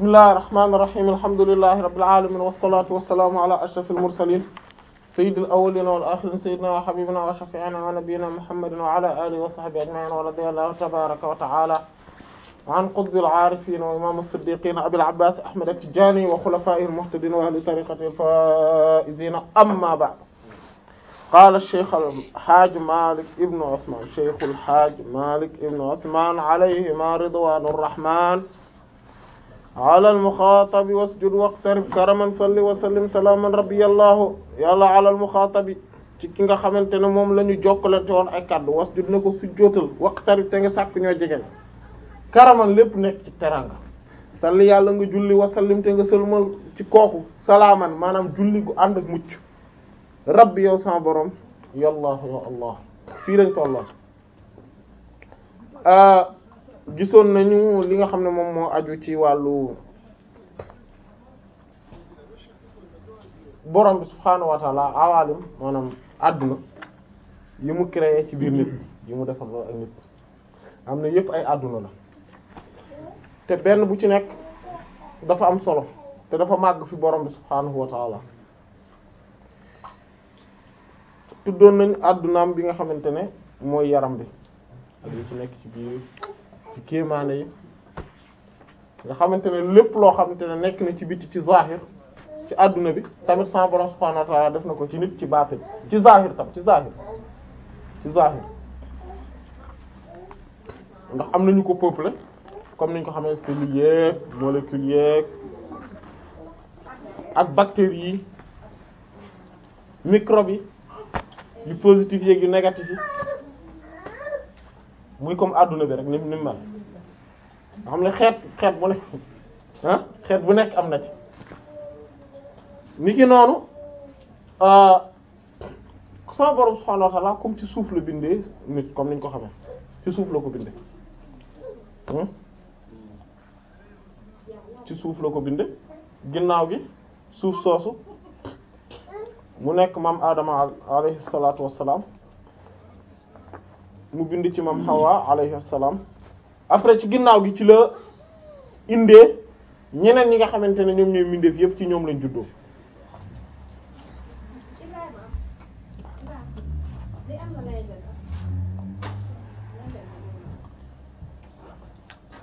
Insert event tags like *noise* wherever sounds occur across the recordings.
bismillahir rahmanir rahim alhamdulillahi rabbil alamin wassalatu wassalamu ala ashrafil mursalin sayyidil awwalin wal akhirin sayyidina wa habibina wa shafi'ina wa nabiyyina muhammadin wa ala alihi wa sahbihi ajma'in wa radiyallahu tabaraka wa ta'ala an qutbil aarifin wa imam as-siddiqin abil abbas ahmad at-tijani wa khulafa'ihil muhtadin wa ahli tariqatihi al-faa'izin amma ba'd qaala sheikh al-hajj Malik ibn Ousmane sheikhul hajj Malik ibn Ousmane alayhima ridwaanur rahmaan alal muxaatabi wasjud waqtarib karaman salli wa sallim salaaman rabbiyallahu yàlla alal muxaatabi ci ki nga xamante ne moom la ñu jokkalante woon ay kàddu wasjud na ko sujjóotal waqtarib te nga sàkk ñoo jege karaman lépp nekk ci teranga salli yàlla nga julli wa sallim te nga sëlmal ci kooku salaaman maanaam julli gu ànd ak mucc rabbi yow sama boroom yallahu ya allah fii lañ tolloo euh, gisoon nañu li nga xam ne moom moo aju ci wàllu borom bi subhaanahu wa awaalim maanaam àdduna yi mu créé ci biir nit yi mu defar loolu ak nit am na yépp ay àdduna la te benn bu ci nekk dafa am solo te dafa màgg fi borom bi subhaanahu wa tuddoon nañ àddunaam bi nga xamante ne mooy yaram bi ak li ci nekk ci biir ci kéemaane yi nga xamante ne lépp loo xamante ne nekk na ci biti ci zahir ci àdduna bi tamit sa borom subhanahu wa def na ko ci nit ci baatin ci zahir tam ci zahir ci zahir ndax am nañu ko peuplé comme niñ ko xamee cellules yeeg molécules yeeg ak bactéries yi microbes yi yu positif yeeg yu négatif yi muy comme adduna bi rek ni mu mel nga xam ne xeet xeet bu nekk ah, xeet bu nekk am na ci ni ki noonu ah, sama borom subhaanahu wa ta'aala comme ci suuf la bindee nit comme niñ ko xamee ci suuf la ko bindee hmm? ci suuf la ko bindee ginnaaw gi suuf soosu mu nekk maam Adama alayhi salaatu wassalaam mu bind ci moom Hawa alayhi salaam après ci ginnaaw gi ci la indee ñeneen ñi nga xamante ne ñoom ñooy mbindeef ci ñoom lañ juddoo.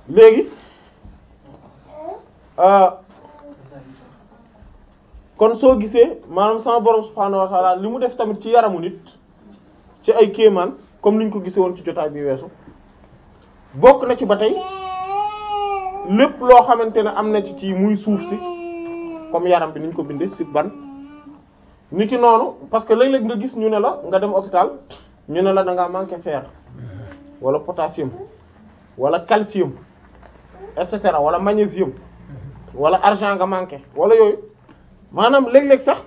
léegi euh, kon soo gisee maanaam sama borom subhaanahu wa ta'ala li mu def tamit ci yaramu nit ci ay kéemaan. comme niñ ko gisee woon ci jotaay bi weesu bokk na ci ba tey lépp loo xamante ne am na ci ci muy suuf si comme yaram bi niñ ko bindee si ban ni ki noonu parce que léeg-léeg nga gis ñu ne la nga dem hôpital ñu ne la da ngaa manqué fer wala potassium wala calcium et cetera wala magnésium walla argent nga manqué wala yooyu maanaam léeg-léeg sax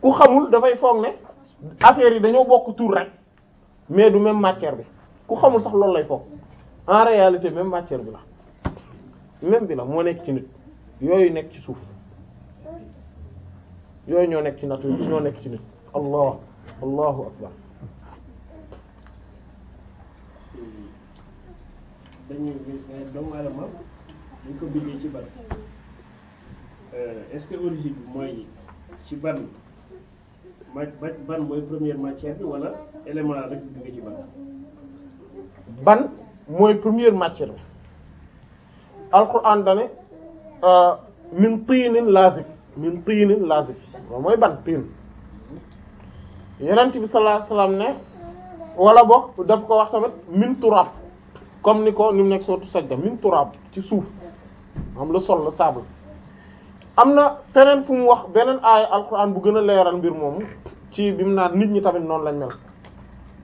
ku xamul dafay foog ne affaire yi dañoo bokk tur rek mais du même matière bi ku xamul sax loolu lay foog en réalité même matière bi la même bi la moo nekk ci nit yooyu nekk ci suuf yooyu ñoo nekk ci nature bi ñoo nekk ci nit allah allahu akbar dañ eh, ko bindee ci ban eh, bi mooy ci ban ma ban mooy bi wala élément rek ban. mooy première matière bi alquran dane euh, min tiinin lazib min tiinin lazib mooy ban tiin yonent bi sallallahu alayhi ne wala boog daf ko wax tamit min turab comme ni ko ni mu nekk sootu sajda min turab ci suuf am la sol la sable am na feneen fu mu wax beneen aaya alquran bu gën a leeral mbir moomu ci bi mu naan nit ñi tamit noonu lañ mel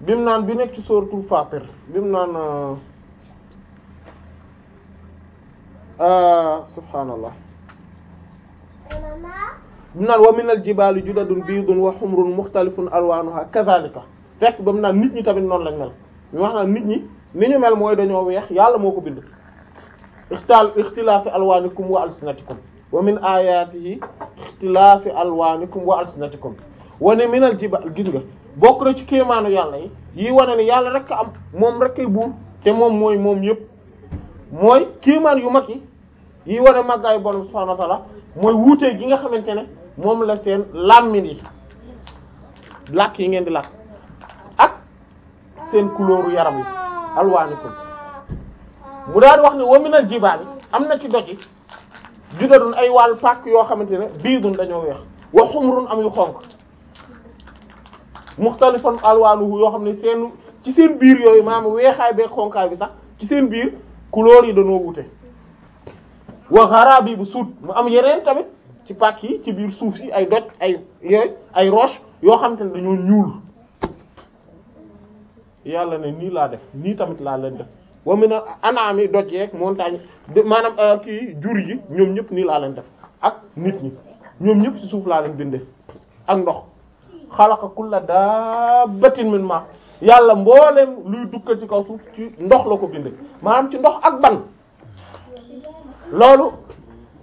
bim naan bi nekk ci sóoratul Faatir bim naan euh, euh, subhaanallah bim naan wa minal jibaali judadun biidun wa humrun mukhtalifun alwaanuha kazaalika fekk ba mu naan nit ñi tamit noonu lañ mel ñu wax naan nit ñi ni ñu mel mooy dañoo weex yàlla moo ko bind ixtaal ixtilaafi alwaanikum wa alsinatikum wa min ayaatihi ixtilaafi alwaanikum wa alsinatikum wa ne minal jibaal gis nga bokk na ci kéemaanu yàlla yi yi wane ni yàlla rek am moom rek kay buur te moom mooy moom yëpp mooy kéemaan yu mag yi yi wane màggaayu borom subhaanahu wa ta'aala mooy wuute gi nga xamante ne moom la seen làmmin yi làkk yi ngeen di làkk ak seen couleur yaram yi alwaanikum mu daan wax ne waminal jibaal yi am na ci doj yi judadun ay wàllu pàkk yoo xamante ne biidun dañoo weex wa xumrun am yu xonq muxtalifan alwaanuhu yoo xam ne seen ci seen biir yooyu maanaam weexaay beeg xonkaay bi sax ci seen biir couleur yi dañoo wute wa gharabi bu suud mu am yeneen tamit ci pàcc yi ci biir suuf si ay doj ay yooyu roche yoo xam te ne dañoo ñuul yàlla ne nii laa def nii tamit laa leen def wa min anaami doj yeeg montagne maanaam euh, kii jur yi ñoom ñëpp nii laa leen def ak nit ñi ñoom ñëpp suuf laa leen bindee ak ndox xalaqa kulla dabbatin min ma yàlla mboolem luy dukka ci kaw ci ndox la ko bind maanaam ci ndox ak ban loolu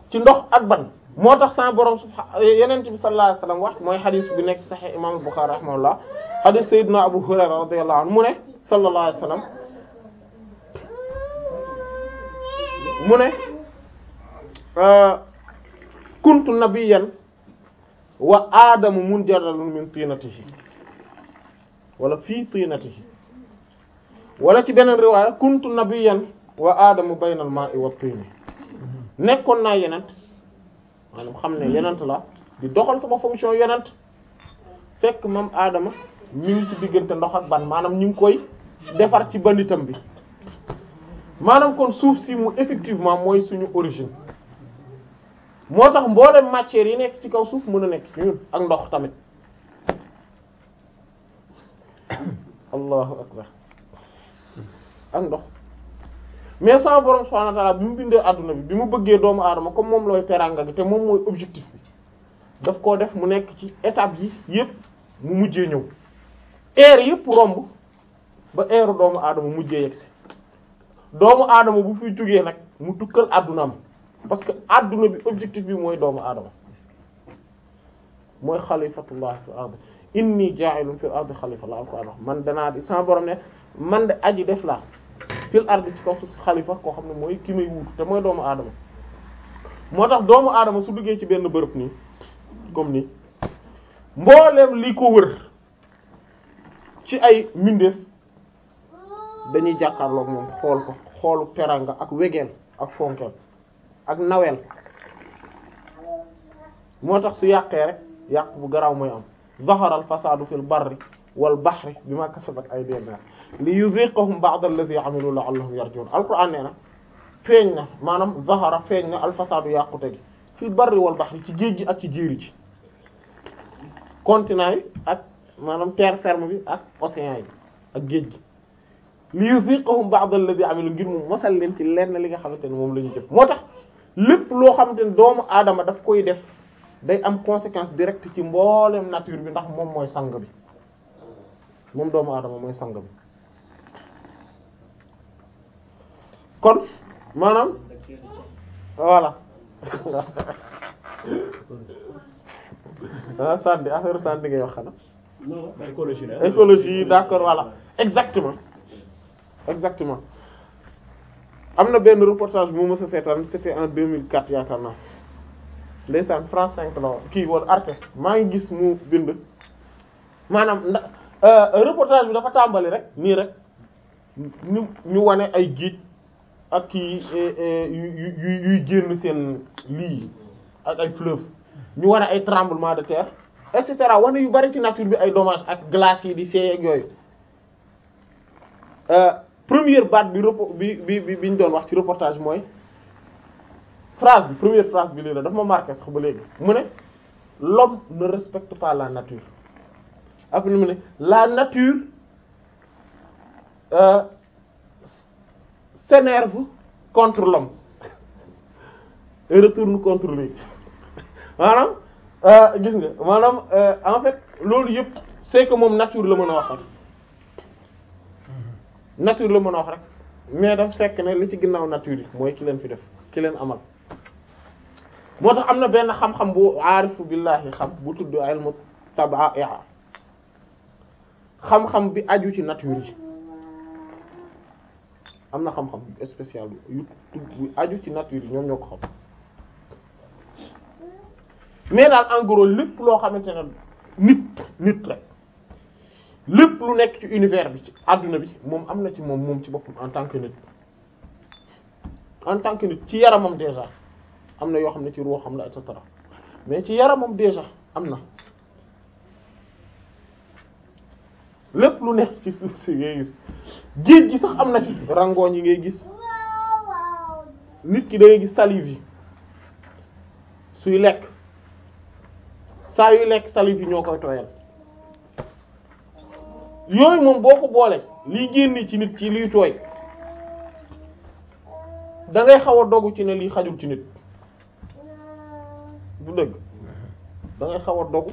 ci ndox ak ban moo tax sa borom subha yeneen bi sallallahu alayhi wasallam wax mooy xadis bi nekk sahih imam Bukhari rahimahullah xadis sayyidina Abu Hurayra radiyallahu anhu mu ne sallallahu alayhi wasallam mu ne kuntu nabiyyan wa aadamu munjaradun min tinatihi wala fii tinatihi wala ci beneen riwaaya kuntu nabiyyan wa aadamu baynal maa'i wa tiini nekkoon naa yenent maanaam xam ne yenent la di doxal sama fonction yenent fekk mam aadama mi ngi ci diggante ndox ak ban maanaam ñu ngi koy defar ci banditam bi maanaam kon suuf si mu effectivement mooy suñu origine moo tax mboolem matière yi nekk ci kaw suuf mën a nekk ci ñun ak ndox tamit allahu akbar ak ndox mais sama borom subhanahu wa ta'ala bi mu bindee àdduna bi bi mu bëggee doomu aadama comme moom looy teranga gi te moom mooy objectif bi daf koo def mu nekk ci étape yi yépp mu mujjee ñëw air yépp romb ba airu doomu aadama mujjee yegg si doomu aadama bu fiy jógee nag mu tukkal addunaam parce que àdduna bi objectif bi mooy doomu aadama mooy xalifatullah fil ard inni jaa'ilun fil ard xalifa la alquran man danaa di sama borom ne man de aji def laa fil ard ci kaw suuf xalifa koo xam ne mooy ki may wuutu te mooy doomu aadama moo tax doomu aadama su duggee ci benn bërëb nii comme nii mbooleem li ko wër ci ay mbindeef dañuy jàkkaarloog moom xool ko xoolu teranga ak wegeel ak fonkeel ak naweel moo tax su yàqee rek yàq bu garaaw mooy am zaharal fasaadu fil barri wal bahri bima kasabat aydin nas li yuziqahum ba'd allazi amilu la'allahum yarji'un alquran nee na feeñ na maanaam zahara feeñ na alfasaadu yàqute gi fil barri wal bahri ci géej gi ak ci jéeri ji continent ak maanaam terre ferme bi ak océan yi ak géej gi li yuziqahum ba'd allazi amilu ngir mu mosal leen ci lenn li nga xamante ne moom la ñu jëf moo tax lépp loo xam te doomu aadama daf koy def day am conséquence direct ci mboolem nature bi ndax moom mooy sang bi moom doomu aadama mooy sang bi kon maanaam voilà *laughs* ah sànni affaire sànni ngay wax xanaa. non écologie la d'accord voilà exactement exactement. am na benn reportage bu ma sa seetaan mil en 2004 yaakaar naa ndeysaan France cinq la kii woon Arte maa ngi gis mu bind maanaam ndax euh, reportage bi dafa tàmbali rek nii rek ñu ñu wane ay géej ak kii eh, eh, yu yuy génn seen lii ak ay fleuve ñu wane ay tremblement de terre et cetera wane yu bari ci nature bi ay dommage ak glace yi di seey yooyu euh, première baat bi repos bi bi bi ñu doon wax ci reportage mooy phrase bi première phrase bi lii la daf ma marqué sax ba léegi mu ne l'homme ne respecte pas la nature après mu nature euh, contre l'homme et retourne contre lui *laughs* maanaam euh, gis nga maanaam euh, en fait loolu yëpp c'est que moom nature la mën a waxal nature la mën a wax rek mais daf fekk ne li ci ginnaaw nature yi mooy ki leen fi def ki leen amal moo tax am na benn xam-xam bu aarifu billahi xam bu tudd ilmu tabai'a xam bi aju ci nature yi am na xam-xam spécial yu bu aju ci nature yi ñoom ñoo ko xam mais daal en lépp loo xamante ne nit nit rek lépp lu nekk ci univers bi ci àdduna bi moom am na ci moom moom ci boppam en tant que nit en tant que nit ci yaramam déjà am na yoo xam ne ci roo xam la et cetera mais ci yaramam déjà am na lépp lu nekk ci suuf si ngay gis géej gi sax am na ci rangooñ yi ngay gis nit ki da gis salive yi suy lekk saa yuy lekk salive yi ñoo koy tooyal yooyu moom boo ko boole liy génn ci nit ci liy tooy dangay ngay xaw a dogu ci ne lii xajul ci nit du dëgg dangay ngay xaw a dogu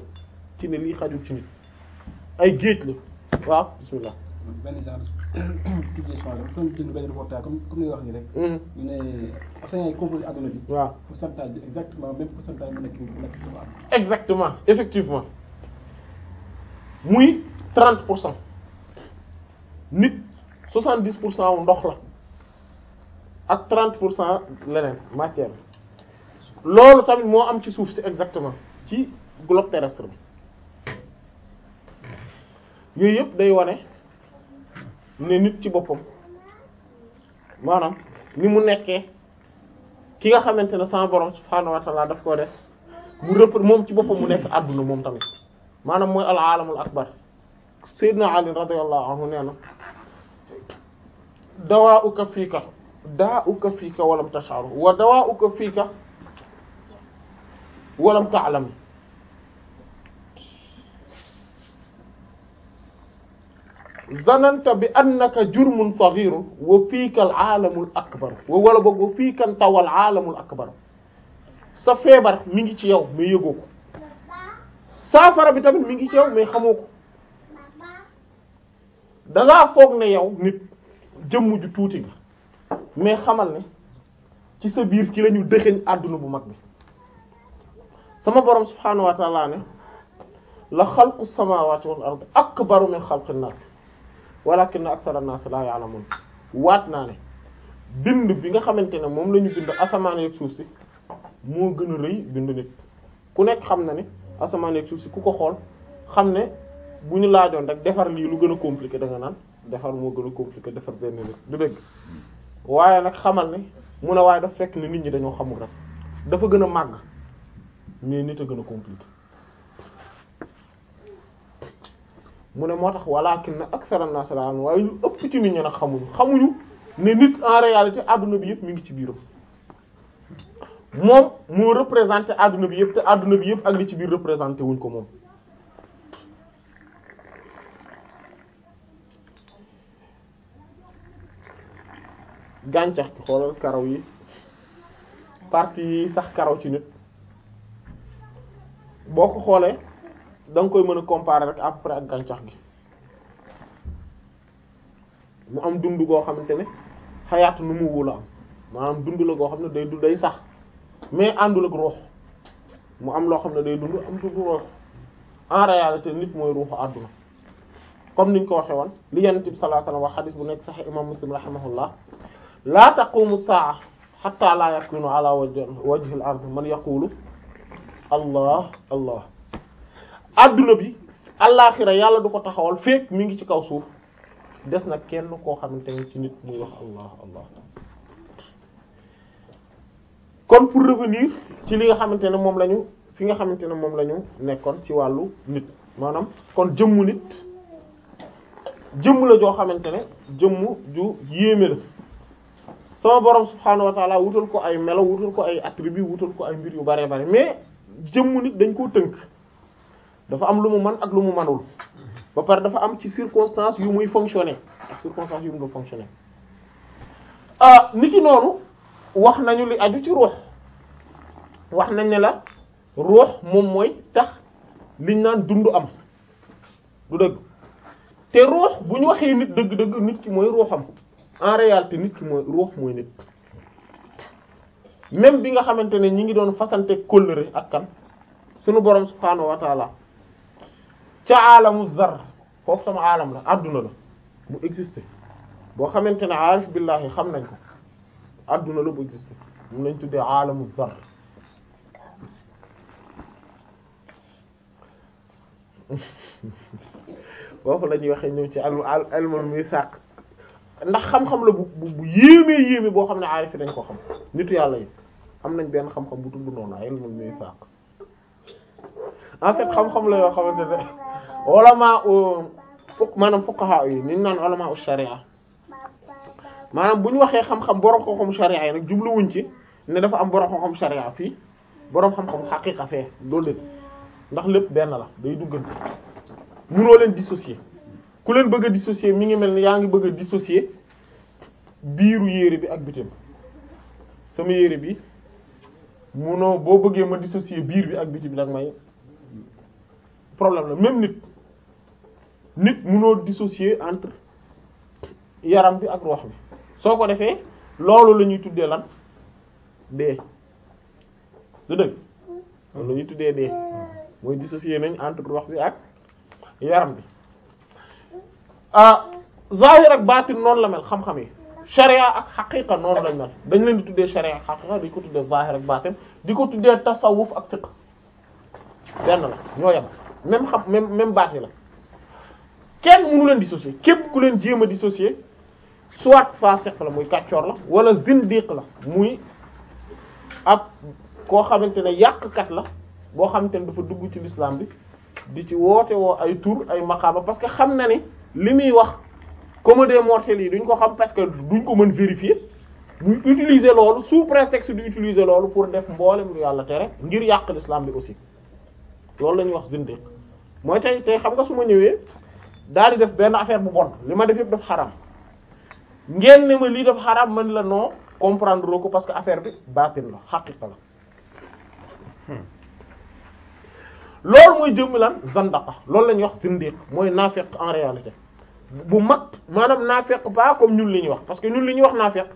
ci ne lii xajul ci nit ay géej la waaw bismillah *coughs* la soo jënd benn reportage comme comme ni nga wax nii rek. Mm-hmm. ñu ne enseignants yi composé adduna bi. waaw exactement effectivement. muy trent pour cent nit 70 pour cent wu ndox la ak 30 pour cent leneen matière loolu tamit moo am ci suuf si exactement ci globe terrestre bi yooyu yëpp day wane ne nit ci boppam maanaam ni mu nekkee ki nga xamante ne sama borom subhaanahu wa ta'ala daf koo def mu rëpp moom ci boppam mu nekk àdduna moom tamit maanaam mooy al alamul akbar sayyidina ali radiyallahu anhu nee na dawaa uka fiika daa uka fiika walam tashaaru wa dawaa uka fiika walam ta'lam zananta bi annaka jurmun saghirun wa fiika al alamul akbar wa wala boog wa fiika ntaw al alamul akbar sa feebar mi ngi ci yow mais yëgoo ko saafara bi tamit mi ngi ci yow mais xamoo ko dangaa foog ne yow nit jëmm ju tuuti nga mais xamal ne ci sa biir ci lañu dëxëñ àdduna bu mag bi sama borom subhaanahu wa ne la xalqu samawati wal ardi akbaru min xalqi nnaas walakinna akthara nnaas la ya'lamun waat naa ne bind bi nga xamante ne moom la ñu bind asamaan yeeg suuf si moo gën a rëy bind nit ku nekk xam na ne asamaan ak suuf si ku ko xool xam ne bu ñu laajoon rek defar lii lu gën a compliqué da naan defar moo gën a compliqué defar benn nit du dëgg hmm. waaye nag xamal ne mu ne waaye dafa fekk ne nit ñi dañoo xamul rek dafa gën a màgg mais nit a gën a compliqué mu ne moo tax walakin akthara an-nas la waaye ñu ëpp ci nit ñi nag xamuñu xamuñu ne nit en réalité àdduna bi yëpp mu ngi ci biiram moom moo représenté adduna bi yëpp te adduna bi yëpp ak li ci biir représenté wuñ ko moom gàncax gi xoolal karaw yi partie yi sax karaw ci nit boo ko xoolee da koy mën a comparer rek ak gàncax gi mu am dund goo xamante ne xayaatu nu mu wula am maanaam dund la goo xam ne day du day sax mais àndul ak ruux mu am loo xam ne day dund am du ruux en réalité nit mooy ruuxu àdduna comme niñ ko waxee woon li Yonent bi sallallahu alayhi wasallam wax xadis bu nekk sax imam Muslim rahimahullah laa taqumu saa hatta laa yakunu ala wajhi al ard man yaqulu allah allah adduna bi àllaaxira yàlla du ko taxawal fekk mi ngi ci kaw suuf des na kenn koo xamante ne ci nit muy wax allah kon pour revenir ci li nga xamante ne moom lañu fi nga xamante ne moom lañu nekkoon ci wàllu nit maanaam kon jëmmu nit jëmm la joo xamante ne jëmm ju yéeme la sama borom subhaanahu wa wutal ko ay melo wutal ko ay attribut wutal ko ay mbir yu bare bare mais jëmm nit dañ koo tënk dafa am lu mu man ak lu mu manul ba pare dafa am ci circonstance yu muy fonctionner ak circonstance yu mu fonctionner ah niki noonu wax nañu li aju ci ruux wax nañ ne la ruux moom mooy tax liñ naan dund am du dëgg te ruux bu ñu waxee nit dëgg-dëgg nit ki mooy ruuxam en réalité nit ki mooy ruux mooy nit même bi nga xamante ne ñi ngi doon fasante kóllëre ak kan sunu borom subhaanahu wa taala ca aalamu zar foofu sama aalam la adduna la mu existe boo xamante ne aarif billahi xam nañ adduna la bu existé moom lañ tuddee aalamu zarr *laughs* foofu la ñuy waxee ñoom ci al al muy sàq ndax xam-xam la bu bu yéemee yéeme boo xam ne aarif dañ ko xam nitu yàlla yi am nañ benn xam-xam bu tudd noonu almal muy sàq en fait xam-xam la yoo xamante ne *laughs* ulama maanaam fuqaha yi ñu naan ulama sharia maanaam bu ñu waxee xam-xam borom xam-xam sharia yi nag jubluwuñ ci ne dafa am borom xam-xam sharia fii borom xam-xam xaqiqa fee loolu ndax lépp benn la day duggante munoo leen dissocier ku leen bëgg a dissocier mi ngi mel ni yaa ngi bëgg a dissocier biiru yére bi ak bitim sama yére bi munoo boo bëggee ma dissocier biir bi ak bitim nag may problème la même nit nit munoo dissocier entre yaram bi ak rox bi soo ko defee loolu la ñuy tuddee lan dee du dëgg ñuy tuddee dee mooy dissocier nañ entre wax bi ak yaram bi ah zahir ak baatin noonu la mel xam-xam yi sharia ak xaqiqa noonu lañ mel dañ leen di tuddee sharia ak xaqiqa di ko tuddee zahir ak baatin di ko tuddee tasawuf ak fiqh benn la ñoo yem même xam même même baat yi la kenn mënu leen dissocier képp ku leen jéem a dissocier soit fasiq la muy kàccoor la wala zindiq la muy ab koo xamante ne yàqkat la boo xamante ne dafa dugg ci l'islam bi di ci woote woo ay tur ay maqaama parce que xam na ni li muy wax comme des mortels yi duñ ko xam parce que duñ ko mën vérifier muy utiliser loolu sous prétexte di utiliser loolu pour def mboolem lu yàlla tere ngir yàq l'islam bi aussi loolu la ñuy wax zindiq mooy tey tey xam nga su ma ñëwee daal di def benn affaire bu bon li ma def xaram ngeen ne ma lii dafa xaraam man la non comprendre ko parce que affaire bi baatin la xaqiqa la hmm. loolu mooy jëmm lan zandaqa loolu la ñuy wax zindiq mooy naafeq en réalité bu mag maanaam naafeq pas comme ñun li ñuy wax parce que ñun li ñuy wax naafeq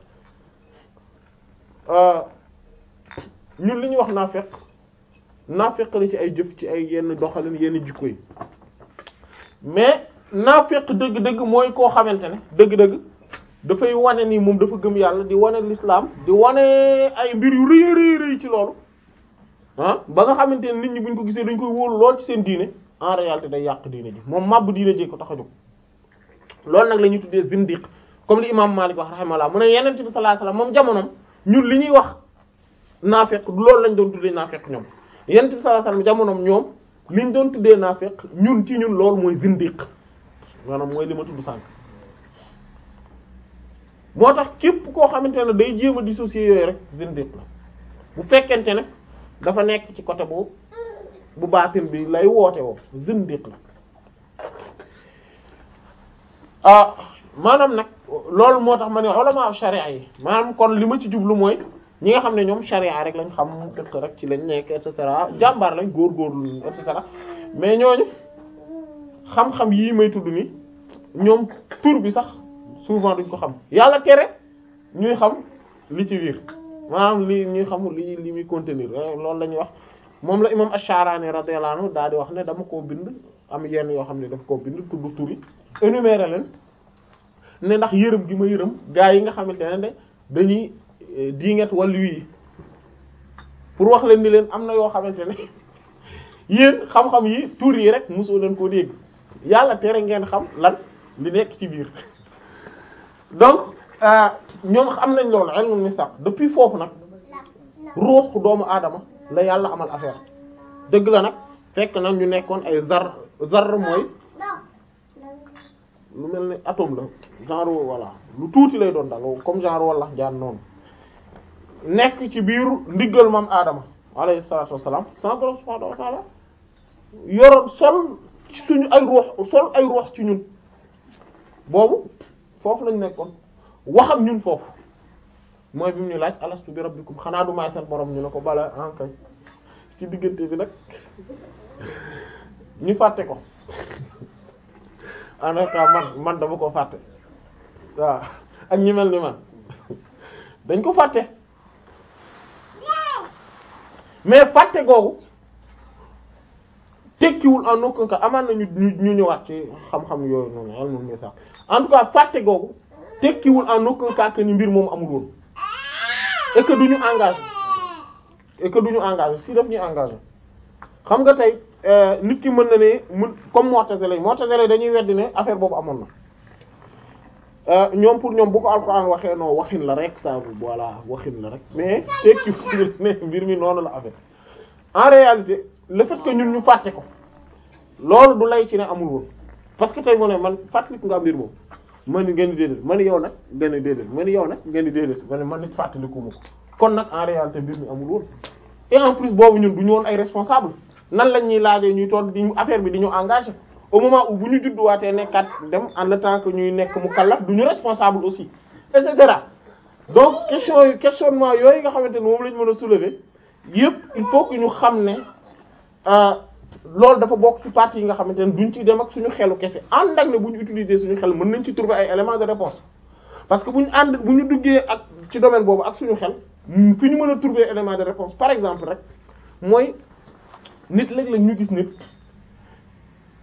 euh, ñun li ñuy wax naafeq naafeq la ci ay jëf ci ay yenn doxalin yenn jikko yi mais naafeq dëgg-dëgg mooy koo xamante ne dëgg-dëgg. dafay wane nii moom dafa gëm yàlla di wane lislaam di wane ay mbir yu rëy rëy rëy ci loolu ah ba nga xamante ne nit ñi buñ ko gisee dañ koy wóolu lool ci seen diine en réalité day yàq diine ji moom màbb diine ji ko tax a jóg loolu nag la ñuy tuddee zindiq comme li imam Malik wax laa mu ne yeneen bi sallallahu alayhi moom jamonoom ñun li ñuy wax naafeq loolu lañ doon tuddee naafeq ñoom yeneen bi sallallahu alayhi wasallam jamonoom ñoom liñ doon tuddee naafeq ñun ci ñun loolu mooy zindiq maanaam mooy li ma moo tax képp koo xamante ne day jéem a dissocier yooyu rek zindiq la bu fekkente ne dafa nekk ci côté bu bu baatin bi lay woote woo zindiq la ah maanaam nag loolu moo tax ma ne ulama sharia yi maanaam kon li ma ci jublu mooy ñi nga xam ne ñoom sharia rek lañ xam dëkk rek ci lañ nekk et cetera jàmbaar lañ góorgóorlu et cetera mais ñooñu xam-xam yii may tudd ni ñoom tur bi sax. souvent duñ ko xam yàlla tere ñuy xam li ci biir maanaam li ñuy xamul li li muy continuer euh, loolu la ñuy wax moom la imam Ash-Sharani radiyallahu daal di wax ne dama koo bind am yenn yoo xam ne daf koo bind tudd turi énuméré leen ne ndax yërëm gi ma yërëm gaa yi nga xamante ne de dañuy euh, diinget wàllu yi pour wax leen ni leen am na yoo xamante ne *laughs* yéen xam-xam yi tur yi rek mosoo leen koo dégg yàlla tere ngeen xam lan li nekk ci biir donc euh, ñoom am nañ loolu ilmul misaq depuis foofu nag ruux doomu aadama la yàlla amal affaire dëgg la nag fekk na ñu nekkoon ay zar zar mooy lu mel ni atome la genre voilà lu tuuti lay doon daal comme genre wala jaan noonu nekk ci biiru ndiggal maam aadama alayhi salaatu wassalaam sans borom subhaanahu wa ta'ala yoroon sol ay ruux sol ay ruux ci ñun boobu foofu lañu nekkoon waxam ñun foofu mooy bi mu ñu laaj alastu bi rabbikum xanaa du maay seen borom ñu ne ko bala ankay ah, ci diggante bi nag ñu fàtte ko en man dama ko fàtte waaw ak ñi mel ni man dañ ko fàtte mais fàtte googu tekkiwul en aucun cas amaan na ñu ñu ñëwaat ci xam-xam yooyu noonu xel moom ngay sax en tout cas fàtte googu tekkiwul en aucun cas ni mbir moom amul woon et du ñu engage et que du ñu engagé si daf ñuy engage xam nga tey euh, nit ki mën na ne mu comme Mu'tazila Mu'tazila dañuy weddi ne affaire boobu amoon na euh, ñoom pour ñoom bu ko Alxuraan waxee non waxin la rek ça voilà waxin la rek mais tekkiwul ne mbir mi noonu la affaire en réalité le fait ñun ñu fàtte ko loolu du lay ci ne amul woon parce que tey mu ne man fàttaliku nga mbir moom ma ni ngeen di déedéet ma ni yow nag ngeen di déedéet ma ni yow nag ngeen di déedéet ma fàttaliku ma ko kon nag en réalité mbir mi amul woon en plus boobu ñun du ñu woon ay responsable nan lañ ñuy laajee ñuy toog di affaire bi di ñu engagé au moment bu ñu judduwaatee nekkaat dem en le temps que ñuy nekk mu kallaf du ñu responsable aussi et cetera donc question yu questionnement yooyu nga xamante ni moom lañu mën a soulever yëpp il faut ñu xam ne. Euh, loolu dafa bokk ci parties yi nga xamante ne duñ ci dem ak suñu xelu kese ànd ak ne bu ñu utiliser suñu xel mën nañ ci trouver ay éléments de réponse parce que bu ñu ànd bu ñu duggee ak ci domaine boobu ak suñu xel mm, fi ñu mën a trouver élément de réponse par exemple rek mooy nit léeg-léeg ñu gis nit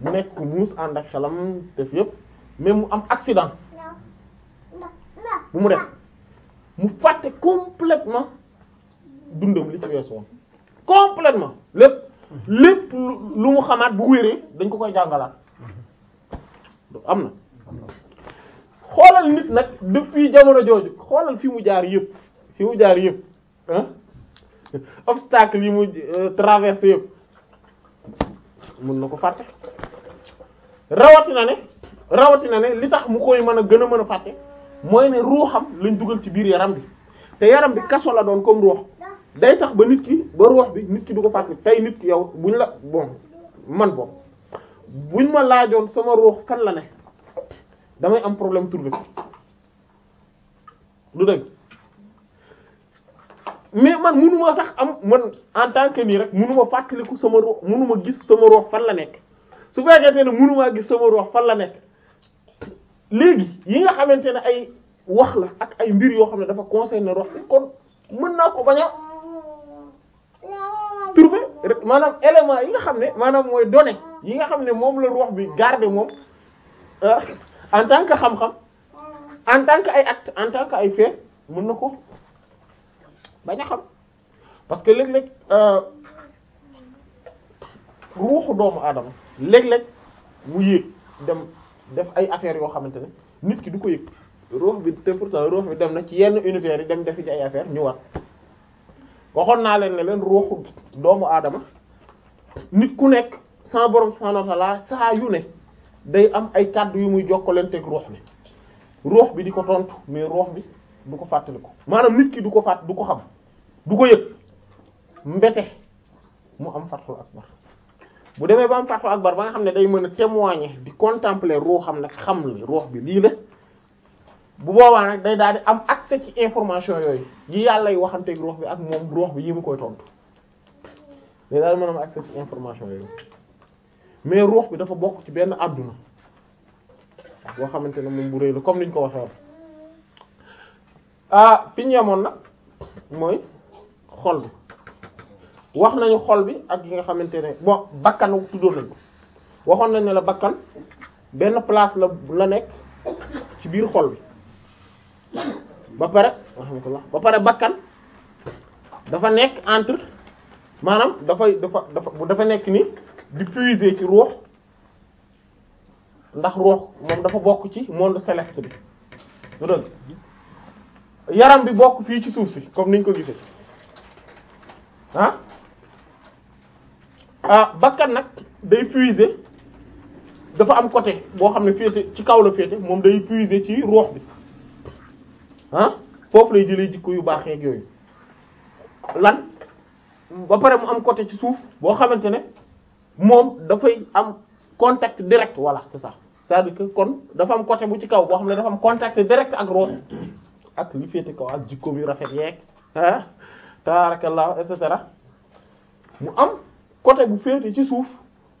mu nekk muus ànd ak xelam def yépp mais mu am accident bu mu def mu fàtte complètement dundam li ci wees woon complètement lépp lépp lu mu xamaat bu wéree dañ ko koy jàngalaat am na xoolal nit nag depuis jamono jooju xoolal fi mu jaar yépp fi mu jaar yépp ah obstacle yi mu euh, traversé yëpp mën na ko fàtte na ne rawatina ne li tax mu koy mën a gën a mën a fàtte mooy ne ruuxam lañ dugal ci biir yaram bi te yaram bi kaso la doon comme ruux day tax ba nit ki ba ruux bi nit ki du ko fàttali tey nit ki yow buñ la bon man bo buñ ma laajoon sama ruux fan la ne damay am problème trouver ko du dëgg mais man mënuma sax am man en tant que nii rek mënuma fàttaliku sama ruux mënuma gis sama ruux fan la nekk su fekkee ne mënumaa gis sama ruux fan la nekk léegi yi nga xamante ne ay wax la ak ay mbir yoo xam ne dafa concerné ruux kon mën naa ko bañ trouver maanaam élément yi nga xam ne maanaam mooy données yi nga xam ne moom la ruux bi garder moom euh, en tant que xam-xam en tant que ay acte en tant que ay fait mën na ko bañ a xam parce que léeg-léeg euh, ruuxu doomu aadama léeg-léeg mu yéeg dem def ay affaire yoo xamante ne nit ki du ko yëg ruux bi te pourtant ruux bi dem na ci yenn univers yi dem defi ci ay affaire ñu war waxoon naa leen ne leen ruuxu doomu aadama nit ku nekk sans borom subhanahu wa ta'ala saa yu ne day am ay kàddu yu muy jokkalanteeg ruux bi roox bi di ko tontu mais ruux bi du ko fàttali ko maanaam nit ki du ko fàtt du ko xam du ko yëg mbete mu am fathul akbar bu demee ba am fathul akbar ba nga xam ne day mën a témoigner di contempler ruuxam nag xam li ruux bi lii la bu boobaa nag day daal di am accès ci information yooyu yi yàlla lay waxanteeg ruux bi ak moom ruux bi mu koy tontu day daal mën a am accès ci information yooyu mais ruux bi dafa bokk ci benn adduna boo xamante ne moom bu rëy la comme niñ ko waxee ah fi ñu yemoon nag mooy xol bi wax nañu xol bi ak yi nga xamante ne bon bakkan tuddoon nañ ko waxoon nañ la bakkan benn place la la nekk ci biir xol bi ba pare alhamdulilah ba pare bakkan dafa nekk entre maanaam dafay dafa dafa dafa nekk ni di puiser ci ruux ndax ruux moom dafa bokk ci monde céleste bi lu dëgg yaram bi bokk fii ci suuf si comme niñ ko gisee ah, ah bakkan nag day puiser dafa am côté boo xam ne féete ci kaw la féete moom day puiser ci ruux bi ah foofu lay jëlee jikko yu baax yooyu lan ba pare mu am côté ci suuf boo xamante ne moom dafay am contact direct voilà c'est ça c'est-à-dire kon dafa am côté bu ci kaw boo xam ne dafa am contact direct ak ak li féete kaw ak jikkoom yu rafet yeeg ah taarakallah et cetera mu am côté bu féete ci suuf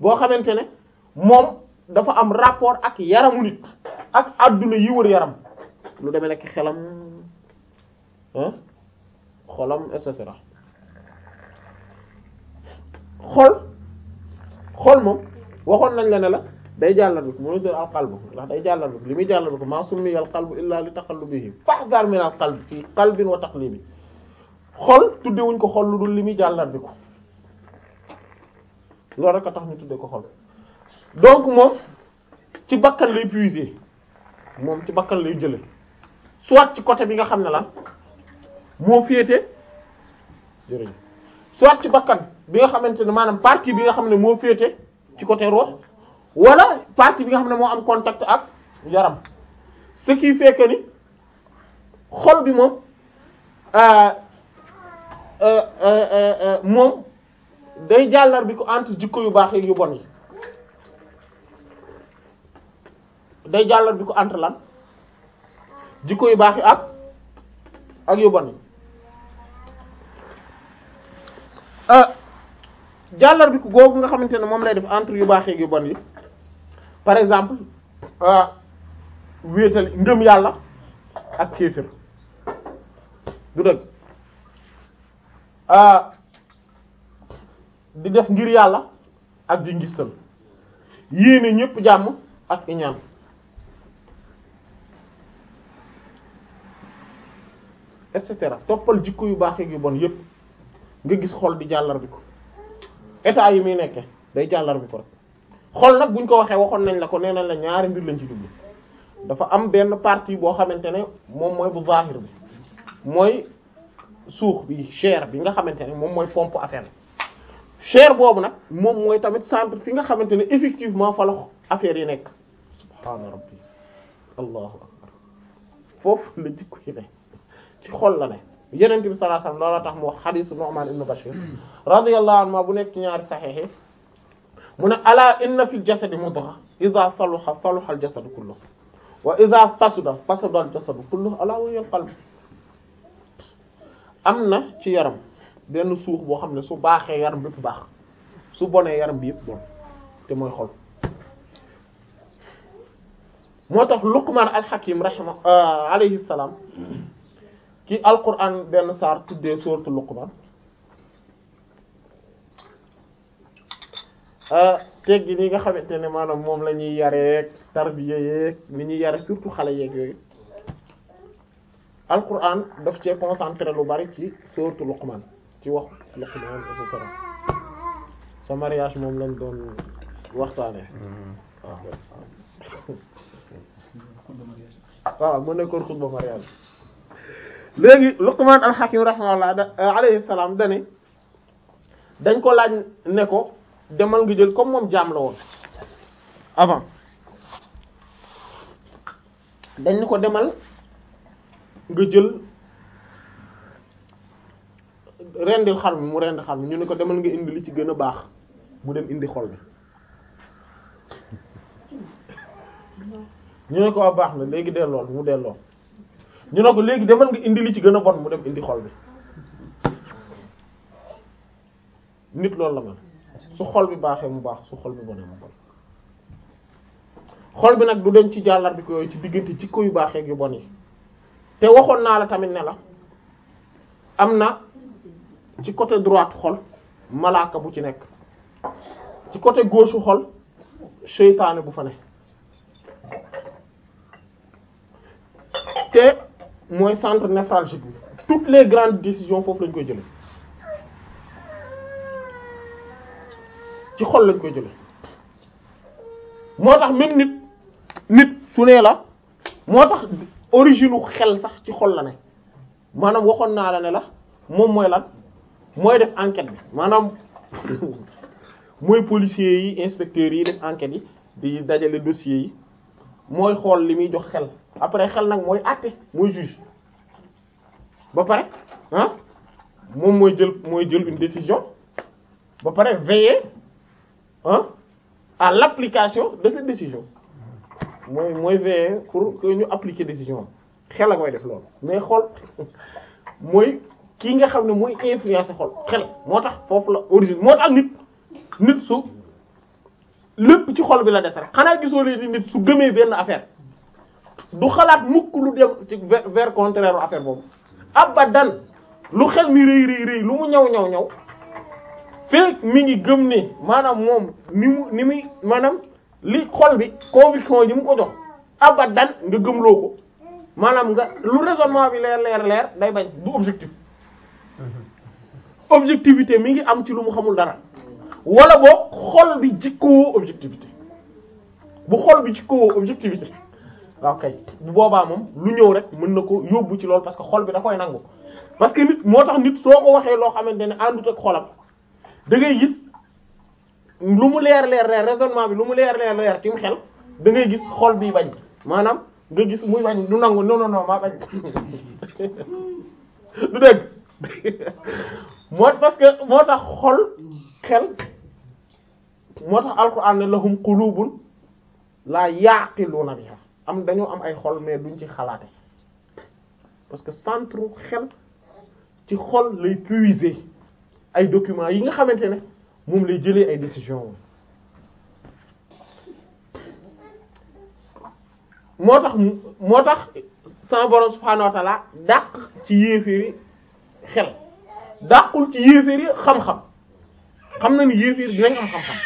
boo xamante ne moom dafa am rapport ak yaramu nit ak adduna yi wër yaram lu demee nekk xelam xolam et cetera xol xol moom waxoon nañ la ne la day jàllale ko mu ne al qalbu ndax day jàllale ko li muy jàllale ko maa summiya al qalbu illaa li taqallubihi fahdar min al qalbi fii qalbin wa taqlibi xol tuddewuñ ko xol lu dul li muy jàllale ko loolu rek a tax ñu tudde ko xol donc moom ci bakkan lay puiser moom ci bakkan lay jële soit ci côté bi nga xam ne la moo féete jërëjëf soit ci bakkan bi nga xamante ne maanaam partie bi nga xam ne moo féete ci côté ruux wala partie bi nga xam ne moo am contact ak yaram ce qui fait ni xol bi moom euh, euh, euh, moom day jàllar bi ko entre jikko yu baax yi yu bon yi day jikko yu baax yi ak ak yu bon yi Ah, jàllar bi ko googu nga xamante ne moom lay def entre yu baaxee yu bon yi par exemple ah, wéetal ngëm yàlla ak kéefir du ah, di def ngir yàlla ak di ngistal yéene ñépp jàmm ak iñaan et cetera toppal jikko yu baax yu bon yépp nga gis xol di jàllar bi ko état yi muy nekke day jàllar bi ko rek xol nag buñ ko waxee waxoon nañ la ko nee la ñaari mbir lañ ci jublu dafa am benn partie boo xamante ne moom mooy bu zahir bi mooy suux bi chair bi nga xamante ne moom mooy pompe affaire chair boobu nag moom mooy tamit centre fi nga xamante ne effectivement fa la affaire yi nekk subhaana rabbi allahu akbar foofu la jikko yi ne ci xol la ne yenente bi sallallahu alayhi loola tax mu wax xadisu Nu'man ibn Bashir radiyallahu bu nekk ci ñaari saxiix yi mu ne ala inna fil jasadi mudgha idha saluha saluha al jasadu kulluhu wa idha fasada fasada al jasadu kulluhu ala wa hiya na ci yaram benn suux boo xam ne su baaxee yaram bi yëpp baax su bonee yaram bi yëpp bon mooy xol moo tax Luqman al Hakim rahima euh, alayhi salaam ki alquran benn saar tuddee sourate Luqman ah, teggi ni nga xamante ne maanaam moom la ñuy yareeg tarbiya yeeg ni ñuy yare surtout xale yeeg yooyu alquran def cee concentré lu bari ci sourate Luqman ci wax Luqman et cetera sa mariage moom lañ doon waxtaane mm-hmm. waaw *laughs* waaw mu nekkoon xutba mariage léegi Luqman al-Hakim rahimahullah da euh, alayhi salaam dane dañ ko laaj ne ko demal nga jël comme moom jaam woon avant dañ ko demal nga jël rendil xar mi mu rend xar mi ñu ne ko demal nga indi li ci gën a baax mu dem indi xol bi *laughs* ñu ne ko a baax na léegi delloo mu delloo ñu ne ko léegi demal nga indi li ci gën a bon mu dem indi xol bi nit loolu la man su xol bi baaxee mu baax su xol bi bonee mu bon xol bi nag du dem ci jàllar bi ko yooyu ci diggante jikko yu baaxee ak yu bon yi te waxoon naa la tamit ne la am na ci côté droite xol malaaka bu ci nekk ci côté gauche xol seytaane bu fa ne te mooy centre névralgique bi toutes les grandes décisions foofu lañ koy jële ci xol lañ koy jële moo tax même nit nit su nee la moo tax origine xel sax ci xol la ne maanaam waxoon naa la ne la moom mooy lan mooy def enquête bi maanaam *laughs* mooy policiers yi inspecteurs yi def enquête yi di dajale dossiers yi mooy xool li muy jox xel après xel nag mooy àtte mooy juge ba pare ah moom mooy jël mooy jël une décision ba pare veiller ah à l'application de cette décision mooy mooy veiller pour que ñu appliquer décision xel la koy def loolu mais xool *laughs* mooy kii nga xam ne mooy influencer xol xel moo tax foofu la origine moo tax nit nit su lépp ci xol bi la des xanaa gisoo leen ni nit su gëmee benn affaire du xalaat mukk lu dem ci vers contraire affaire boobu abadan lu xel mi rëy rëy lu mu ñaw ñaw ñaw fekk mi ngi gëm ne maanaam moom ni mu ni muy maanaam li xol bi conviction yi mu ko jox abadan nga gëmloo ko maanaam nga lu raisonnement bi leer leer leer day bañ du objectif mm-hmm. objectivité mi ngi am ci lu mu xamul dara wala boo xol bi jikkoo objectivité bu xol bi jikkoo objectivité waaw kay bu boobaa moom lu ñëw rek mën na ko yóbbu ci loolu parce que xol bi da nangu parce que nit moo tax nit soo ko waxee loo xamante ne àndut ak xolam da ngay gis lu mu leer leer leer bi lu mu leer leer leer ci mu xel da ngay gis xol bi bañ maanaam nga gis muy bañ du nangu non non non maa bañ *laughs* du dégg *laughs* moo parce que moo tax xol xel moo tax alquran ne lahum qulubun laa yaqiluna biha am dañoo am ay xol mais duñ ci xalaate parce que centre xel ci xol lay puiser ay documents yi nga xamante ne moom lay jëlee ay décisions moo tax moo tax sama borom subhaanahu wa dàq ci yéeféeri xel dàqul ci yéeféer yi xam-xam xam na ni yéeféer dinañ am xam-xam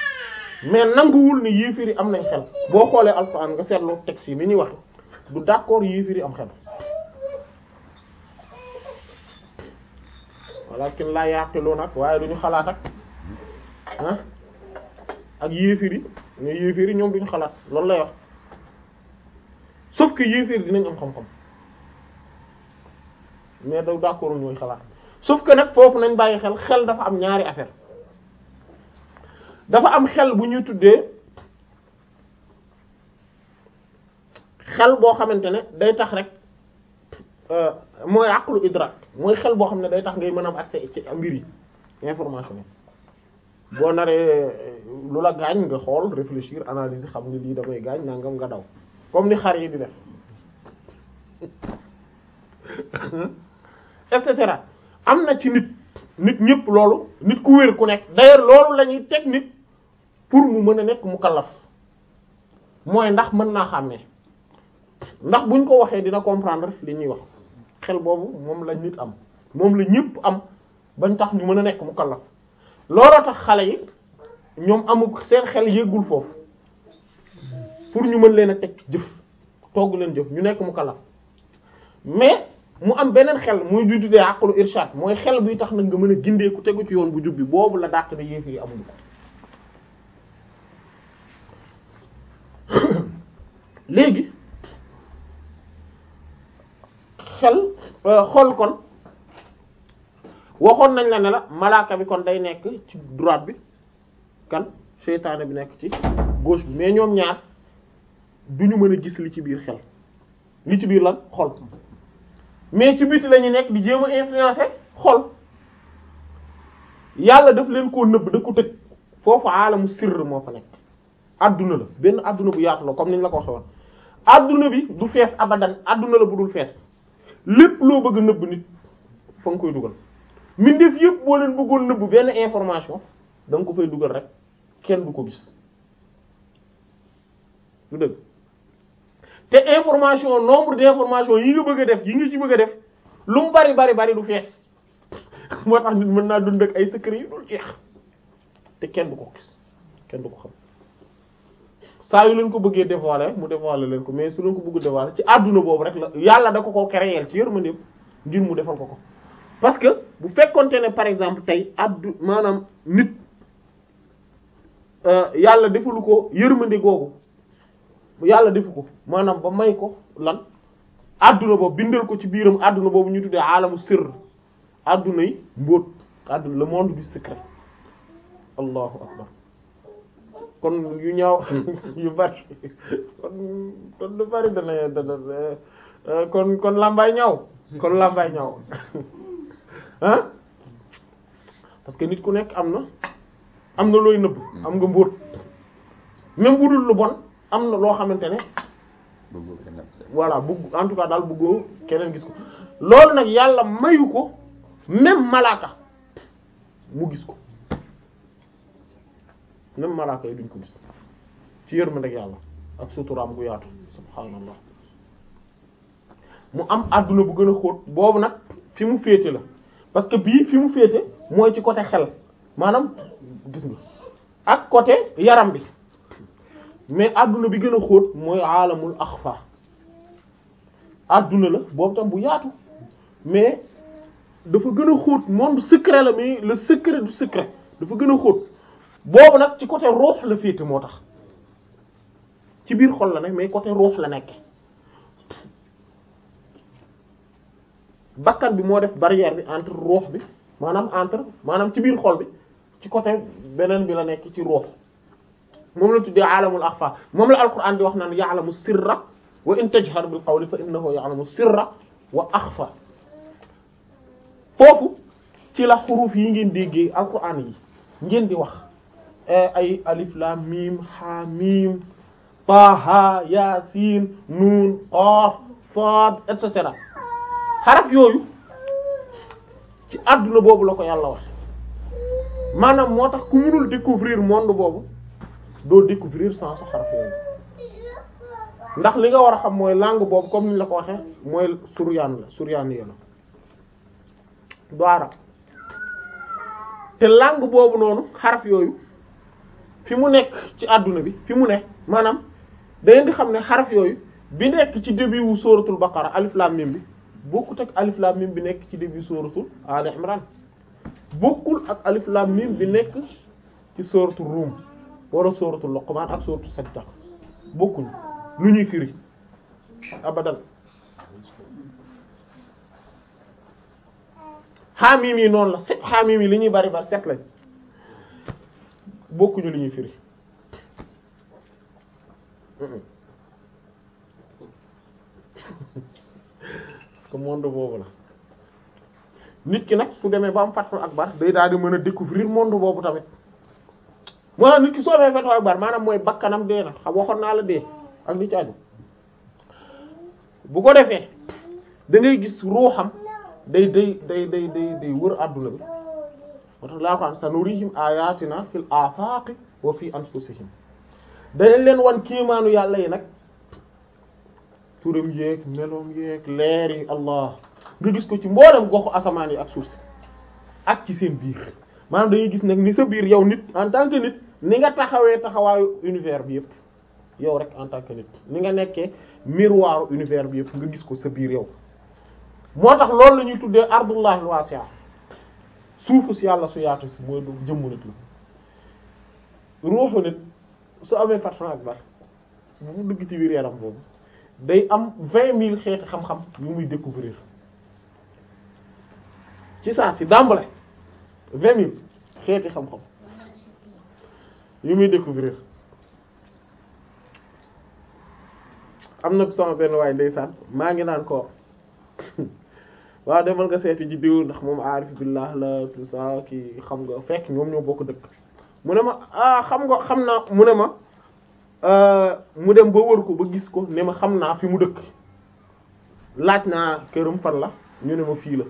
mais nanguwul ni yéeféer yi am nañ xel boo xoolee alxuraan nga seetlu texte yi ni ñuy wax du d'accord yéeféer yi am xel walakin laa yaqiluna ak waaye duñu xalaat ak ah ak yéeféer yi mais yéeféer yi ñoom duñu xalaat loolu lay wax sauf que yéeféer dinañ am xam-xam mais daw d'accord ñooy xalaat sauf que nag foofu nañ bàyyi xel xel dafa am ñaari affaire dafa am xel bu ñuy tuddee xel boo xamante ne day tax rek euh, mooy àqlu idrak mooy xel boo xam ne day tax ngay mën a am accès ci mbir yi information yi boo naree euh, lu la gaañ nga xool réfléchir analyser xam ni lii damay gaañ nangam nga daw comme ni xar yi di def hmm? et cetera am na ci nit nit ñëpp loolu nit ku wér ku nekk d'ailleurs loolu la ñuy teg nit pour mu mën a nekk mu kallaf mooy ndax mën naa xàmmee ndax buñ ko waxee dina comprendre li ñuy wax xel boobu moom lañ nit am moom la ñëpp am bañ tax ñu mën a nekk mu kallaf a tax xale yi ñoom amul seen xel yéegul foofu pour ñu mën leen a teg jëf togg leen jëf ñu nekk mu kallaf mu am beneen xel muy du tuddee àqlu irshad mooy xel buy tax nag nga mën a gindee ku tegu ci yoon bu jub bi boobu la dàq na yéef yi amuñu *coughs* léegi xel euh, xol kon waxoon nañ la ne la malaaka bi kon day nekk ci droit bi kan seytaane bi nekk ci gauche bi mais ñoom ñaar duñu mën a gis li ci biir xel li ci biir la xol mais ci biti la ñu nekk di jéem a influencer xol yàlla daf leen koo nëbb da ko tëj foofu aalamu sirr moo fa nekk adduna la benn adduna bu yaatu la comme niñ la ko waxee woon adduna bi du fees abadan adduna la bu dul fees lépp loo bëgg a nëbb nit fa nga koy dugal def yëpp boo leen bëggoon nëbb benn information danga ko fay dugal rek kenn du ko gis du dëgg te information nombre d'information yi nga bëgg def yi nga ci bëgg a def lu mu bari bari bari du fees *laughs* moo tax nit mën naa dund ak ay secret yu dul jeex te kenn du ko gis kenn du ko xam saa yu leen ko bëggee dévoiler mu dévoiler leen ko mais su leen ko bëgg dévoiler ci àdduna boobu rek la yàlla da ko ko créer ci yërmande ngir mu defal ko ko parce que bu fekkonte ne par exemple tey addu maanaam nit euh, yàlla defalu ko yërmande googu yàlla defu ko maanaam ba may ko lan adduna boobu bindal ko ci biiram àdduna boobu ñu tuddee aalamu sirr adduna yi mbóot adduna le monde du secret allahu akbar kon yu ñaaw *laughs* yu bari kon kon lu bari dana dana eh, kon kon làmbaay ñaaw kon làmbaay ñaaw ah *laughs* parce que nit ku nekk am na am na looy nëbb am nga mbóot même bu dul lu bon am na loo xamante ne voilà bëgg en tout cas daal bëggoo keneen gis ko loolu nag yàlla mayu ko même malaaka mu gis ko même malaaka yi duñ ko gis ci yër yërmande ak yàlla ak suturaam gu yaatu subhaanallah mu am àdduna bu gën a xóot boobu nag fi mu féete la parce que bii fi mu féete mooy ci côté xel maanaam gis nga ak côté yaram bi mais adduna bi gën a xóot mooy aalamul axfa àdduna la boobu tam bu yaatu mais dafa gën a xóot monde secret la mais le secret du secret dafa gën a xóot boobu nag ci côté ruux la féete moo tax ci biir xol la ne mais côté ruux la nekk bakkan bi moo def barrière bi entre ruux bi maanaam entre maanaam ci biir xol bi ci côté beneen bi la nekk ci ruux moom la tuddee alamul axfa moom la alquran di wax naan ya'lamu sirra wa in tajhar bil qawli fa innahu ya'lamu sirra wa axfa foofu ci la xuruf yi ngeen déggee alquran yi ngeen di wax e, ay alif lam mim ha mim taha ya siin nuun qaaf saad et yooyu ci àdduna boobu la ko yàlla wax maanaam moo tax ku mënul découvrir monde boobu doo découvrir sans su xaraf yooyu ndax li nga war a xam mooy langue boobu comme ni la ko waxee mooy suryaan la suryaan yi la du arab te langue boobu noonu xaraf yooyu fi mu nekk ci àdduna bi fi mu ne maanaam da di xam ne xaraf yooyu bi nekk ci début wu sóoratul baqara alif bi bokkut ak alif lam mim bi nekk ci début sóoratul al imran bokkul ak alif lam bi nekk ci sóoratul ruum wala sóoratu Luqmaan ak sóoratu Sajda bokkuñu lu ñuy firi abadan xaamim yi noonu la set xaamim yi li ñuy bari bari set lañ bokkuñu li ñuy firi *laughs* parce que monde boobu la nit ki nag su demee ba am Fathul Akbar day daal di mën a découvrir monde boobu tamit maanaam nit ki soobee fathu akbar maanaam mooy bakkanam dee na xam waxoon naa la dee ak li ci aju bu ko defee da gis ruuxam day day day day day day wër adduna bi moo tax laa ko am sanurihim ayatina fil afaqi wa fi anfusihim dañ leen wan kiimaanu yàlla yi nag turam yeeg meloom yeeg leer allah nga gis ko ci mboolem goxu asamaan yi ak suuf si ak ci seen biir maanaam dañuy gis nag ni sa biir yow nit en tant que nit ni nga taxawee taxawaayu univers bi yëpp yow rek en tant que nit ni nga nekkee miroiru univers bi yëpp nga gis ko sa biir yow moo tax loolu la tuddee ardullahi wasi'a suufu si yàlla su yaatu si mooy du jëmmu nit la ruuxu nit su amee fatran akbar bu dugg ci biir yaram boobu day am vingt mille xeeti xam-xam yu muy découvrir ci saa si dàmbale vingt mille xeeti xam-xam yu muy découvrir am na sama benn waay ndeysaan maa ngi naan ko *laughs* waaw demal nga seeti ji diw ndax moom aarif billah la tout ça kii xam nga fekk ñoom ñoo boo ko dëkk mu ne ma ah, xam nga xam naa mu ne ma euh, mu dem ba wër ko ba gis ko ne ma xam naa fi mu dëkk laaj naa këram fan la ñu ne ma fii la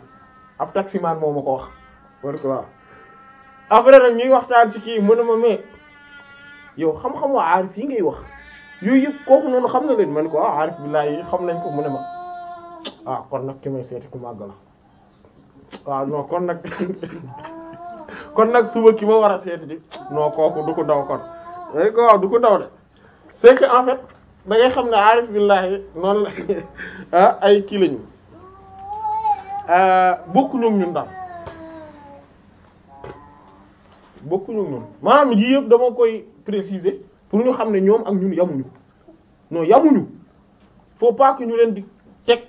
ab taximaan moo ma ko wax war ko waaw après nag ñuy waxtaan ci kii mu ne ma mais yow xam-xamu aarif yi ngay wax yooyu yëpp kooku noonu xam na leen man ko ah aarif billahi xam nañ ko mu ne ma ah kon nag ki may seeti ku màgg la waaw ah, non kon nag *laughs* nag suba ki ma war a seeti di kooku du ko daw kon dañ ko waaw ah, du ko daw de c'est en fait da xam ne aarif billahi noonu la *laughs* ah, ay kii lañu bokku ñoom ñun daal bokku ñoom ñun maanaam yëpp dama koy préciser pour ñu xam ne ñoom ak ñun yamuñu non yamuñu faut pas que ñu leen di teg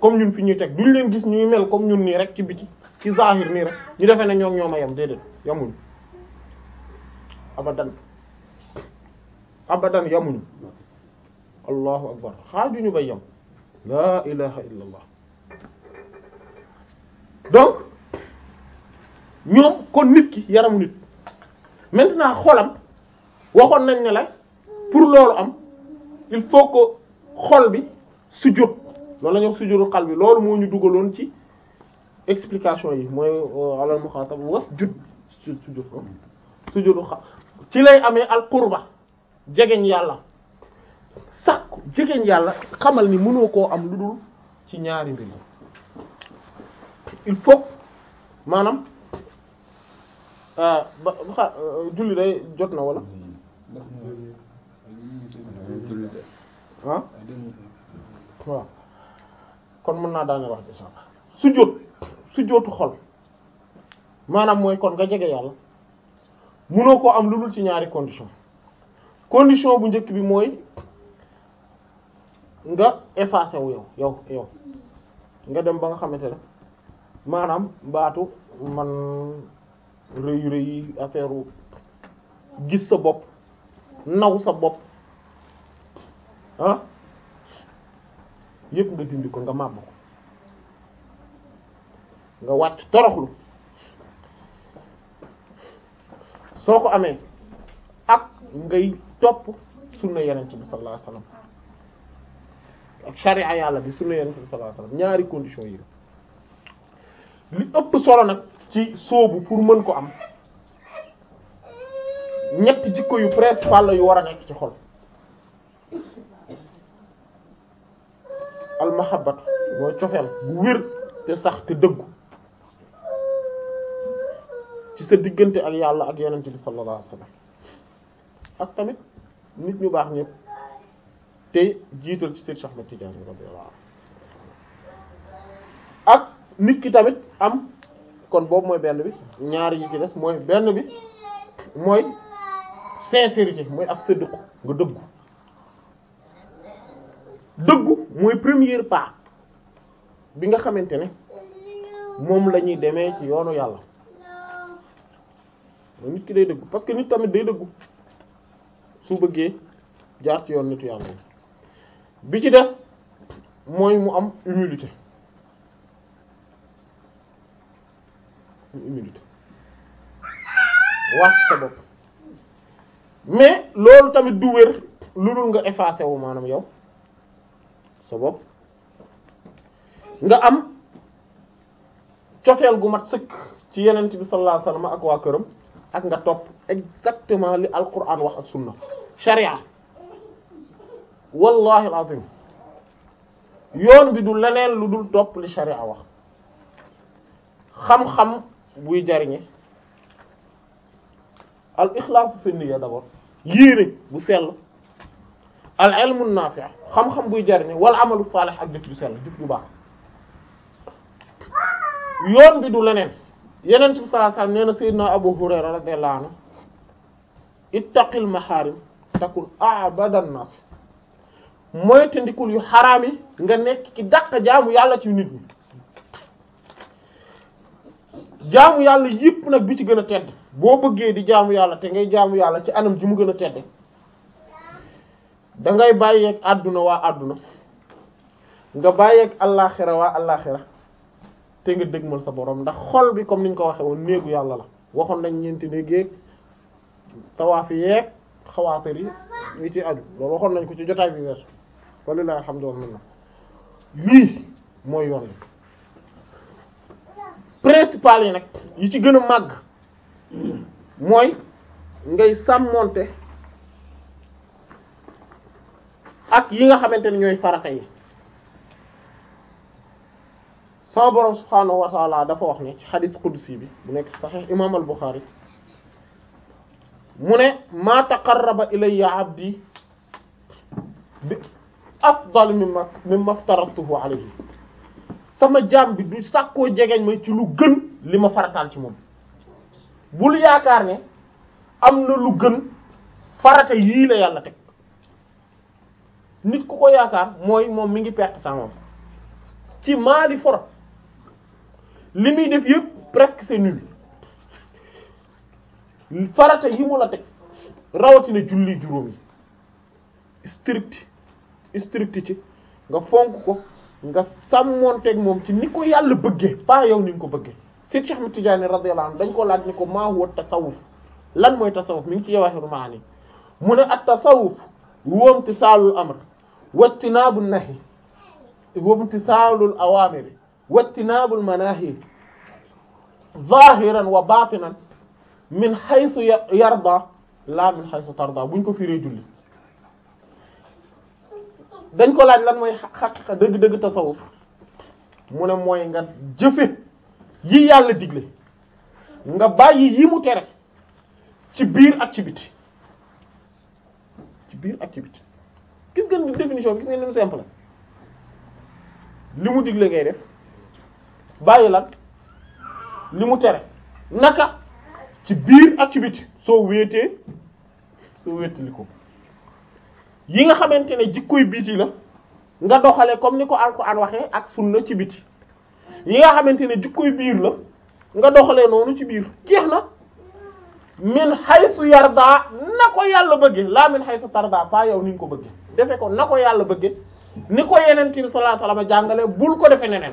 comme ñun fi ñuy teg duñ leen gis ñuy mel comme ñun nii rek ci biti ci zahir nii rek ñu defee ne ñoom ñooma a yem déedéet yamuñu abadan abadan yamuñu allahu akbar xaajuñu bay yam laa ilaha illa allah donc ñoom kon nit ki yaramu nit maintenant xolam waxoon nañ ne la pour loolu am il faut que xol bi sujjóot loolu la ñuy wax sujjóotul xal bi loolu moo ñu dugaloon ci explication yi mooy euh, alal muxaatab was jut sujjóot sujjóotul xal ci lay amee al qurba jegeñ yàlla sàkku jegeñ yàlla xamal ni mënoo koo am lu dul ci ñaari mbir il faut maanaam euh, ba julli day jot na wala ah waaw kon mën naa daane wax bi sax sujjóot sujjóotu xol maanaam mooy kon nga jege yàlla mënoo koo am lu dul ci ñaari condition condition bu njëkk bi mooy nga effacé wu yow yow yow nga dem ba nga xamante ne maanaam mbaatu man rëy rëy affaire gis sa bopp naw sa bopp ah yëpp nga dindi ko nga màbb ko nga wàcc toroxlu soo ko amee ak ngay topp sunna yeneen ci bi sallallahu alayhi wasallam ak sharia yàlla bi sunna yeneen ci bi sallallahu alayhi ñaari condition yi li ëpp solo nag ci soobu pour mën ko am ñett jikko yu principal la yu war a nekk ci xol almahabatu mooy cofeel bu wér te sax te dëggu ci sa diggante ak yàlla ak yonent bi sallallahu alayhi ak tamit nit ñu baax ñëpp te jiital ci Seex Ahmad Tijaani radiyallahu anhu ak nit ki tamit am kon boobu mooy benn bi ñaar yi ci des mooy benn bi mooy sincérité mooy ak sa dëkku nga dëggu dëggu mooy premier pas bi nga xamante ne moom la ñuy demee ci yoonu yàlla mooy nit ki day dëggu parce que nit tamit day dëggu su bëggee jaar ci yoon nitu yàlla bi ci def mooy mu am humilité humilité wàcc sa bopp mais loolu tamit du wér lu dul nga effacé wu maanaam yow sa bopp nga am cofeel gu mat sëkk ci yenent bi sallallahu alayhi ak waa këram ak nga topp exactement li alquran wax ak sunna sharia wallahi alazim yoon bi du leneen lu dul topp li sharia wax xam-xam buy jariñe al ixlaasu fi niyya d'abord yéene bu sell al ilmu naafi' xam-xam buy jariñ wal amalu saalih ak jëf ju sell jëf ju baax yoon bi du leneen yeneen bi sallallahu alayhi wasallam nee na sayyidina Abu Hurayra radiyallahu anhu ittaqil mahaarim takun a'badan naas mooy te ndikul yu xaraam nga nekk ki dàq jaamu yàlla ci nit ñi jaamu yàlla yëpp nag bi ci gën a tedd boo bëggee di jaamu yàlla te ngay jaamu yàlla ci anam ji mu gën a tedde dangay ngay bàyyeeg àdduna waa àdduna nga bàyyeeg allaaxira waa allaaxira te nga dëgmal sa boroom ndax xol bi comme niñ ko waxee woon néegu yàlla la waxoon nañ ñeenti néeg yeeg tawaafi yeeg xawaatar yi yi ci aju loolu waxoon nañ ko ci jotaay bi weesu walilahi alhamdulillah lii mooy yoon principal yi nag yi ci gën a màgg mooy ngay sàmmonte ak yi nga xamante ne ñooy farata yi sama borom subhaanahu wa taala dafa wax ne ci xadis qudsi bi bu nekk saxiix imaam al mu ne maa taqarraba ilayya abdi bi afdal mimma mimma aftaratuhu alayhi sama jaam bi du sàkkoo jegeñ ma ci lu gën li ma farataal ci moom bul yaakaar ne am na lu gën farata yii la yàlla teg nit ku ko yaakaar mooy moom mi ngi perte temps moom ci maali foro li muy def yëpp presque c'est nul farata yi mu la teg rawatina julli juróom yi strict strict ci nga fonk ko nga sàmmoonteeg moom ci ni ko yàlla bëggee pas yow ni nga ko bëggee Seydou Cheikh Ahmed Tidiane radiyallahu anhu dañ ko laaj ni ko maa huwa tasawuf lan mooy tasawuf mi ngi ci jawahirul maani mu ne at tasawuf huwa imtisaalul amr wa ijtinaabun nahi wa imtisaalul awaamir wa ijtinaabul manaahi zaahiran wa baatinan min haythu yarda laa min haythu tarda buñ ko firee julli dañ ko laaj lan mooy xaqiqa dëgg-dëgg tasawuf mu ne mooy nga jëfe yi yàlla digle nga bàyyi yi mu tere ci biir ak ci biti ci biir ak ci biti gis ngeen définition bi gis ngeen ni mu simple li mu digle ngay def bàyyi lan li mu tere naka ci biir ak ci biti soo wéetee soo wéetali ko yi nga xamante ne koy biti la nga doxale comme ni ko Alxuraan waxee ak sunna ci biti yi nga xamante ne koy biir la nga doxalee noonu ci biir jeex na min xaysu yarda na ko yàlla bëgge laa min xaysu tarda pas yow ni nga ko bëgge defe ko na ko yàlla bëgge ni ko yenent bi sallallahu alayhi wasallam jàngale bul ko defe neneen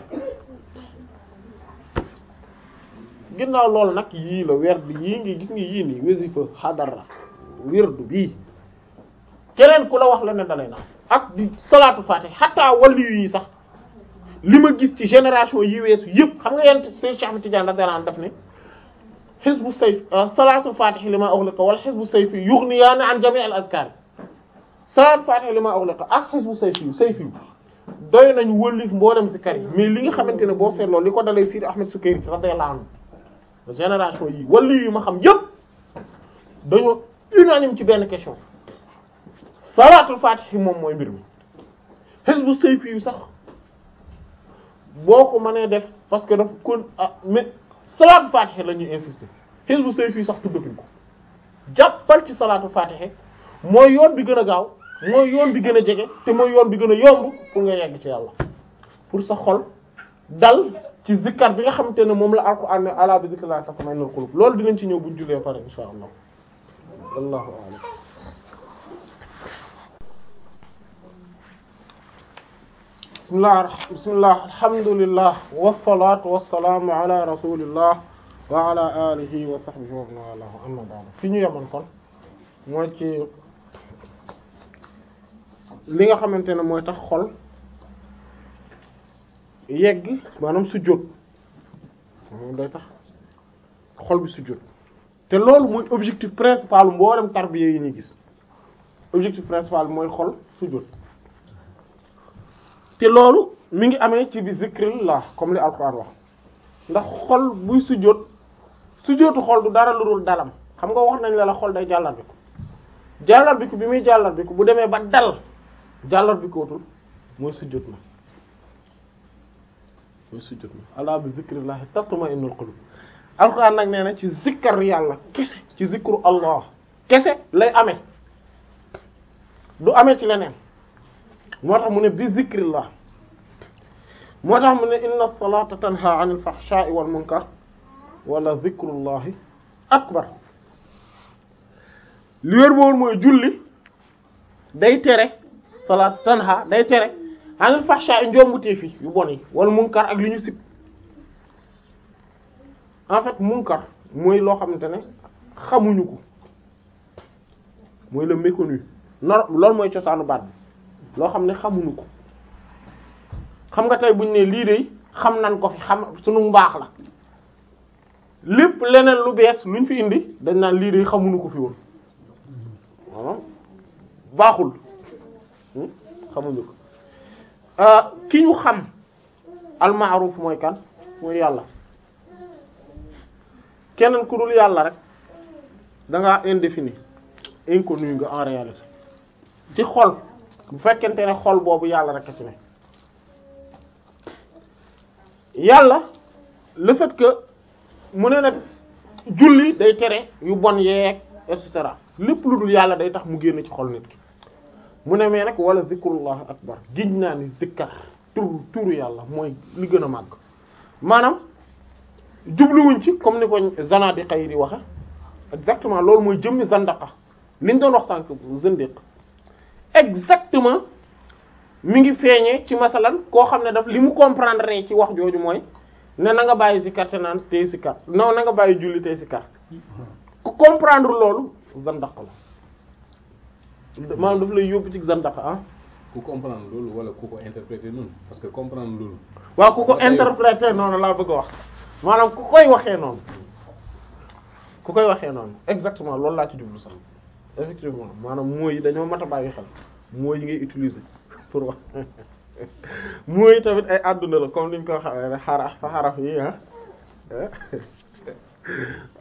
ginnaaw loolu nag yii la werd yii ngi gis ngi yii nii wasifa xadara wirdu bii keneen ku la wax la ne dalay na ak di salaatu faate xataa wàllu yi sax li ma gis ci génération yi weesu yëpp xam nga yent Seydou Cheikh Ahmed Tidiane radiyallahu anhu daf ne hizbu sayf ah, salaatul faatihi limaa ughliqa wala hizbu sayfi yughniyaani an jamii al azkaar salaatul faatihi limaa ughliqa ak nañ wëlif mboolem zikar yi mais li nga xamante ne boose seetloo li ko dalay Sidi Ahmed Sukayri radiyallahu anhu génération yi wala yi ma xam yëpp dañoo unanime ci benn question salaatul faatihi moom mooy mbir mi sax. boo ko mënee def parce que dafa kon ah mais salaatu fatiha la ñuy insister Hizbut Sayf fii sax tuddatuñ ko jàppal ci salaatu fatiha mooy yoon bi gën a gaaw mooy yoon bi gën a jege te mooy yoon bi gën a yomb pour nga yegg ci yàlla pour sa xol dal ci zikkar bi nga xamante ne moom la alquran ala bi zikrillah tatma'innul qulub loolu dinañ ci ñëw buñ jullee pare insha allah wallahu a'lam bismillah bismillah alhamdulillah wassalaatu wassalaamu ala rasulillah wa ala fi ñu yemoon kon mooy ci li nga xamante ne mooy tax xol yegg maanaam sujjóot moom day tax xol bi sujjóot te loolu mooy objectif principal mboolem tarbiya yi ñuy gis objectif principal mooy xol sujjóot te loolu mi ngi amee ci bi zikrillah comme li alquran wax ndax xol buy sujjóot sujjóotu xol du dara lu dul dalam xam nga wax nañ la la xol day jàllar bi bi muy jàllar bu demee ba dal jàllar bi mooy sujjóot na mooy sujjóot na ala bi zikrillah tatma'innul qulub alquran nag nee na ci zikkar yàlla kese ci zikru allah kese lay amee du amee ci leneen moo tax mu ne bi zikrillah moo tax mu ne inna as-salata tanha 'anil fahsha'i wal munkar wala zikrullahi akbar li wér boor mooy julli day tere salaat tanha day tere anil fahsha'i njombutee fi yu bon yi wal munkar ak li ñu sib en fait munkar mooy loo xamante ne xamuñu ko mooy le méconnu nor mooy cosaanu baat bi loo xam ne xamuñu ko xam nga tey buñ ne lii de xam nan ko fi xam sunu mbaax la lépp leneen lu bees luñ fi indi dañ naan lii de xamuñu ko fi woon baaxul hmm? xamuñu ko euh, ki ñu xam almaaruf mooy kan yàlla keneen ku dul yàlla rek da ngaa indéfini inconnu nga en réalité ci xol bu fekkente ne xol boobu yàlla rek a ci ne yàlla le fait que mu ne nag julli day tere yu bon yeeg et cetera lépp lu dul yàlla day tax mu génn ci xol nit ki mu ne mais nag wala zikrullah akbar giñ naa ni zikkar tur turu yàlla mooy li gën a màgg maanaam jubluwuñ ci comme ni ko zanadiqa yi di waxe exactement loolu mooy jëmmi zandaqa liñ doon wax sànq zëndiq exactement exactement mi ngi feeñee ci masalan koo xam ne daf li mu comprendre ci wax jooju mooy ne na nga bàyyi si carte naan tey si carte non na nga bàyyi julli tey si carte ku comprendre loolu zandax la maanaam daf lay yóbbu ci zandax ah. ku comprendre loolu wala ku ko interpréter noonu parce que comprendre loolu. waaw ko interpréter noonu laa bëgg a wax maanaam ku koy waxee noonu ku koy waxee noonu exactement loolu laa ci jublu sax effectivement maanaam mooy dañoo mat a bàyyi xel. mooy yi ngay utiliser pour wax mooy tamit ay àdduna la comme niñ ko xamee rek xaraf fa xaraf yi ah.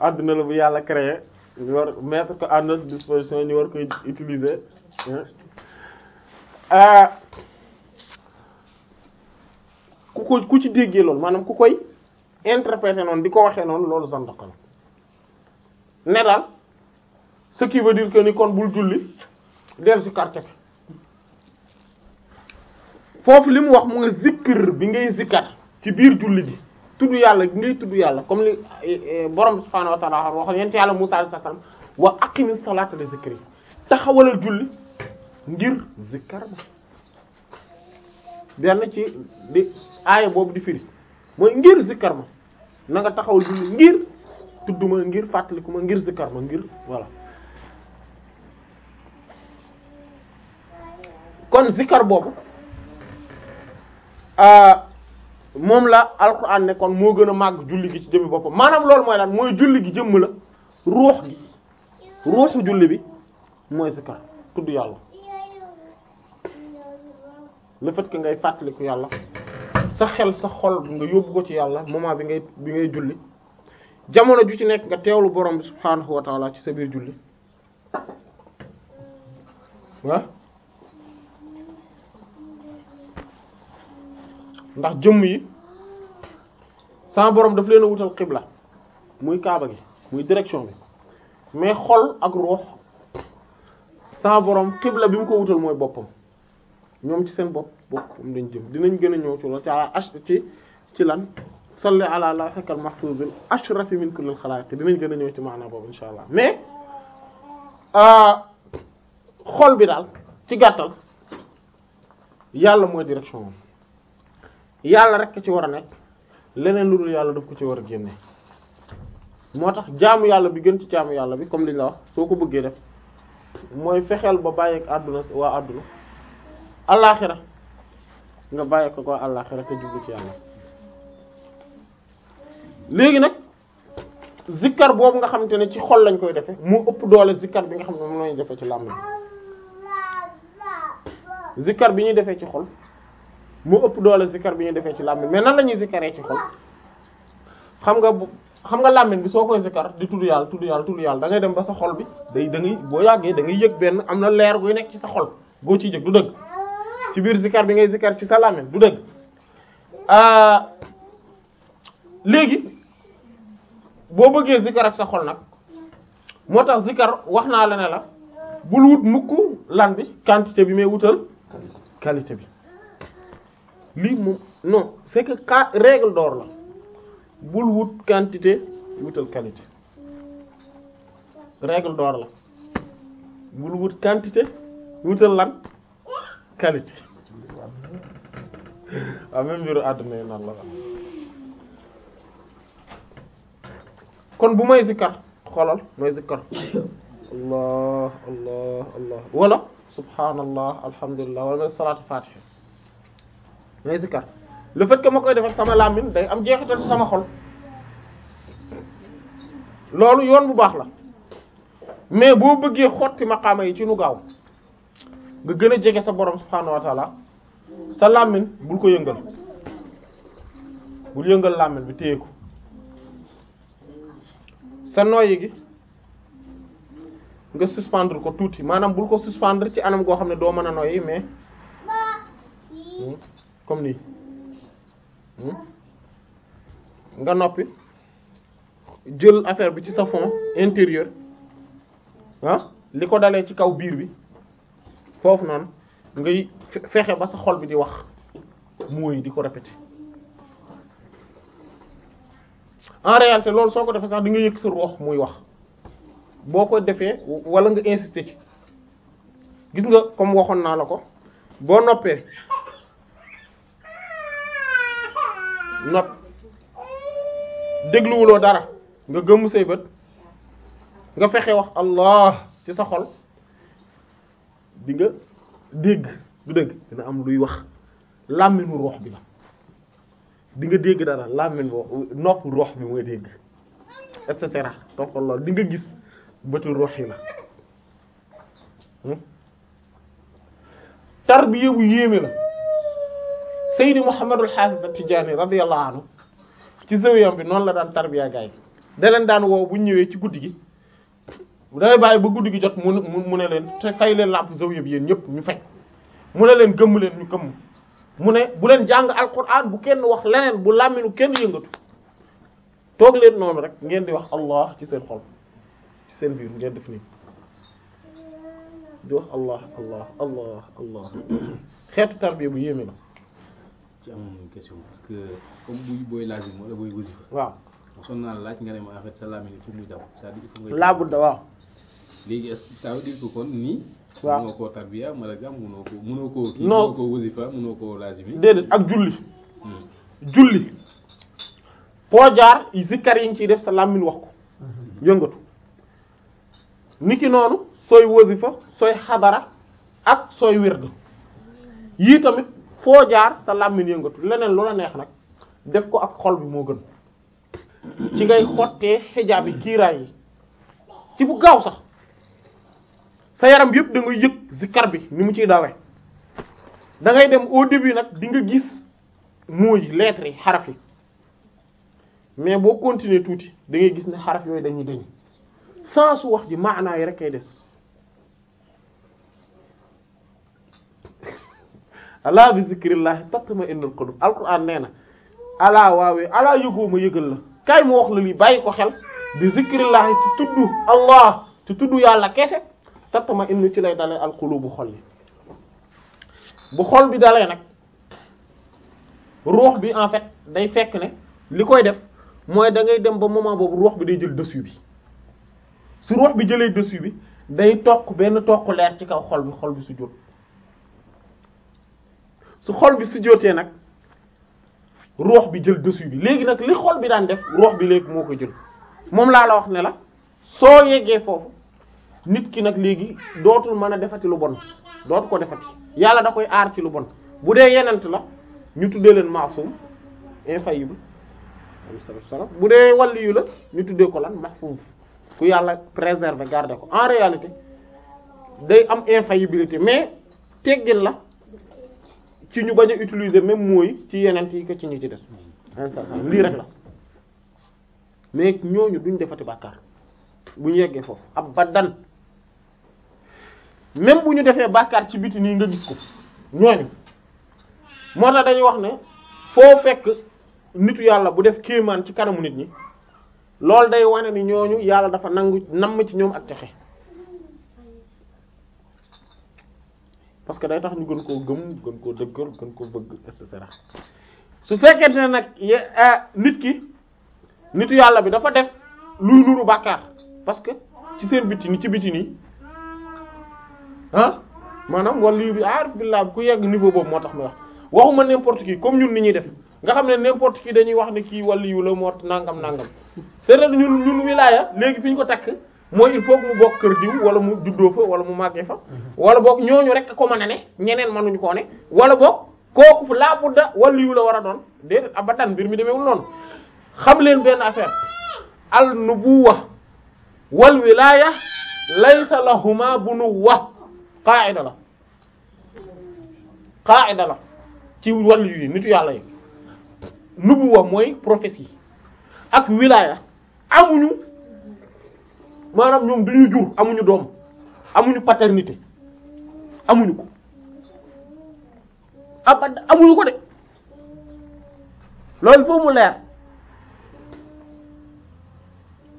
àdduna la bu yàlla créé ñu war mettre ko à notre disposition ñu war koy utiliser ah. Ah. ku ko ku ci déggee loolu maanaam ku koy interpréter noonu di ko waxee noonu loolu zandaq la ne daal ce qui veut dire que ni kon bul julli del si quartier foofu li mu wax mu nga zikr bi ngay zikkar ci biir julli ji tudd yàlla ngay tudd yàlla comme li eh, eh, borom subhaanahu wa ta'ala wax yent yàlla Musaa alayhi salaam wa aqimi salaata li zikri taxawalal julli ngir zikkar ba benn ci di aaya boobu di firi mooy ngir zikkar ma na taxawal julli ngir tudd ma ngir fàttaliku ma ngir zikkar ma ngir voilà kon zikkar boobu Euh, moom la alquran ne kon moo gën a màgg julli gi ci jëmmi boppam maanaam loolu mooy lan mooy julli gi jëmm la ruux gi ruuxu julli bi mooy zikar tudd yàlla le fait ngay fàttaliku yàlla sa xel sa xol nga yóbbu ko ci yàlla moment bi ngay bi ngay julli jamono ju ci nekk nga teewlu borom bi subhaanahu wa taala ci sa biir julli waa ndax jëmm yi sama borom daf leen a wutal xibla muy kaaba gi muy direction bi mais xol ak ruux sama borom xibla bi mu ko wutal mooy boppam ñoom ci seen bopp boppam dañ jëm dinañ gën a ñëw ci loolu ci ala ash ci ci lan salli ala lawhikal mahfuzil ashrafi min kullil xalaayiq dinañ gën a ñëw ci maanaam boobu insha allah mais euh, xol bi daal ci gàttal yàlla mooy direction moom yàlla rek ci war a nekk leneen lu dul yàlla daf ko ci war a génne moo tax jaamu yàlla bi gën ci jaamu yàlla bi comme li la wax soo ko bëggee def mooy fexeel ba bàyyeek àdduna waa àdduna allaaxira nga bàyyi ko ko allaaxira te jublu ci yàlla léegi nag zikkar boobu nga xamante ne ci xol lañ koy defe mu ëpp doole zikkar bi nga xam ne moom lañuy defe ci làmmiñ zikkar bi ñuy defee ci xol moo ëpp doole zikkar bi ñu defee ci làmmiñ mais nan la ñuy zikkaree ci xol xam nga bu xam nga làmmiñ bi soo koy zikkar di tudd yàlla tudd yàlla tudd dem ba sa xol bi day da boo yàggee da ngay yëg benn am na leer guy nekk ci sa xol boo ciy yëg du dëgg ci biir zikkar bi ngay zikkar ci sa làmmiñ du dëgg ah, léegi boo bëggee zikkar ak sa xol nag moo tax zikkar wax naa la ne la bul wut mukk lan bi quantité bi may wutal qualité bi lii moom non c'est que cas règle d'or la bul wut quantité wutal qualité règle d'or la bul wut quantité wutal lan qualité *laughs* waaw même mbiru àdduna la kon bu may zikkar xoolal may zikkar *coughs* allah allah allah wala subhaanallah alhamdulillah wala may salaatu faatiha may zikar le fait que ma koy defal sama làmmiñ day am jeexital sama xol loolu yoon bu baax la mais boo bëggee xotti maqaama yi ci nu gaaw nga gën a jege sa borom subhaanahu wa sa làmmiñ bul ko yëngal bul yëngal làmmiñ bi téye ko sa noyyi gi nga suspendre ko tuuti maanaam bul ko suspendre ci anam goo xam ne doo mën a noyyi mais. comme nii hmm? nga noppi jël affaire bi ci sa fond intérieur ah li ko dalee ci kaw biir bi foofu noonu ngay fexe ba sa xol bi di wax mu mooy di ko répéter en réalité loolu soo ko defee sax di nga yëg sa ruux muy wax boo ko defee wala nga insister ci gis nga comme waxoon naa la ko boo noppee not dégluwuloo dara nga gëmm say bët nga fexe wax allah ci sa xol di dégg du dégg dina am luy wax làmminu roox bi la di nga dégg dara làmmin nopp roox bi mooy dégg et cetera toppal lool di nga gis bëtu roox yi la hmm? tarbiya bu yéeme la Seydi Mouhamadul Haafis At-Tijaani radiyallahu anhu ci zawiyam bi noonu la daan tarbiya gaay da leen daan woow bu ñëwee ci guddi gi dangay bàyyi ba guddi gi jot mu ne mu ne leen te leen làmp zawiya bi yéen ñëpp ñu fay mu ne leen gëmm leen ñu gëmm mu ne bu leen jàng alquran bu kenn wax leneen bu làmminu kenn yëngatu toog leen noonu rek ngeen di wax allah ci ci seen biir ngeen def nii di wax allah allah allah allah bu yéeme la ci am question parce que comme buy booy laazim wala booy wasifa waaw mosoon naa laaj nga ne ma en sa làmmiñ il muy daw cest à da waaw léegi ça veut dire que kon nii waaw mënoo koo tarbiya ko mënoo koo kii déedéet ak julli hmm. julli foo jaar zikkar yi ñu ciy def sa làmmiñ wax ko hmm. yëngatu niki noonu sooy wasifa sooy xadara ak sooy wird yii tamit foo jaar sa làmmiñ yëngatu leneen lu la neex nag def ko ak xol bi moo gën ci ngay xottee xijaab yi kiiraay yi ci bu gaaw sax sa yaram yëpp da ngay yëg zikar bi ni mu ciy dawee da ngay dem au début nag dinga nga gis mooy lettres yi xaraf yi mais boo continuer tuuti da gis ne xaraf yooyu dañuy dañ sans su wax ji maanaa yi rek kay des alaa bi zikrillahi tatma'innul qulub alquran nee na alaa waawee alaa yëgoo ma yëgal la kaay mu wax la lii bàyyi ko xel bi zikrillahi ci tudd allah ci tudd yàlla ma tatma'innu ci lay dalee bu xol yi bu xol bi dalee nag ruux bi en fait day fekk ne li koy def mooy da ngay dem ba moment boobu ruux bi day jël dessus bi su ruux bi jëlee dessus bi day toq benn toq leer ci kaw xol bi xol bi su jot su xol bi sujjóotee nag ruux bi jël dessus bi léegi nag li xol bi daan def ruux bi léegi moo ko jël moom laa la wax ne la soo yeggee foofu nit ki nag léegi dootul mën a defati lu bon dootu ko defati yàlla da koy aar ci lu bon bu dee yenent la ñu tuddee leen maasum infaillible bu dee waliyu la ñu tuddee ko lan mahfuz ku yàlla préserver garder ko en réalité day am infaillibilité mais teggin la ci ñu bañ a utiliser même mooy ci yeneen yi ko ci ñi ci des lii rek la mais ñooñu duñ defati bàkkaar bu ñu yeggee foofu ab abadan même bu ñu defee bàkkaar ci biti nii nga gis ko ñooñu moo tax dañuy wax ne foo fekk nitu yàlla bu def kéemaan ci kanamu nit ñi loolu day wane ni ñooñu yàlla dafa nangu namm ci ñoom ak texe parce que day tax ñu gën koo gëm gën koo dëggal gën koo bëgg et cetera su fekkente ne nag ah, nit ki nitu yàlla bi dafa def luy nuru bàkkaar parce que ci seen biti ni ci biti nii ah maanaam wàllu bi aarif ah, billah bi ku yegg niveau boobu moo tax ma wax waxuma n'importe qui comme ñun ni ñuy def nga xam ne n'importe qui dañuy wax ni kii wàllu yu la moo nangam nangam te nag ñun ñun wilaaya léegi fi ñu ko takk mooy il faut que mu bokk kër diw wala mu juddoo fa wala mu màggee fa wala boog ñooñu rek ko mën a ne ñeneen mënuñu koo ne wala boog kooku laa budda waliyu la war a doon déedéet abadan mbir mi demeewul noonu xam leen benn affaire al nubuwa wal wilaya laysa lahuma bunuwa qaa'ida la qaa'ida la ci waliyu yi nitu yàlla yi nubuwa mooy prophétie ak wilaya amuñu maanaam ñoom du ñu jur amuñu doom amuñu paternité amuñu ko abad amuñu ko de loolu foofu mu leer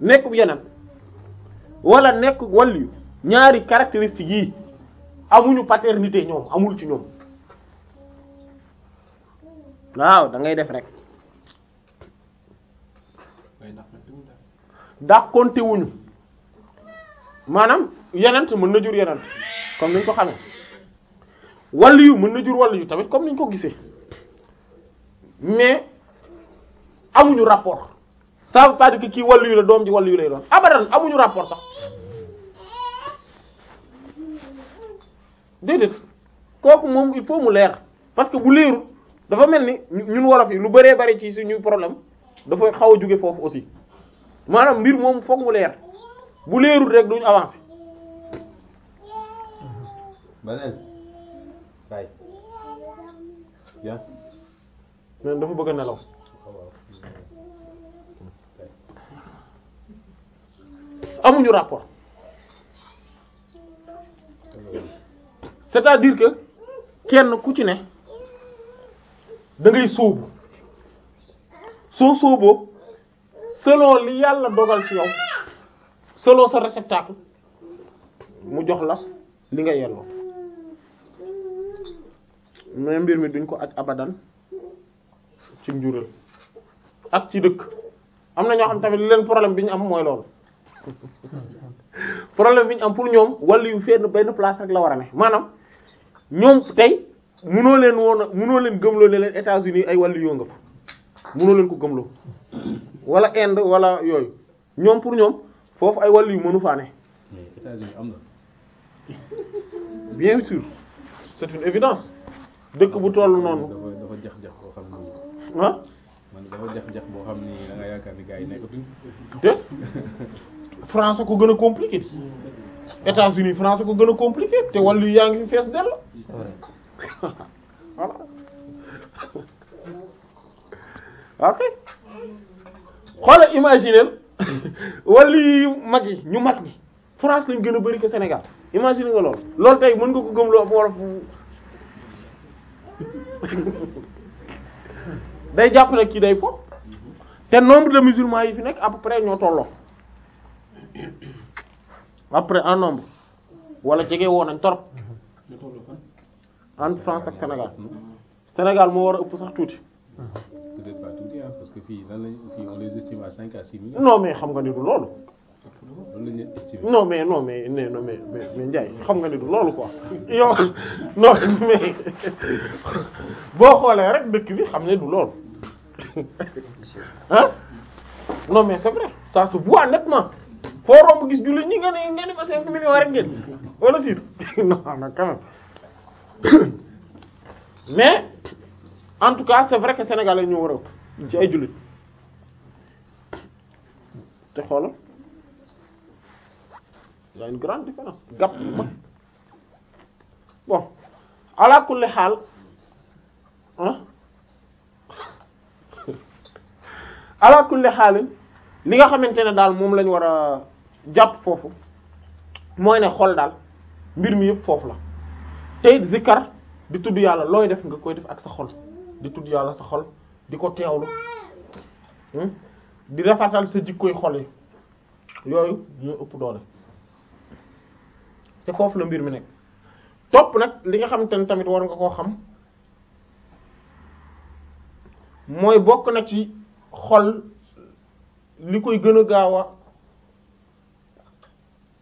nekk yeneen wala nekk wàllu ñaari caractéristiques yi amuñu paternité ñoom amul ci ñoom waaw dangay def rek dàqonte wuñu maanaam yenent mën na jur yenent comme ni ñu ko xamee wàllu yu mën na jur wàllu yu tamit comme ni ñu ko gisee mais amuñu rapport ça veut pas dire que kii wàllu yu la doom ji wàllu yu lay doon abadan amuñu rapport sax déedéet kooku moom il faut mu leer parce que bu leerul dafa mel ni ñun wolof yi lu bëree bëri ci suñuy problème dafay xaw a jóge foofu aussi maanaam mbir moom foog mu leer bu leerul rek duñ avancer. beneen waay dafa bëgg a nelaw. amuñu rapport. c'est-à-dire que kenn ku ci ne da ngay sóobu soo sóoboo selon li yàlla dogal ci yow. selon sa réceptacle mu jox la li nga yelloo mais mbir mi duñ ko ak abadan ci njural ak ci dëkk am na ñoo xam tamit leen problème bi ñu am mooy loolu problème bi ñu am pour ñoom wàllu yu fenn benn place rek la war a maanaam ñoom tey munoo leen woon a munoo leen gëmloo ne leen États-Unis ay wàllu yoo nga fa munoo leen ko gëmloo wala Inde wala yooyu ñoom pour ñoom foofu ay wàllu yu mënu faa ne États-Unis am na bien sûr c'est une évidence dëkk bu toll noonu. dafa dafa jax jax boo xam ni. ah. dafa jax jax boo xam ni da nga yaakaar ni gars yi nekkatuñ. te France ko gën a compliqué. États-Unis France ko gën a compliqué te wàllu yaa ngi fi fees *laughs* ok. xoolal imaginer. *laughs* wali mag yi ñu mag ñi France lañ gën a bari ko Sénégal imagine nga lool loolu tey mën nga ko gëm loo wolof *laughs* day jàpp nag kii day fo te nombre de musulmans yi fi nekk à peu près ñoo tolloo après en nombre wala jege woo nañ torop entre France ak Sénégal Sénégal moo war a ëpp sax tuuti ah. fii lan cinq à six millions. xam nga ni du loolu. non mais non mais nee non xam nga ni du loolu quoi yow non *laughs* boo xoolee rek dëkk bi xam ne du loolu ah non mais c'est vrai ça se foo romb gis jullit ñi nga ne nga ne ma cinq millions rek ngeen wala six *laughs* *coughs* mais en tout cas c'est vrai que sénégalais ñoo war ci ay jullit te xoolal y a une grande différence gàpp mag bon ala kulli xaal ah *laughs* ala xaalin li nga xamante ne daal moom lañ war a jàpp foofu mooy ne xol daal mbir mi yëpp foofu la tey zikkar di tudd yàlla looy def nga koy def ak sa xol di tudd yàlla sa xol di ko teewlu hmm? di rafetal sa jikkoy xol yi yooyu ñoo ëpp doole te foofu la mbir mi nekk topp nag li nga xamante ne tamit war nga koo xam mooy bokk na ci xol li koy gën a gaaw a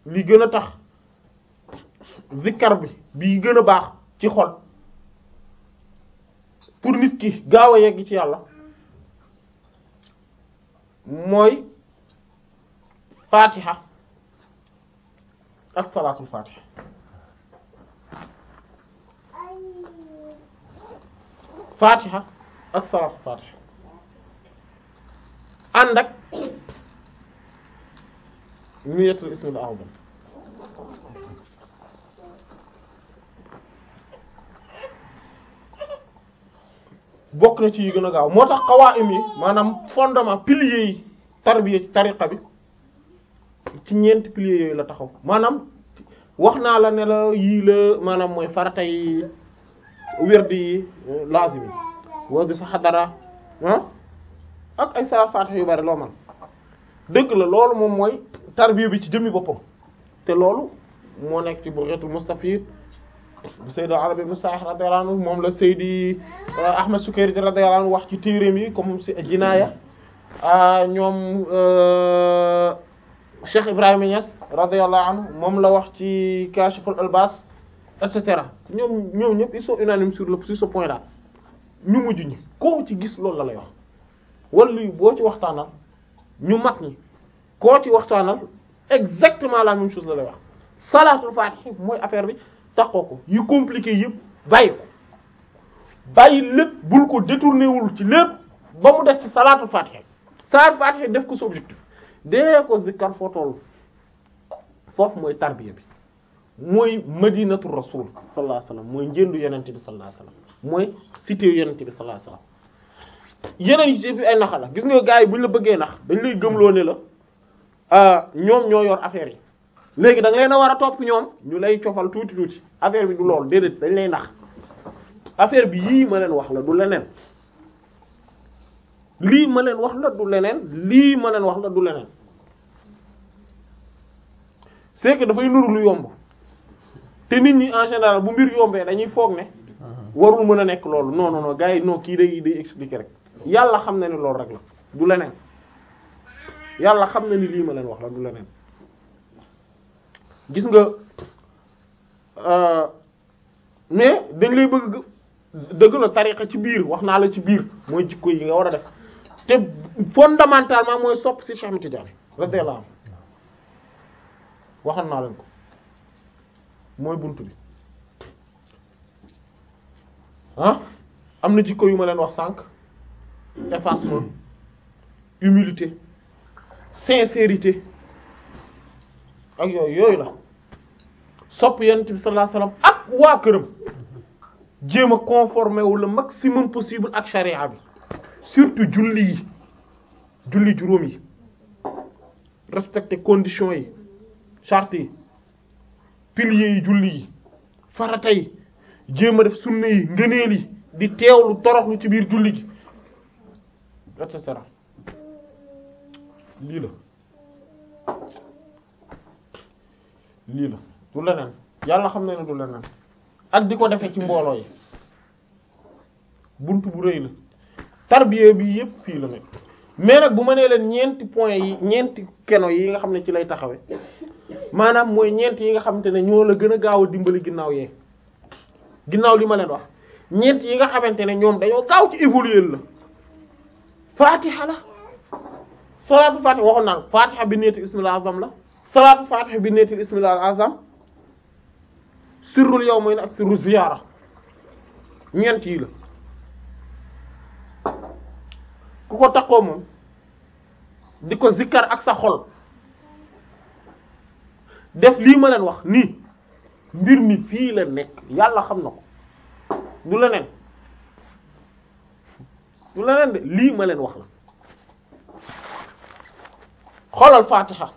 li gën a tax zikkar bi bi gën a baax ci xol pour nit ki gaaw a yegg ci yàlla mooy fatiha ak salaatul fatiha fatiha ak salaatul fatiha ànd ak niyatul ismil a'zam bokk na ci gën a gaaw moo tax xawaayim yi maanaam fondement piliers yi tarbiya ci tariqa bi ci ñeent piliers la taxaw maanaam wax naa la ne la yii la maanaam mooy farata yi wérdi yi lazim yi wérdi sa xadara ah ak ay sa faatiha yu bari loo man dëgg la loolu moom mooy tarbiya bi ci jëmmi boppam te loolu moo nekk ci buryatul mustafid Sayyid Arabi ibn Sa'd moom la Sayyidi euh, Ahmad Sukayrij radiyallahu anhu wax ci téereem yi comme si Jinaaya ah, ñoom euh, Cheikh Ibrahima Niass radiyallahu anhu moom la wax ci Kashiful Albas et cetera ñoom ñoom ñëpp ils sont unanimes sur le sur ce point là ñu mujj koo ci gis loolu la lay wax wala boo ci waxtaanal ñu mag ñi koo ci waxtaanal exactement la même chose la lay wax. salatul fatih mooy affaire bi ndax ko yu compliqué yëpp bàyyi ko bàyyi lépp bul ko détourné ci lépp ba mu des ci salaatu fatiha salaatu fatiha def ko sa objectif dee ko zikkar foo toll foofu mooy tarbiya bi mooy madinatu rasul sallallahu alayhi mooy njëndu yonent bi sallallahu alayhi wasallam mooy cité yonent bi sallallahu alayhi wasallam yeneen yi ay naxa gis nga gars yi bu ñu la bëggee nax dañ lay gëmloo ne la ah, ñoom ñoo yor affaire yi léegi da nga leen a war a topp ñoom ñu lay cofal tuuti tuuti affaire bi du loolu déedéet dañ lay nax affaire bi yii ma leen wax la du leneen lii ma leen wax la du leneen lii ma leen wax la du leneen c'est dafay nuru lu yomb te nit ñi en général bu mbir yombee dañuy foog ne warul mën a nekk loolu non non non gars yi non kii day day expliquer rek yàlla xam na ni loolu rek la du leneen yàlla xam na ni lii ma leen wax la du leneen. gis nga euh, mais dañ lay bëgg dëgg la tariqa ci biir wax naa la ci biir mooy jikko yi nga war a def te fondamentalement mooy sopp si Cheikh Ahmed Tidiane radiyallahu anhu waxoon naa leen ko mooy bunt bi ah am na jikko yu ma leen wax sànq effacement humilité sincérité ak yooyu yooyu la sopp yonent bi sallallahu alayhi wasallam ak waa këram jéem a conformer wu maximum possible ak charia bi surtout julli yi julli juróom yi respecter conditions yi charte yi piliers yi julli yi farata yi jéem a def sunna yi ngëneel yi di teewlu toroxlu ci biir julli ji et cetera lii du leneen yàlla xam na ne du leneen ak di ko defe ci mboolooy bunt bu rëy la tarbiya bi yëpp fii la nekk mais nag bu ma nee leen ñeenti point yi ñeenti keno yi nga xam ne ci lay taxawe maanaam mooy ñeent yi nga xamante ne ñoo la gën a gaaw a dimbali ginnaaw yee ginnaaw li ma leen wax ñeent yi nga xamante ne ñoom dañoo gaaw ci évoluer la fatiha la salaatu fatiha waxoon naa fatiha bi neeti ismillah azam la salaatu fatiha bi neeti ismillah azam sirrul yow mooy ne ak sirru ziyaara ñeent yi la ku ko takkoo moom di ko zikkar ak sa xol def lii ma leen wax nii mbir mi fii la nekk yàlla xam na ko du leneen du leneen de lii ma leen wax la xoolal fatiha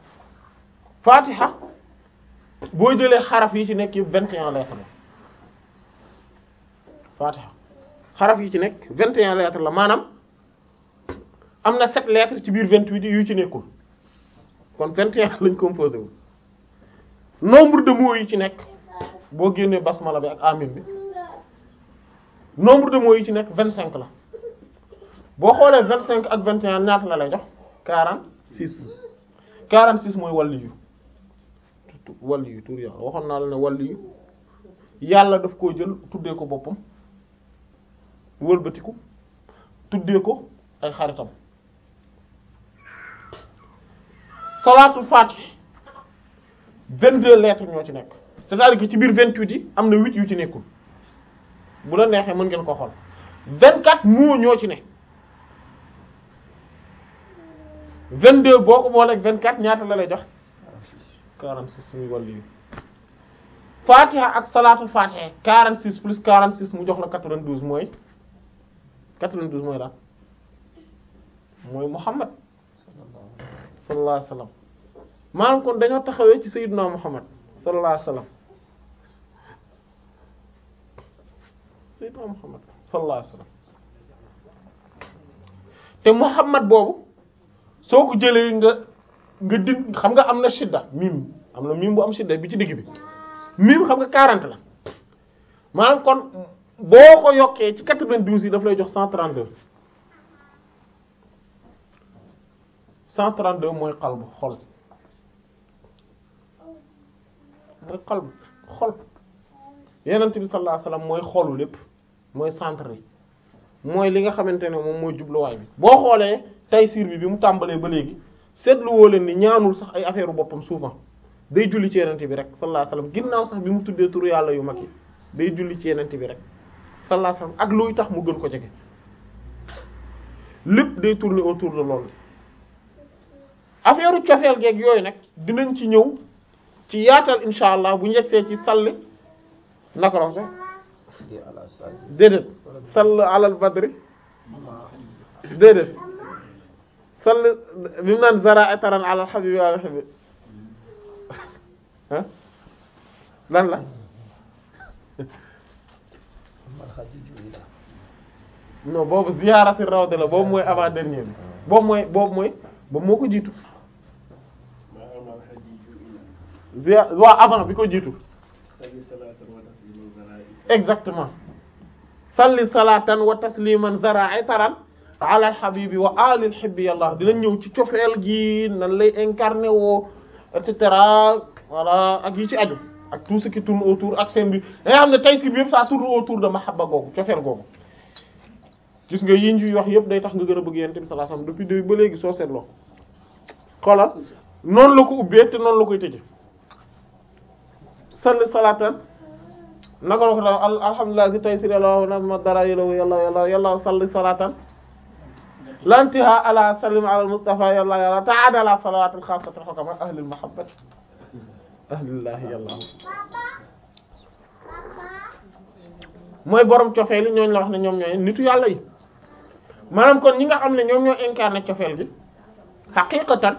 fatiha boo jëlee xaraf yi ci nekk yëpp vingt et un lettres la Fatiha xaraf yi ci nekk vingt et un la maanaam am na sept lettres ci biir vingt-huit yu ci nekkul kon vingt et lañ composé wu nombre de mots yi ci nekk boo génnee basmala bi ak amin bi nombre de mots yi ci nekk vingt-cinq la boo xoolee vingt-cinq ak vingt et ñaata la lay jox quarante-six quarante-six mooy wàllu yu wàll yu tur yàlla waxoon naa la ne wàll yu yàlla daf koo jël tuddee ko boppam wëlbatiku tuddee ko ay xaritam salaatul fatih vingt-deux lettres ñoo ci nekk c'est-à-dire ci biir vingt-huit am na huit yu ci nekkul bu la neexee mën ngeen ko xool vingt-quatre mots ñoo ci ne vingt de boo ko booleeg vingt-quatre ñaata la lay jox 46 muy wàllu yi fatiha ak salaatul fatiha 46 plus 46 mu jox la 92 mooy 92 mooy la mooy Muhammad sallallahu alayhi kon dañoo taxawee ci sayyidina Muhammad sallallahu alayhi wasallam sayyidina Muhammad sallallahu alayhi te Muhammad boobu soo ko jëlee nga. nga di xam nga am na shidda mim am na mim bu am shidda bi ci digg bi mim xam nga 40 la maanaam kon boo ko yokkee ci 92 yi daf lay jox 132 132 mooy qalb xol mooy qalb xol yenent bi sallallahu alayhi mooy xolu lépp mooy centre yi mooy li nga xamante ne moom mooy jubluwaay bi boo xoolee taysiir bi bi mu tàmbalee ba léegi seetlu woo leen ni ñaanul sax ay affaire boppam souvent day julli ci yenente bi rek sallallahu ginnaaw sax bi mu tuddee turu yàlla yu mag yi day julli ci yenente bi rek sallallahu alayhi ak luy tax mu gën ko jege lépp day tourner autour de loolu affaire cofeel geeg yooyu nag dinañ ci ñëw ci yaatal insha allah bu njëgsee ci salli naka la sax déedéet sall alal badri déedéet sall bi mu naan zara etaran alal xabib waaw xabib lan la non boobu ziyaara fi rawde la boobu mooy avant dernier bi mooy boobu mooy boobu moo ko jiitu ziya waaw avant bi ko jiitu exactement salli salatan wa tasliman zara etaran alal habibi wa alil hibbi yàlla dina ñëw ci cofeel gi nan lay incarné woo et cetera ak yi ci aju ak tout ce qui tourne autour ak seen bi da nga xam ne tey si bi yëpp ça tourne autour de mahabba googu cofeel googu gis nga yi ñu wax yëpp day tax nga gën a bëgg yonent bi sallallahu ba léegi soo seetloo xoolal noonu la ko ubbee te noonu la koy tëjee salli salaatan naka la ko daal alhamdulilah si tey si la wax naan ma dara yàlla yàlla yàlla salli salaatan. lantiha ala salim ala mustafa yàlla yàlla taadala salawatul xaasati xokama ahlil mahabbat ahlillahi yàlla mooy borom cofeel yi la wax ne ñoom ñooy nitu yàlla yi maanaam kon ñi nga am ne ñoom ñoo incarné cofeel gi xaqiqatan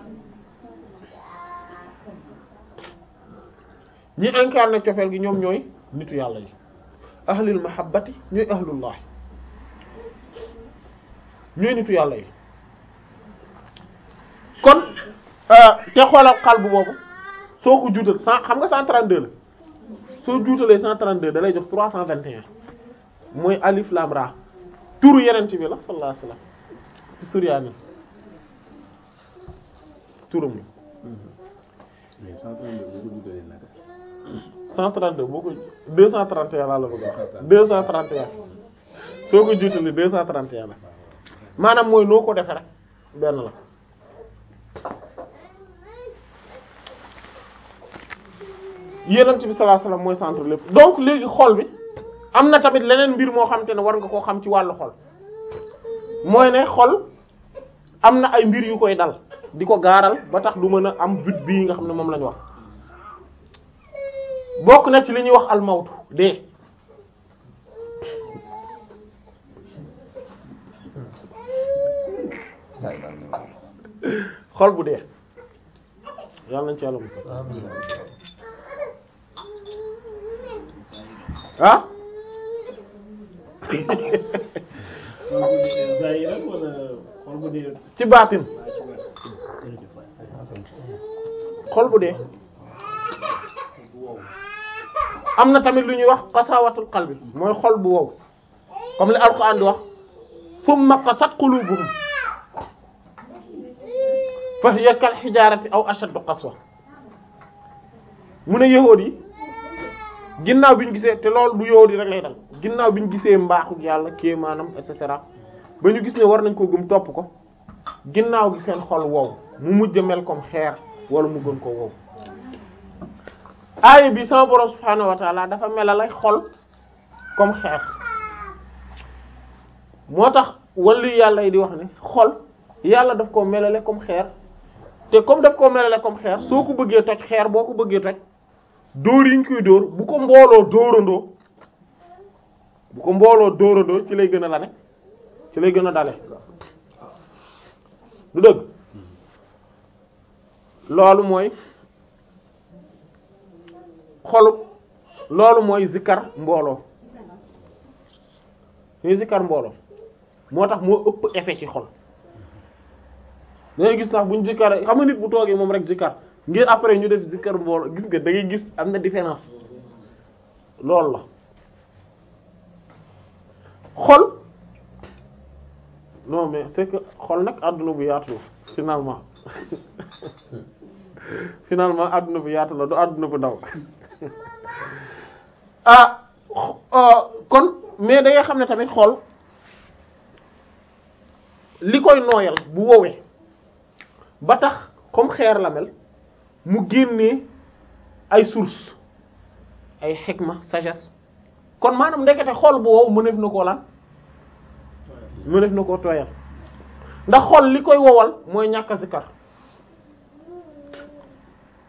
ñi incarné cofeel gi ñoom ñooy nitu yàlla yi ahlil mahabbati ñooy ahlullah ñooy nitu yàlla yi kon euh, te xoolal xalbu boobu soo ko juutal cent xam nga cent trente la soo juutalee cent trente-deux da jox trois cent vingt un mooy alif lam ra turu yeneen ci bi la sallallahu alayhi wasallam ci suryaani turam la. mais 132 boo ko 231 laa la bëgg a wax 231 soo ko juutalee 231 la. maanaam mooy noo ko defee rek benn la yonent bi sallallahu alayhi mooy centre lépp donc léegi xol bi am na tamit leneen mbir moo xam te ne war nga koo xam ci wàllu xol mooy ne xol am na ay mbir yu koy dal di ko gaaral ba tax du mën a am but bii nga xam ne moom lañu wax bokk na ci li ñuy wax almawtu dee xol bu dee yàlla nañ ah? *laughs* bu dee am na tamit lu ñuy wax qasawatul qalbi mooy xol bu wow comme li alquran di wax summa qasat qulubuhum fa hiya kal xijaarati aw ashaddu qaswa mu ne yahood yi ginnaaw bi ñu gisee te lool du yahood yi rek lay dal ginnaaw bi ñu gisee mbaaxu yàlla kii maanaam et cetera ba ñu gis ne war nañ koo gëm topp ko ginnaaw gi seen xol wow mu mujj mel comme xeer wala mu gën ko wow. aaya bi sama borom subhaanahu dafa mela lay xol comme xeer moo tax wàllu yàlla yi di wax ne xol yàlla daf ko melale comme xeer. te comme daf ko melale comme xeer soo ko bëggee toj xeer boo ko bëggee toj dóor yi koy dóor bu ko mbooloo dóorandoo bu ko mbooloo dóorandoo ci lay gën a lane ci lay gën a dale du dëgg loolu mooy xolub loolu mooy zikkar mbooloo suy zikkar mbooloo moo tax moo ëpp effet ci xol dangay gis naa bu ñu zikkar xam nga nit bu toogee moom rek zikkar ngir après ñu def zikkar mbooloo gis nga da ngay gis am na différence loolu la xol non mais c'est que xol nag àdduna bu yaatu la finalement *laughs* àdduna bu yaatu la doo àdduna bu ndaw *laughs* ah euh, kon mais da ngay xam ne tamit xol li koy nooyal bu woowee ba tax comme xeer la mel mu génnee ay source ay xikma sagesse kon maanaam ndekete xool bu wow mëneef na koo lan mëneef na koo tooyal ndax xool li koy wowal mooy ñàkk a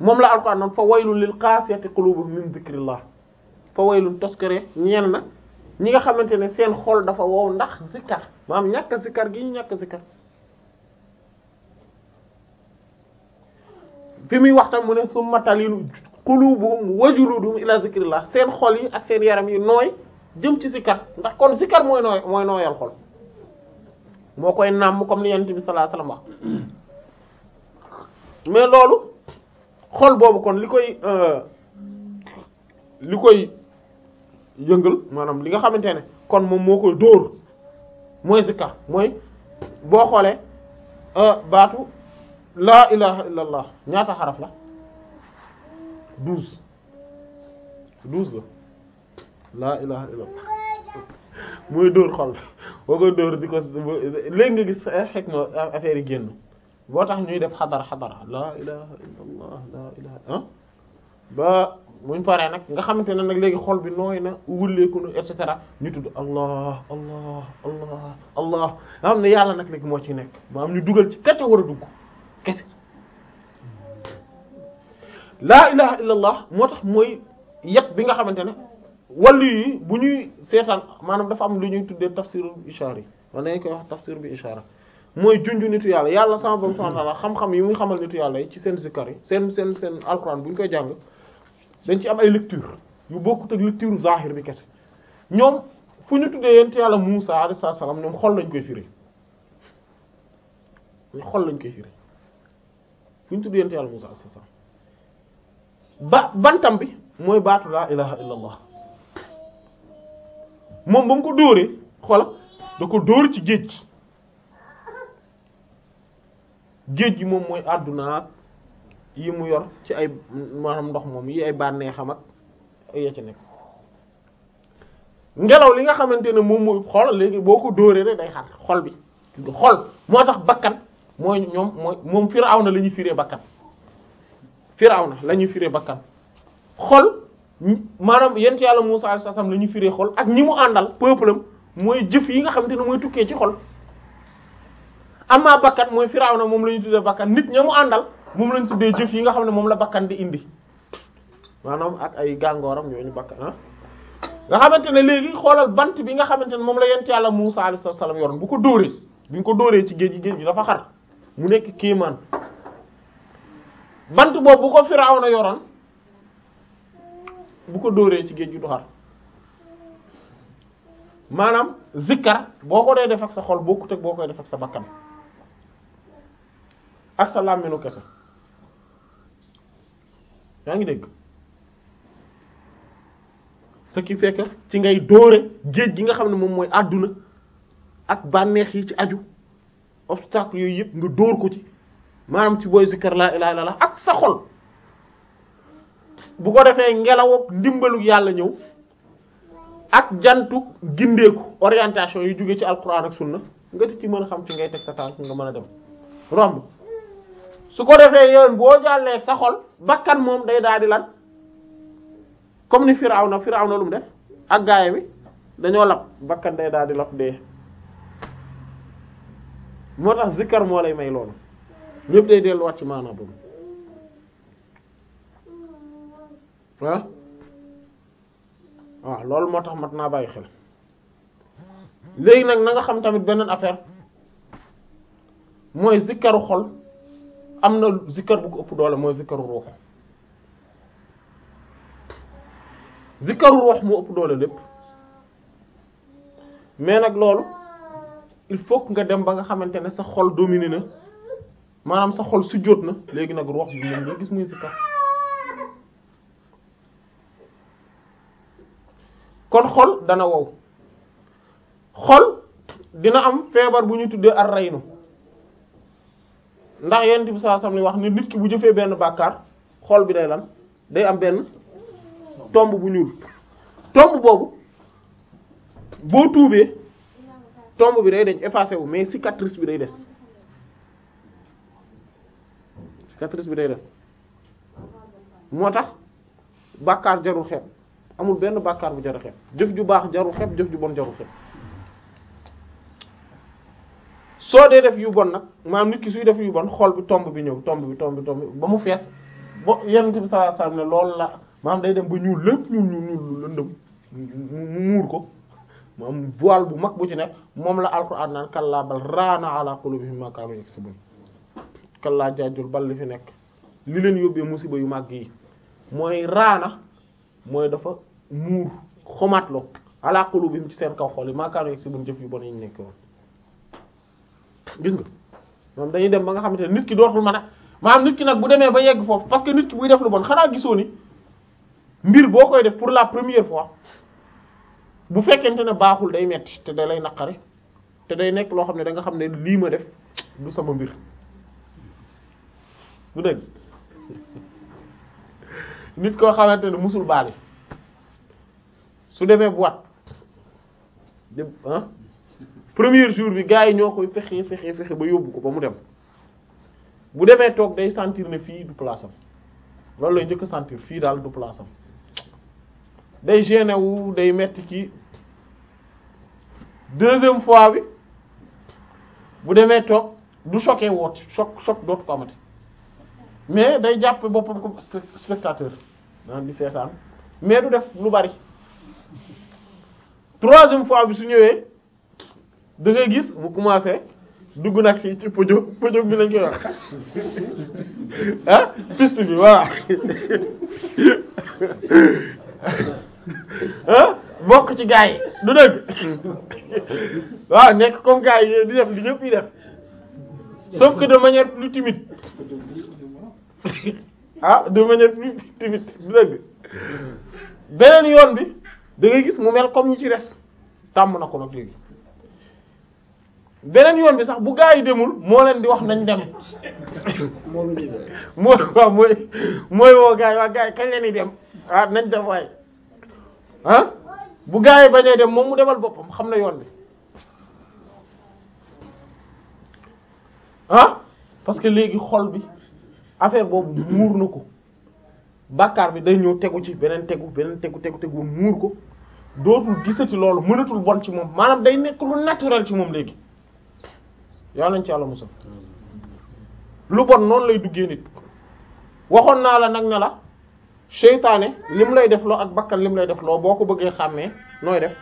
moom la alquran noon fa waylun lil qasiyati qulubuhum min zikrillah fa waylun toskare ñeen na ñi nga xamante ne seen xool dafa wow ndax zikar maanaam ñàkk a gi ñu ñàkk a bi muy wax mu ne summa talinu qulubuhum wa juluduhum ila zikrillah seen xol yi ak seen yaram yi nooy jëm ci sikar ndax kon sikar mooy nooy mooy nooyal xol moo koy nàmm comme ni yonent bi sallallahu mais loolu xol boobu kon li koy euh, li koy yëngal maanaam li nga xamante ne kon moom moo koy dóor mooy sikar mooy boo xoolee euh, baatu laa ilaha illa ñaata xaraf la douze douze la laa ilaha illa allah mooy dóor xol boo koy dóor di ko léegi nga gis xikma affaire yi génn boo tax ñuy def xadara xadara laa ilaha illa laa ilaha ba muñ paree nag nga xamante ne nag léegi xol bi nooy na wulleeku na et cetera ñu tudd allah allah allah allah nga xam ne yàlla nag léegi moo ci nekk ma am ñu dugal ci te a war a dugg kese laa ilaha illallah moo tax mooy yet bi nga xamante ne wàllu yi bu ñuy seetaan maanaam dafa am lu ñuy tuddee tafsiru ishaar yi wala dañ koy wax tafsir bi ishaara mooy junju nitu yàlla yàlla sama borom subhanahu wa xam-xam yi muy xamal nitu yàlla yi ci seen zikkar yi seen seen seen alquran bu ñu koy jàng dañ ci am ay lecture yu bokkut ak lecture zahir bi kese ñoom fu ñu tuddee yent yàlla Muusa alayhi salaam ñoom xool lañu koy firi xol lañ koy firi fu ñu tudd yonent yàlla Musaa alayhi ba bantam bi mooy baatu laa ilaha illa moom ba ko dóoree xoola da ko dóor ci géej gi géej gi moom mooy àdduna yi mu yor ci ay maanaam ndox moom yi ay bànnee xam ak ya ci nekk ngelaw li nga xamante ne moom mooy xol léegi boo ko dóoree rek day xar xol bi xol moo tax bakkan mooy ñoom mooy moom Firawna la ñuy firee bakkan Firawna la ñuy fire bakkan xol maanaam yent yàlla Musaa alayhi salaam la ñuy firee xol ak ñi mu àndal peuple am mooy jëf yi nga xamante ne mooy tukkee ci xol amaa bakkan mooy Firawna moom la ñuy bakkan nit ña àndal moom la ñu yi nga xam ne moom la bakkan di indi maanaam ak ay gàngooram ñooñu bakkan ah. nga xamante ne léegi xoolal bant bi nga xamante ne moom la yent yàlla Musaa alayhi salaam yoroon bu ko dóoree bi ko dóoree ci géej gi géej gi dafa xar mu nekk kiimaan bant boobu bu ko Firawna yoroon bu ko dóoree ci géej gi du xar maanaam zikkar boo ko dee def ak sa xol bokkut ak boo koy def ak sa bakkan ak sa làmminu kese yaa ngi dégg sa qui fait ci ngay dóore géej gi nga xam ne moom mooy àdduna ak bànneex yi ci aju obstacle yooyu yëpp nga dóor ko ci maanaam ci booy zikkar laa ilaha illallah ak sa xol bu ko defee ngelaw ak ndimbalu yàlla ñëw ak jantu gindeeku orientation yu jóge ci alquran ak sunna nga ti ci mën a xam ci ngay teg sa tànk nga mën a dem romb su ko defee yoon boo jàllee sa xol bakkan moom day daal di lan comme ni Firawna Firawna na lum def ak gaaya bi dañoo lab bakkan day daal di laf dee moo tax zikkar moo lay may loolu ñëpp day delluwaat ci maanaam boobu ah waaw loolu moo tax mat naa bàyyi xel léegi nag na nga xam tamit beneen affaire mooy zikkaru xol am na zikkar bu ëpp doole mooy zikkaru ruux zikkaru ruux moo ëpp doole lépp mais nag loolu il faut que nga dem ba nga xamante ne sa xol dominé na maanaam sa xol sujjóot na léegi nag ruux bi moom nga gis muy zikar kon xol dana wow xol dina am feebar bu ñu tuddee ar raynu ndax yonent bi sallallahu sam li wax ni nit ki bu jëfee benn bàkkaar xol bi day lan day am benn tomb bu ñuul tomb boobu boo tuubee tomb bi day dañ effacé wu mais cicatrice bi day des cicatrice bi day des moo tax bàkkaar jarul xet amul benn bàkkaar bu jarul xeeb jëf ju baax jarul xet jëf ju bon jarul xeeb soo dee def yu bon nag maanaam nit ki suy def yu bon xool bi tomb bi ñëw tomb bi tomb bi tomb ba mu fees bo yenent bi sallallahu alayhi ne loolu la maanaam day dem ba ñuul lépp ñuul ñuul ñuul lëndëm mu muur ko moom voile bu mag bu ci nekk moom la alquran naan kallaa bal raana ala qulubihim ma kaanu yaksubun kallaa jaajul bal li fi nekk li leen yóbbee musiba yu mag yi mooy raana mooy dafa muur xomaatlo ala qulubihim ci seen kaw xool yi ma kaanu yaksubun jëf yu bon yi ñu nekk woon gis nga moom dañuy dem ba nga xam ne nit ki dootul mën a maanaam nit ki nag bu demee ba yegg foofu parce que nit ki buy def lu bon xanaa gisoo ni mbir boo koy def pour la première fois bu fekkente ne baaxul day metti te da lay naqari te day nekk loo xam ne da nga xam ne lii ma def du sama mbir bu dëgg nit koo xamante ne musul baali su demee wat de ah premier jour bi gars yi ñoo koy fexe fexe fexe ba yóbbu ko ba mu dem bu demee toog day sentir ne fii du place am loolu lay njëkk sentir fii daal du place am day gêné wu day metti ci deuxième fois bi bu demee toog du choqué woot choc choc mais day jàpp boppam comme spectateur daan mais du def lu bari troisième fois bi su ñëwee da gis bu commencé dugg nag ci ci pojo pojo bi lañ koy *laughs* ah piste bi voilà *laughs* bokk ci gaa yi du dëgg waaw nekk comme gaa yi di def li ñëpp yi def sauf que de manière plus ah de manière plus timide du dëgg beneen yoon bi da ngay gis mu mel comme ñu ci res tàmm na ko nag léegi beneen yoon bi sax bu gaa yi demul moo leen di wax nañ dem mooy waaw mooy mooy woo gaa yi waa gaa yi kañ leen di dem ah nañ dem waaye ah bu gaa yi bañee dem moom mu demal boppam xam na yoon bi ah parce que léegi xol bi affaire boobu muur na ko bàkkaar bi day ñëw tegu ci beneen tegu beneen tegu tegu tegu muur ko dootul gisati loolu mënatul bon ci moom maanaam day nekk lu naturel ci moom léegi yaa nañ ci yàlla musal lu bon noonu lay duggee nit waxoon naa la nag na la seytaane lim lay def loo ak bakkan lim lay def loo boo ko bëggee xàmmee nooy def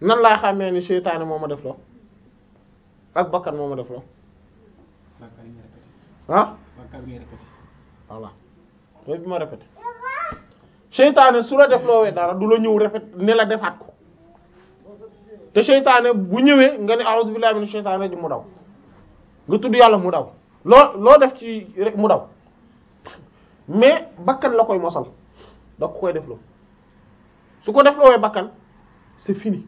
nan laa xàmmee ni seytaane moo ma def loo ak bakkan moo ma def loo ah voilà ma répété seytaane su la def loowee dara du la ñëw répété ne la defaat ko te seytaane bu ñëwee nga ne a'udhu billahi minash shaytanir rajim mu daw nga tudd yàlla mu daw loo loo def ci rek mu daw mais bakkan la koy mosal da ko koy defloo su ko def loowee bakkan c'est fini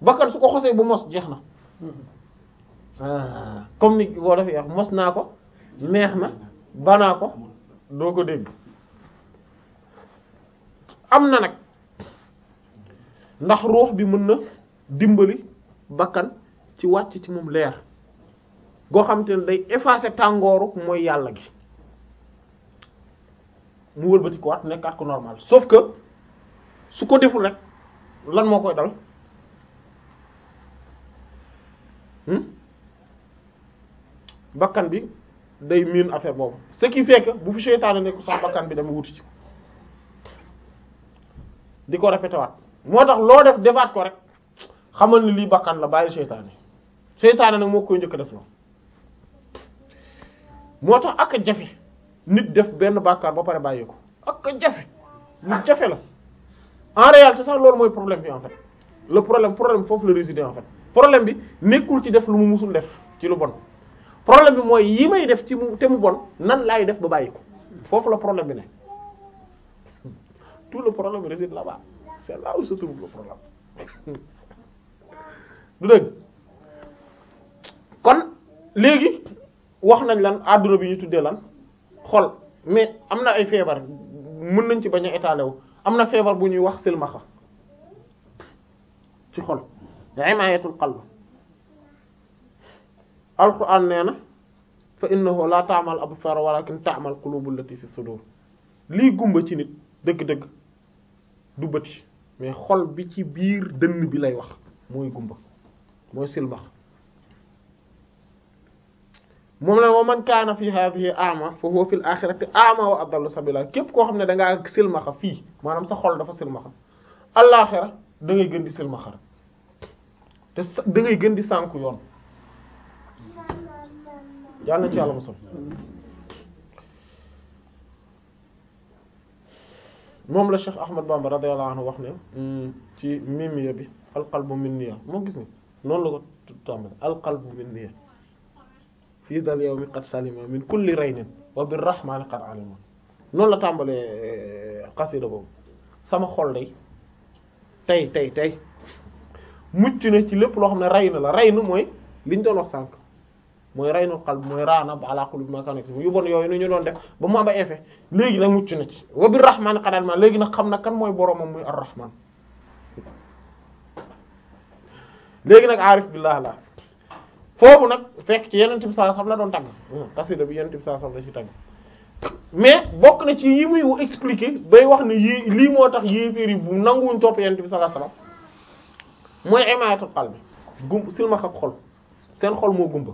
bakkan su ko xosee bu mos jeex na ah, comme ni boo def wax mos naa ko neex na banaa ko doo ko dégg am na nag ndax roox bi mën na dimbali bakkan ci wàcc ci moom leer goo xam te ne day effacer tàngooru mooy yàlla gi mu wëlbati ko waat nekkaat ko normal sauf que su ko deful rek lan moo koy dal hmm? bakkan bi day miin affaire boobu ce qui bu fi seytaane nekk sax bakkan bi dama wuti ci di ko répété waat moo tax loo def defaat ko rek xamal ni lii bakkan la bàyyi seytaane seytaane nag moo koy njëkk def la moo tax ak jafe nit def benn bàkkaar ba pare bàyyi ko ak ka jafe lu jafe la en réalité sax loolu mooy problème bi en fait le problème problème foofu la résider en fait problème bi nekkul ci def lu mu musul def ci lu bon problème bi mooy yi may def ci mu te mu bon nan laay def ba bàyyi ko foofu la problème bi ne tout le problème réside la bas c'est là où problème *laughs* du dëgg kon léegi wax nañ lan adduna bi ñu tuddee lan xol mais am na ay feebar mën nañ ci bañ a étalé wu am na feebar bu ñuy wax silmaxa ci xol imayatul qalb alquran nee na fa innahu la ta'mal absar walakin ta'mal qulubul lati fi sudur lii gumba ci nit dëgg-dëgg du bëti mais xol bi ci biir dënn bi lay wax mooy gumba mooy silmaxa moom la wa man kaana fi hadhihi ama fa huwa fil akhirati ama képp koo xam ne da ngaa fii maanaam sa xol dafa silmaxa gën di silmaxa te da gën di sànku yoon yàlla na la Cheikh Ahmad Bamba radiyallahu anhu wax ne mm, ci mimiya bi alqalbu minniya moo gis ni noonu la ko tàmbale alqalbu minniya fii dal yawmi qad salima min kulli raynin wa bir rahmani qad alima noonu la tàmbalee eh, xasida boobu sama xol day tey tey tey mucc na ci lépp loo xam ne rey na la rey na mooy liñ doon wax sànq mooy rey na xal mooy raana ala qulubi ma kanu yu bon yooyu nu doon def ba mu am ay effet léegi nag mucc na ci wa bir rahmani qad alima léegi nag xam na kan mooy boromam muy ar rahman léegi nag aarif billah la foofu nag fekk ci yeneen bi saa xam na doon tàgg hmm, xasida bi yeneen bi saa sam la ci tàgg mais bokk na ci yi muy expliquer bay wax ne yii lii moo tax yéeféer yi bu nanguwuñ topp yeneen bi sallallahu alayhi wasallam mooy imayatul qalbi gumb silmax ak xol seen xol moo gumba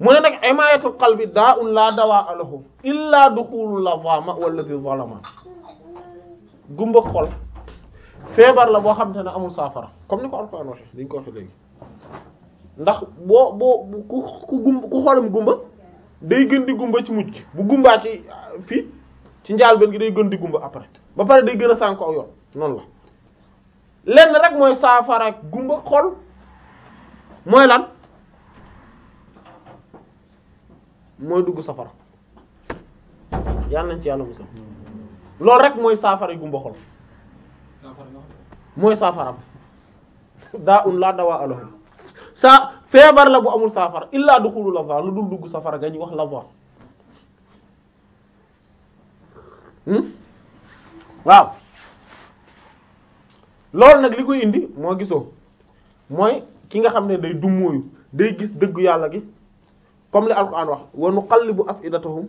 mu ne nag imayatul qalbi daa un laa dawaa lahu illa duxulul la vama waladi zalama gumba xol feebar la boo xam te ne amul saafara comme ni ko Alxuraan waxe dañ ko waxe léegi ndax boo boo ku ku gum ku xoolam gumba day gën di gumba ci mujj bu gumbaa ci ah, fii ci njaal benn gi day gën di gumba après ba pare day gën a sànk aw yoon noonu la lenn rek mooy saafara gumba xol mooy lan mooy dugg safara yàlla nañ ci yàlla musal loolu rek mooy saafara gumba xol mooy saafara *laughs* daa un laa dawaa alahu sa feebar la bu amul saafara illaa duxulu lazar lu dul dugg safara ga ñu wax lazar hmm? waaw loolu nag li koy indi moo gisoo mooy ki nga xam ne day dummóoyu day gis dëgg yàlla gi comme li alquran wax wa nuqallibu afidatahum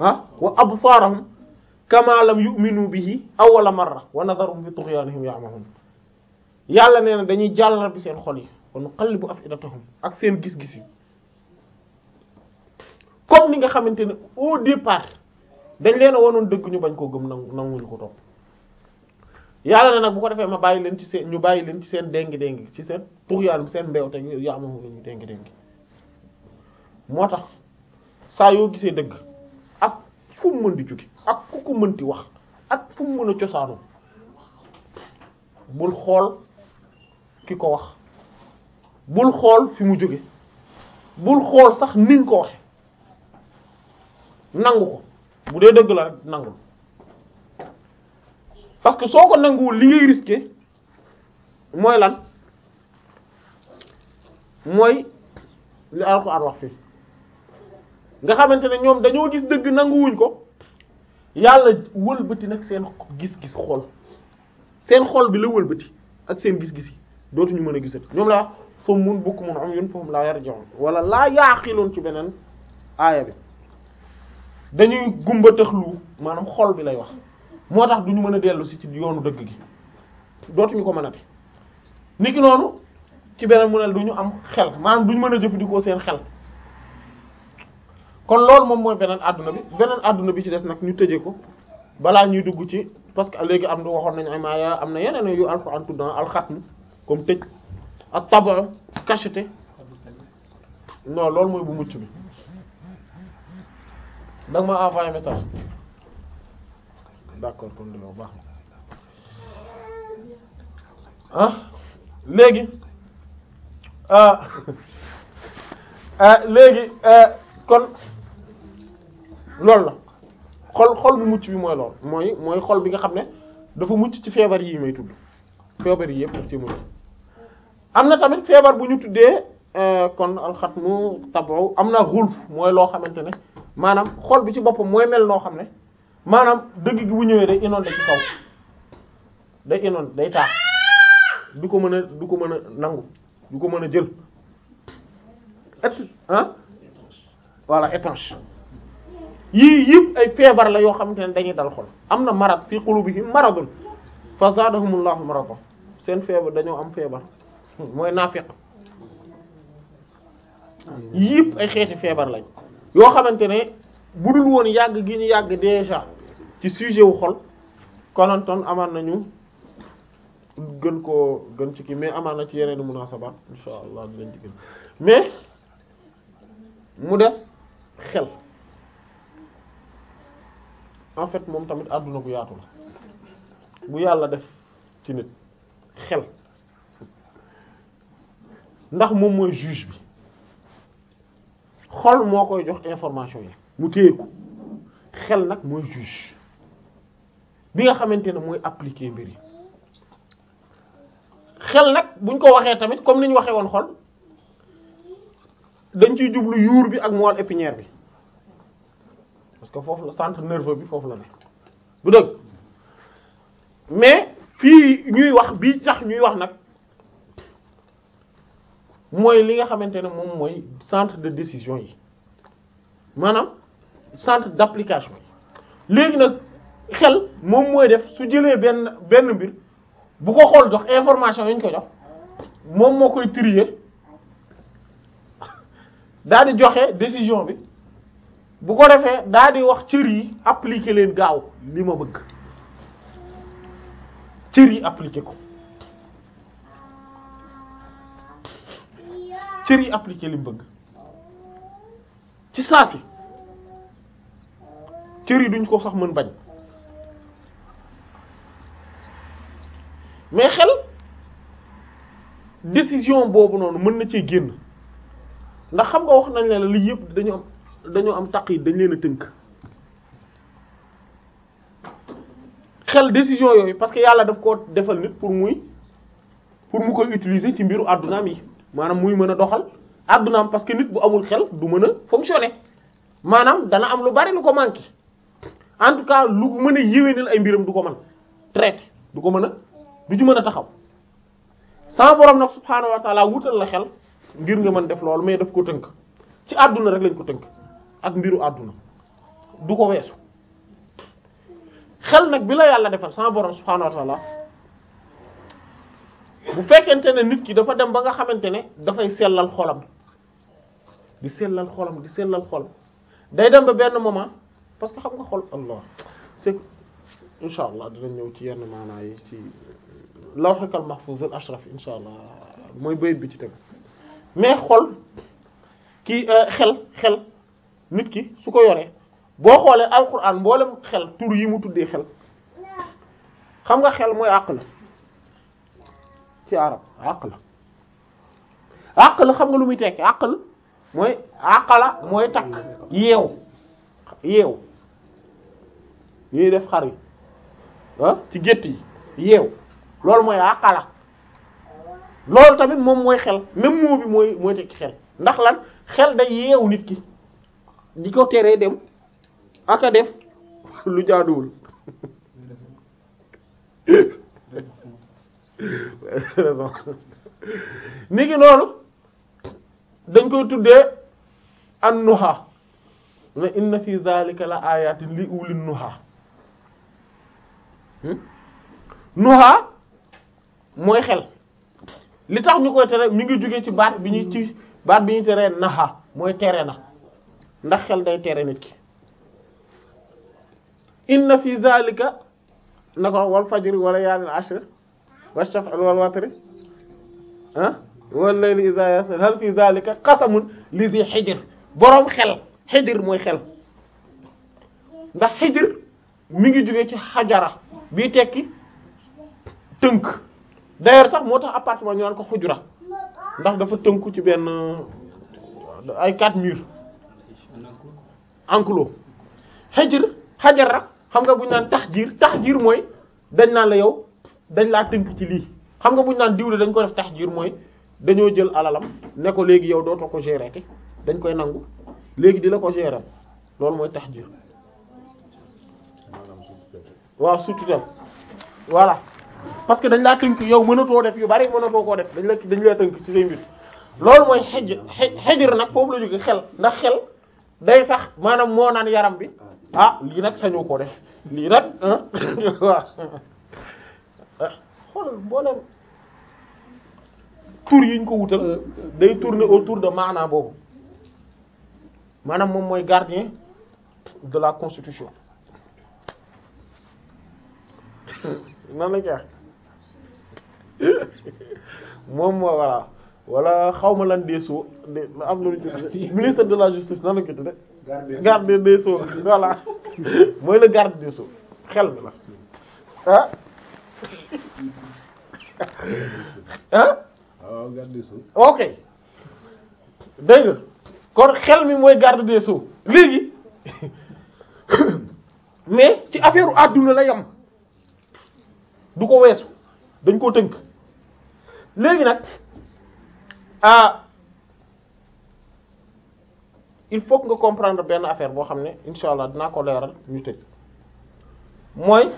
ah wa absaarahum kama lam yu'minu bihi awwala marra wa nadharuhum fi tughyanihim ya'mahun yàlla nee na dañuy jàllar bi seen xol yi kon wa nuqallibu afidatahum ak seen gis-gis yi comme ni nga xamante ne au départ dañ leen a wanoon dëgg ñu bañ koo gëm nangu nanguñu ko topp yàlla ne nag bu ko defee ma bàyyi leen ci seen ñu bàyyi leen ci seen déngi-déngi ci seen tuxyaanum seen mbeew te yaamamu lañu déngi-déngi moo tax saa yoo gisee dëgg ak fu mu mën di jóge ak ku ko mënti wax ak fu mu mën a cosaanu bul xool ki ko wax bul xool fi mu jóge bul xool sax ni ko waxe nangu ko bu dee dëgg la nangu parce que soo ko nanguwul li ngay risqué mooy lan mooy li Alxuraan wax fii nga xamante ne ñoom dañoo gis dëgg nanguwuñ ko yàlla wëlbati nag seen gis-gis xool seen xool bi la wëlbati ak seen gis-gis yi dootuñu mën a gisati ñoom la summun bukmun umyun fahum laa yarji'un wala laa yaaqiluun ci beneen aaya bi dañuy gumba maanaam xol bi lay wax moo tax du ñu mën a dellu si ci yoonu dëgg gi dootuñu ko mën a mënati niki noonu ci beneen mu ne ñu am xel maanaam duñu mën a jëfandikoo seen xel kon loolu moom mooy beneen àdduna bi beneen àdduna bi ci des nag ñu tëjee ko balaa ñuy dugg ci parce que léegi am na waxoon nañu ay maaya am na yeneen yu alxuraan tuddan comme tëj ak taba cacheté non loolu mooy bu mucc bi danga ma envoyé message d'accord kon de baax ah léegi ah ah léegi ah, kon loolu la xol xol bu mucc bi mooy lool mooy mooy xol bi nga xam ne dafa mucc ci feebar yi may tudd feebar yi yëpp ci mucc am na tamit feebar bu ñu tuddee euh, kon alxatmu tabu am na xulf mooy loo xamante ne maanaam xol bi ci boppam mooy mel noo xam ne maanaam dëgg gi bu ñëwee day inondé ci kaw day inondé day taax du ko mën a du ko mën a nangu du ko mën a jël et ah voilà étanche yii yëpp ay feebar la yoo xamante ne dañuy dal xol am na marad fi qulubihim maradun fa zaadahumullahu maradan seen feebar dañoo am feebar mooy naafiq yëpp ay xeeti feebar lañ yoo xamante ne bu dul woon yàgg gi ñu yàgg déjà ci sujet wu xol konontoon amaan nañu gën koo gën ci kii mais amaan na ci yeneen munaasabaat insha allah di leen ci mais mu des xel en fait moom tamit àdduna bu yaatu la bu yàlla def ci nit xel ndax moom mooy juge bi xol moo koy jox information yi mu téye ko xel nag mooy juge bi nga xamante ne mooy appliquer mbir yi xel nag buñ ko waxee tamit comme ni ñu waxee woon xol dañ ciy jublu yuur bi ak moelle épinière bi parce que foofu la centre nerveux bi foofu la ne du dëgg mais fii ñuy wax bi tax ñuy wax nag mooy li nga xamante ne moom mooy centre de décision yi maanaam centre d'application yi léegi nag xel moom mooy def su jëlee benn benn mbir bu ko xool jox information yi ñu ko jox moom moo koy trier daa di joxe décision bi bu ko defee daa di wax cër yi appliquer leen gaaw li ma bëgg cër yi appliquer ko cër yi appliqué li bëgg ci saa si cër yi duñ ko sax mën bañ mais xel décision boobu noonu mën na cee génn ndax xam nga wax nañ la li yëpp dañu am dañoo am taq yi dañ leen a tënk xel décision yooyu parce que yàlla daf ko defal nit pour muy pour mu koy utiliser ci mbiru àddunaam yi maanaam muy mën a doxal addunaam parce que nit bu amul xel du mën a fonctionner maanaam dana am lu bari lu ko manqué en tout cas lu mën a yéwénal ay mbiram du ko man traité du ko mën a du ci mën a taxaw sama borom nag subhaanahu wa wutal la xel ngir nga mën def loolu mais daf ko tënk ci àdduna rek lañ ko tënk ak mbiru àdduna du ko weesu xel nag bi la yàlla defal sama borom subhaanahu wa bu fekkente ne nit ki dafa dem ba nga xamante ne dafay sellal xolam di sellal xolam di sellal xol day dem ba benn moment parce que xam nga xol allah c'est incha allah dina ñëw ci yenn maanaa yi ci lawhul mahfuz al ashraf incha allah mooy bayit bi ci tegu mais xol kii euh, xel xel nit ki su ko yoree boo xoolee alquran mboolem xel tour yi mu tuddee xel xam nga xel mooy àq la ci arab àq la àq la xam nga lu muy tekki àq la mooy àqala mooy takk yeew yeew ñuy def xar yi ah ci gétt yi yeew loolu mooy àqala loolu tamit moom mooy xel même moo bi mooy mooy tekki xel ndax lan xel day yeew nit ki di ko teree dem aka def *laughs* lu jaaduwul *laughs* raison ni ki noonu dañ koy tuddee an nuha na fi zalika la ayatin li ulil hmm? nuha mooy xel li tax ñu koy tere mi ngi jóge ci baat bi ñu ci baat teree naha mooy tere na ndax xel day tere nit ki inna fi zalika na ko wal fajri wala yaalil ashr wash-shaf'i wal watri ah wal layli idha yasr hal fi dhalika qasamun li dhi hijr boroom xel xijir mooy xel ndax xijir mi ngi jóge ci xajara bi tekki tënk d'ailleurs sax moo tax appartement ñu naan ko xujura ndax dafa tënku ci benn ay quatre murs enclos xijir xajara xam nga bu naan tax jiir tax jiir mooy dañ naan la yow dañ laa tënk ci lii xam nga bu naan diwle dañ ko def tahjir mooy dañoo jël alalam ne ko léegi yow dootoo ko gérer te dañ koy nangu léegi di la ko gérer loolu mooy tahjir waaw surtout voilà parce que dañ laa yow mënatoo def yu bari mënatoo koo def dañ la dañ laa tënk ci say mbir loolu mooy xej xejr nag foofu la jóge xel ndax xel day sax maanaam moo naan yaram bi ah lii nag sañu koo def lii nag *laughs* waaw Ah. xoolal mboolem tour yi ñu ko wutal euh, day tourner autour de maana boobu maanaam moom mooy gardien de la constitution *laughs* nan la jeex *laughs* moom moo walla wala xawma lan des sceaux de am na lu ñu de la justice nan la ko tudde garde des mooy le garde des xel bi la ah ah. waaw garde des sceaux. ok dégg kon xel mi mooy garde des sceaux léegi *coughs* mais ci affaire àdduna la yam du ko weesu dañ koo tënk léegi nag ah il faut que nga comprendre benn affaire boo xam ne incha allah dinaa ko leeral ñu tëj mooy.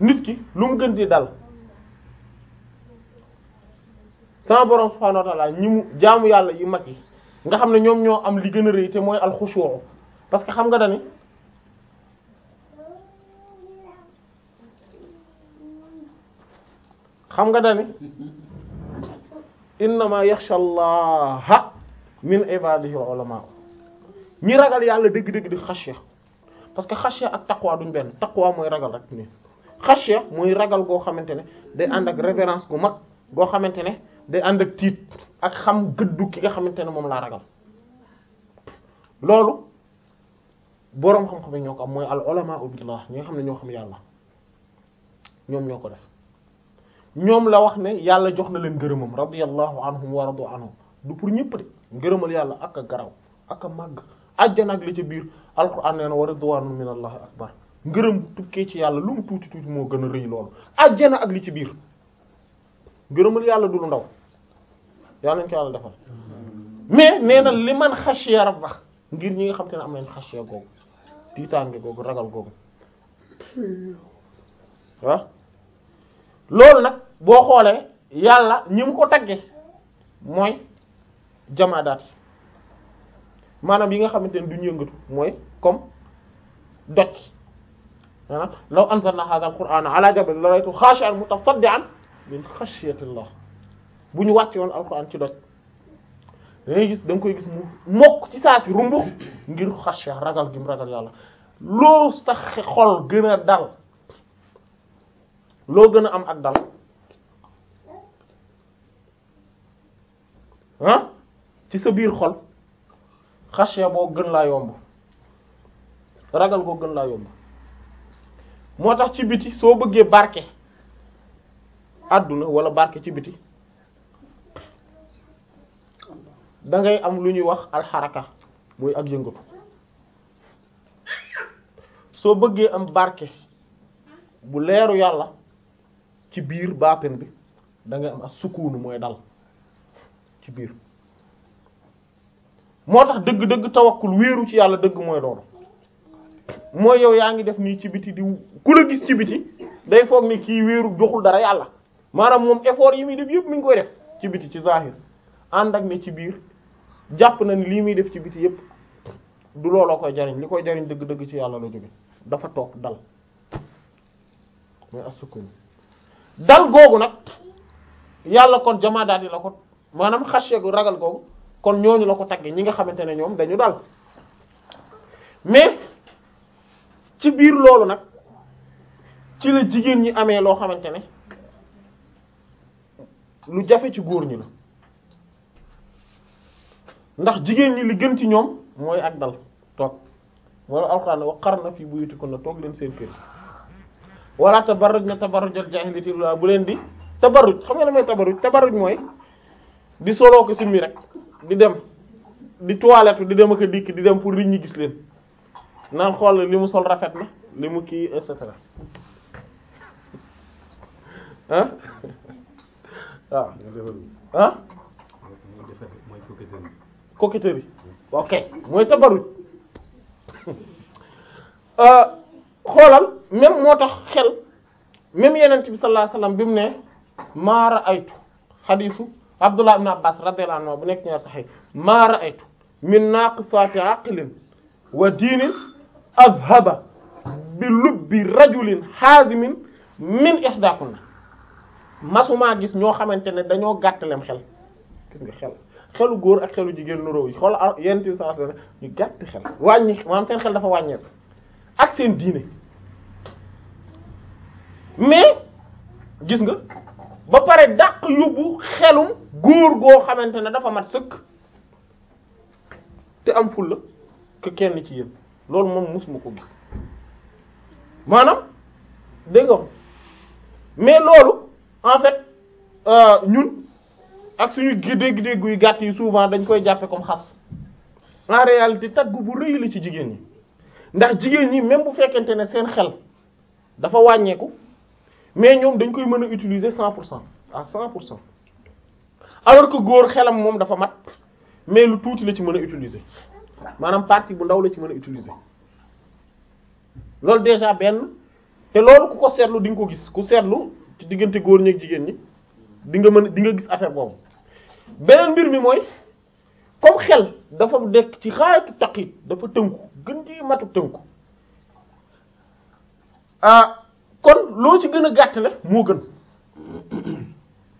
nit ki lu mu gën di dal sama borom subhaanahu wa ñi mu jaamu yàlla yi mag yi nga xam ne ñoom ñoo am li gën a rëy te mooy alxusuu parce que xam nga dani xam nga dani innama yaxsha allaha min ibadihi ulama ñi ragal yàlla dëgg-dëgg di xasya parce que xasya ak taqwa duñ benn taqwa mooy ragal rek nii xasya muy ragal goo xamante ne day ànd ak révérence gu mag goo xamante ne day ànd ak tiit ak xam gëddu ki nga xamante ne moom laa ragal loolu boroom xam-xam yi ñoo ko am mooy al ulama billah nga xam ne ñoo xam yàlla ñoom ñoo ko def ñoom la wax ne yàlla jox na leen ngërëmam radiyallahu anhum wa radu anhum du pour ñëpp de ngërëmal yàlla ak a garaw ak a màgg àjjana ak li ci biir alquran nee na wa ridwanun minallahi akbar ngërëm tukkee ci yàlla lu mu tuuti tuuti moo gën a rëy loolu àjjana ak li ci biir ngërëmal yàlla du lu ndaw yàlla nañ ko yàlla defal mais nee na li man xashiya rabba ngir ñi nga xam te ne am nañ xashiya googu tiitaange googu ragal googu ah loolu nag boo xoolee yàlla ñi mu ko tagge mooy jamaadaat yi maanaam yi nga xamante ne duñ yëngatu mooy comme doj maanaam law anzalna hadha al-qur'ana ala jabal la ra'aytu khashi'an mutasaddian min khashyatillah bu ñu wàcce woon alquran ci doj dangay gis da nga koy gis mu mokk ci saa si rumbu ngir xasya ragal gi mu ragal yàlla loo sa xol gën a dal loo gën a am ak dal ah ci sa biir xol xasya boo gën laa yomb ragal koo gën laa yomb moo tax ci biti soo bëggee barke àdduna wala barke ci biti da ngay am lu ñuy wax alxaraka muy ak yëngatu soo bëggee am barke bu leeru yàlla ci biir baatin bi da am as sukuunu mooy dal ci biir moo tax dëgg-dëgg tawakkul wéeru ci yàlla dëgg mooy doon mooy yow yaa ngi def nii ci biti di ku la gis ci biti day foog ni kii wéeru joxul dara yàlla maanaam moom effort yi muy def yëpp mi ngi koy def ci biti ci zahir ànd ak ne ci biir jàpp na ni lii muy def ci biti yëpp du looloo koy jariñ li koy jariñ dëgg-dëgg ci yàlla la jóge dafa toog dal mooy dal googu nag yàlla kon jamaa daal di la ko maanaam xasee gu ragal googu kon ñooñu la ko taggee ñi nga xamante ne ñoom dañu dal mais ci biir loolu nag ci la jigéen ñi amee loo xamante ne lu jafe ci góor ñi la ndax jigéen ñi li gën ci ñoom mooy ak dal toog wala alxuraan wa qarna fi na toog leen seen kër wala tabarrujna tabarrujal jaahiliyati la bu leen di tabarruj xam nga ne mooy tabarruj tabarruj mooy di soloo ko simmi rek di dem di toilette di dem ak a dikk di dem pour nit ñi gis leen naan xool li mu sol rafet na li mu kii et cetera ah waaw ah coquetterie ok mooy tabaruj euh, xoolal même moo tax xel même yenent bi sallallahu alayhi wasallam bi mu ne ma ra'aytu xadiisu Abdullah ibn Abbas radiyallahu bu nekk ñaar saxee ma ra'aytu min naqisati aqlin wa diinin azhaba bi lubbi rajulin hazimin min ihdakunna masumaa gis ñoo xamante ne dañoo gàttalem xel gis nga xel xelu góor ak xelu jigéen nuróo yi xool yent saas la ñu gàtt xel wàññi maanaam seen xel dafa wàññeeku ak seen diine mais gis nga ba pare dàq yóbbu xelum góor goo xamante ne dafa mat sëkk te am fulla que kenn ci yéen loolu moom musuma ko gis maanaam dégg nga mais loolu en fait euh, ñun ak suñu dégg-dégg yu gàtt yi souvent dañ koy jàppe comme xas en réalité tagg bu rëy la ci jigéen ñi ndax jigéen ñi même bu fekkente ne seen xel dafa wàññeeku mais ñoom dañ koy mën a utiliser cent pour cent à cent pour cent alors que góor xelam moom dafa mat mais lu tuuti la ci mën a utiliser maanaam partie bu ndaw la ci mën a utiliser loolu déjà benn te loolu ku ko seetlu di ko gis ku seetlu ci diggante góor ñi ak jigéen ñi di nga mën di nga gis affaire boobu beneen mbir mi mooy comme xel dafa nekk ci xaayatu taqit dafa tënku gën ci matu tënku ah kon loo ci gën a gàttale moo gën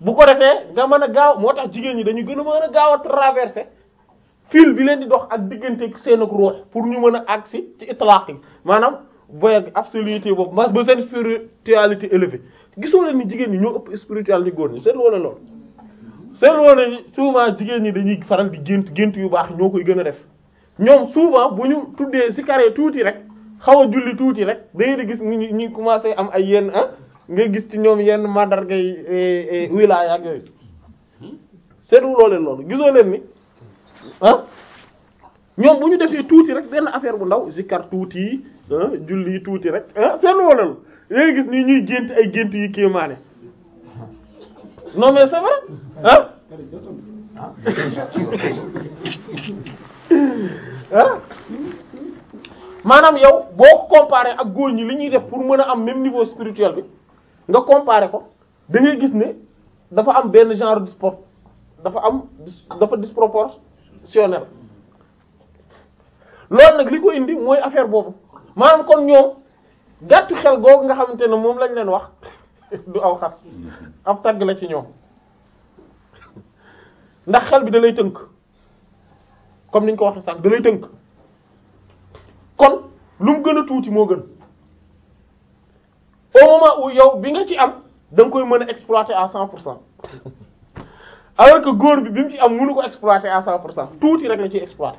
bu ko defee nga mën a gaaw moo tax jigéen ñi dañu gën a mën a gaaw a traverser fil bi leen di dox ak diggante seen ak ruux pour ñu mën a agsi ci itlaq yi maanaam voyage absoluité boobu ma ba seen spiritualité élevée gisoo leen ni jigéen ñi ñoo ëpp spiritualité góor ñi seen wala lool seen wala souvent jigéen ñi dañuy faral di gént gént yu baax ñoo koy gën a def ñoom souvent bu ñu tuddee si carré tuuti rek xaw a julli tuuti rek dañuy di gis ñu ñu commencé am ay yenn ah nga gis ci ñoom yenn mandarga yi eh, eh, wilaaya ak yooyu leen loolu gisoo leen ni. ah ñoom bu ñu defee tuuti rek benn affaire bu ndaw zikkar tuuti ah julli tuuti rek ah seen wolof yooyu gis ni ñuy gént ay gént yu kéemaane non mais ah. *laughs* Ah. maanaam yow boo ko comparé ak góor ñi li ñuy def pour mën a am même niveau spirituel bi nga comparé ko da gis ne dafa am benn genre de dafa am dafa disproportion institutionnel loolu nag li ko indi mooy affaire boobu maanaam kon ñoom gàttu xel googu nga xamante ne moom lañ leen wax *laughs* du aw xas ab tàgg la ci ñoom ndax xel bi dalay tënk comme niñ ko waxee sànq da lay tënk kon lu mu gën a tuuti moo gën au moment où yow bi nga ci am da koy mën a exploiter à cent pour cent *laughs* alors góor bi bi mu ci am mënu ko exploiter à cent pour cent tuuti rek la ciy exploiter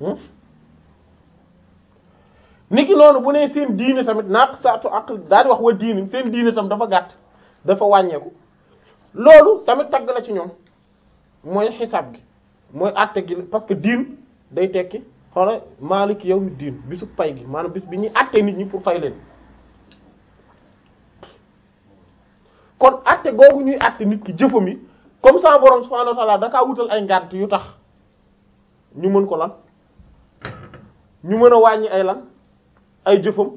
hmm? niki noonu bu ne seen diine tamit naaq saatu aql daal wax wa diine seen diine tam dafa gàtt dafa wàññeeku loolu tamit tagg la ci ñoom mooy xisaab gi mooy àtte gi parce que diin day tekki xoola maalik yawmi diin bisu pay gi maanaam bis bi ñuy àtte nit ñi pour fay leen kon àtte googu ñuy àtte nit ki jëfam yi comme saa borom subhaanahu wa ta'aala da wutal ay ngànt yu tax ñu mën ko lan ñu mën a wàññi ay lan ay jëfam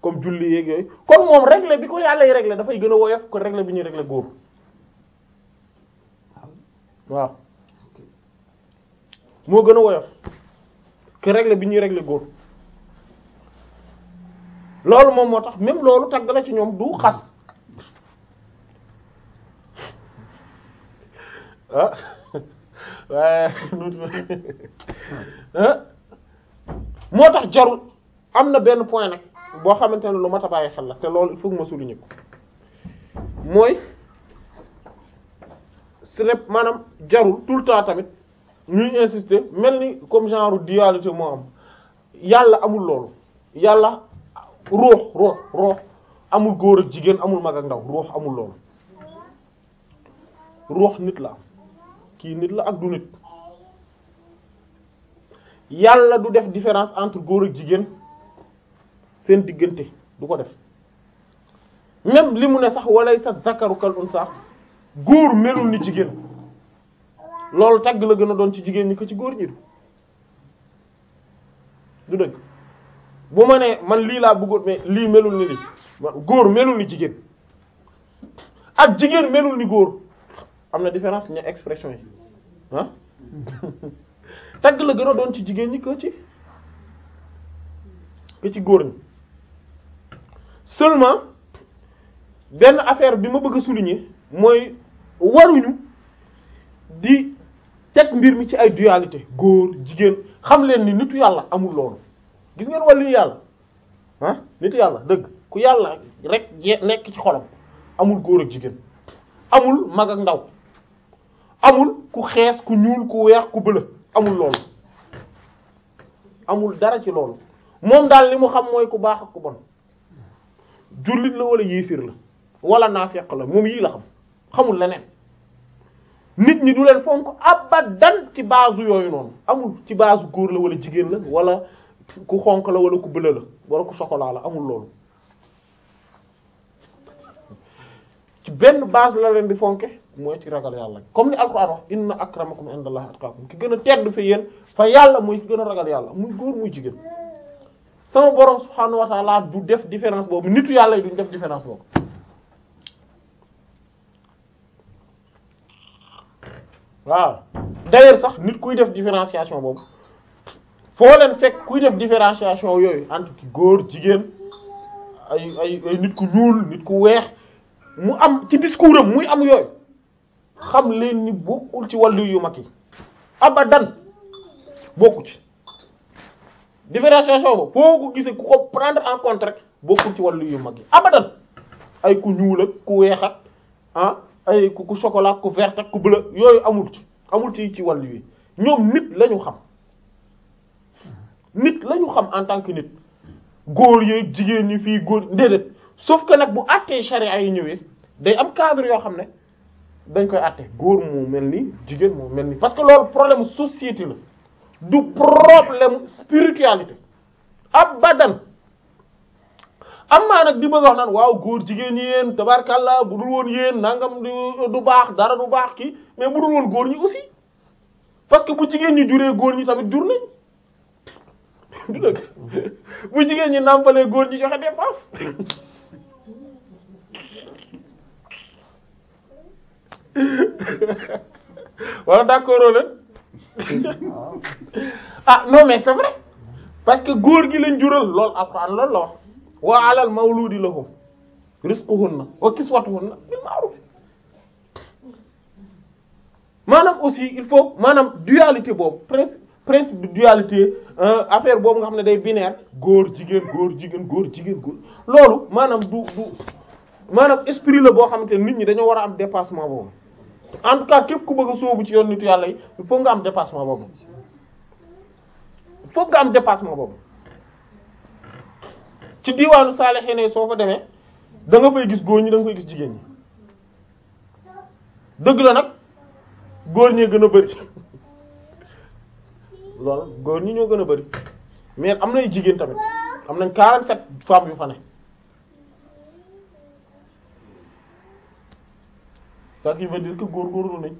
comme julli yeeg yooyu kon moom règle bi ko yàlla yi règle dafay gën a woyof ko règle bi ñuy règle góor waaw moo gën a woyof que bi ñuy règle góor loolu moom moo tax même loolu tagg la ci ñoom du xas. Ah. *laughs* *laughs* ah moo tax jarul am na benn point nag boo xamante ne lu mat a bàyyi xel la te lool il faut sulu souligner ko mooy ce n'est maanaam jarul tout le temps tamit ñuy insister mel ni comme genre dualité moo am yàlla amul loolu yàlla ruux ruux ruux amul góor ak jigéen amul mag ak ndaw ruux amul loolu ruux nit la am kii nit la ak du nit yàlla du def différence entre góor ak jigéen seen diggante du ko def même li mu ne sax walay sa zakaru kal unsa góor melul ni jigéen loolu tagg la gën a doon ci jigéen ñi ko ci góor ñi du dëgg bu ma nee man lii laa bëggoon mais lii melul ni lii góor melul ni jigéen ak jigéen melul ni góor am na différence ña expression yi ah *laughs* tagg la gën a doon ci jigéen ñi ko ci que ci góor ñi seulement benn affaire bi ma bëgg a souligner mooy waruñu di teg mbir mi ci ay dualité góor jigéen xam leen ni nitu yàlla amul loolu gis ngeen wàllu yàlla ah nitu yàlla dëgg ku yàlla rek nekk ci xolam amul góor ak jigéen amul mag ak ndaw amul ku xees ku ñuul ku weex ku bëla amul loolu amul dara ci loolu moom daal li mu xam mooy ku baax ak ku bon jullit la wala yéefir la wala naafeq la moom yii la xam xamul leneen nit ñi du leen fonk abadan ci base yooyu noonu amul ci base góor la wala jigéen la wala ku xonq la wala ku bëla la wala ku sokolaa la amul loolu ci benn base la leen di fonke mooy ci ragal yàlla comme ni alquran wax inna akramakum indallahi atqakum ki gën a tedd fi yéen fa yàlla muy ki gën a ragal yàlla muy góor muy jigéen sama borom subhaanahu wa ta'ala du def différence boobu nitu yàlla yi duñ def différence boobu waaw d'ailleurs sax nit kuy def différenciation boobu foo leen fekk kuy def différenciation yooyu entre ki góor jigéen ay ay ay nit ku ñuul nit ku weex mu am ci discours am muy am yooyu xam leen ni bokkul ci wàllu yu mag yi abadan bokku ci différenciation ba foo ko gisee ku ko prendre en compte rek bokkul ci wàllu yu mag yi abadan ay ku ñuul ak ku weex ak ah ay ku ku ku vert ku bleu yooyu amul ci amul ci ci wàllu yi ñoom nit lañu xam nit lañu xam en tant nit góor yeeg jigéen ñi fii góor déedéet sauf nag bu àttee charia yi ñëwee day am cadre yoo xam ne dañ koy àtte góor moo mel ni jigéen moo mel ni parce que loolu problème société la du problème spiritualité abadan amaa nag di bëgg wax naan waaw góor jigéen yéen tabarkàlla bu dul woon yéen nangam du baax dara du baax kii mais bu dul woon góor ñi aussi parce que bu jigéen ñi juree góor ñi tamit jur nañ *laughs* du dëgg *laughs* bu jigéen ñi nàmpalee góor ñi joxe dépense *laughs* wala *laughs* d'accord leen *laughs* ah non mais c'est parce que góor gi lañ jural lool alquran loolu la wax wa alal mawludi lahum rizquhunna wa kiswatuhunna bil ma'ruf maanaam aussi il faut maanaam dualité boobu principe principe de euh, affaire boobu nga xam ne day binaire góor jigéen góor jigéen góor jigéen góor loolu maanaam du du maanaam esprit la boo xamante nit ñi dañoo war a am dépassement boobu en tout képp ku bëgg a ci yoon nitu yàlla yi il nga am dépassement boobu il faut nga am dépassement boobu ci diwaanu saalihiin soo fa demee da nga fay gis góor ñi da nga fay gis jigéen ñi dëgg la nag góor ñee gën a bari loolu góor ñi ñoo gën a bari mais am na nay jigéen tamit am nañ 47 femmes yu fa ne. ça veut dire que góor nañ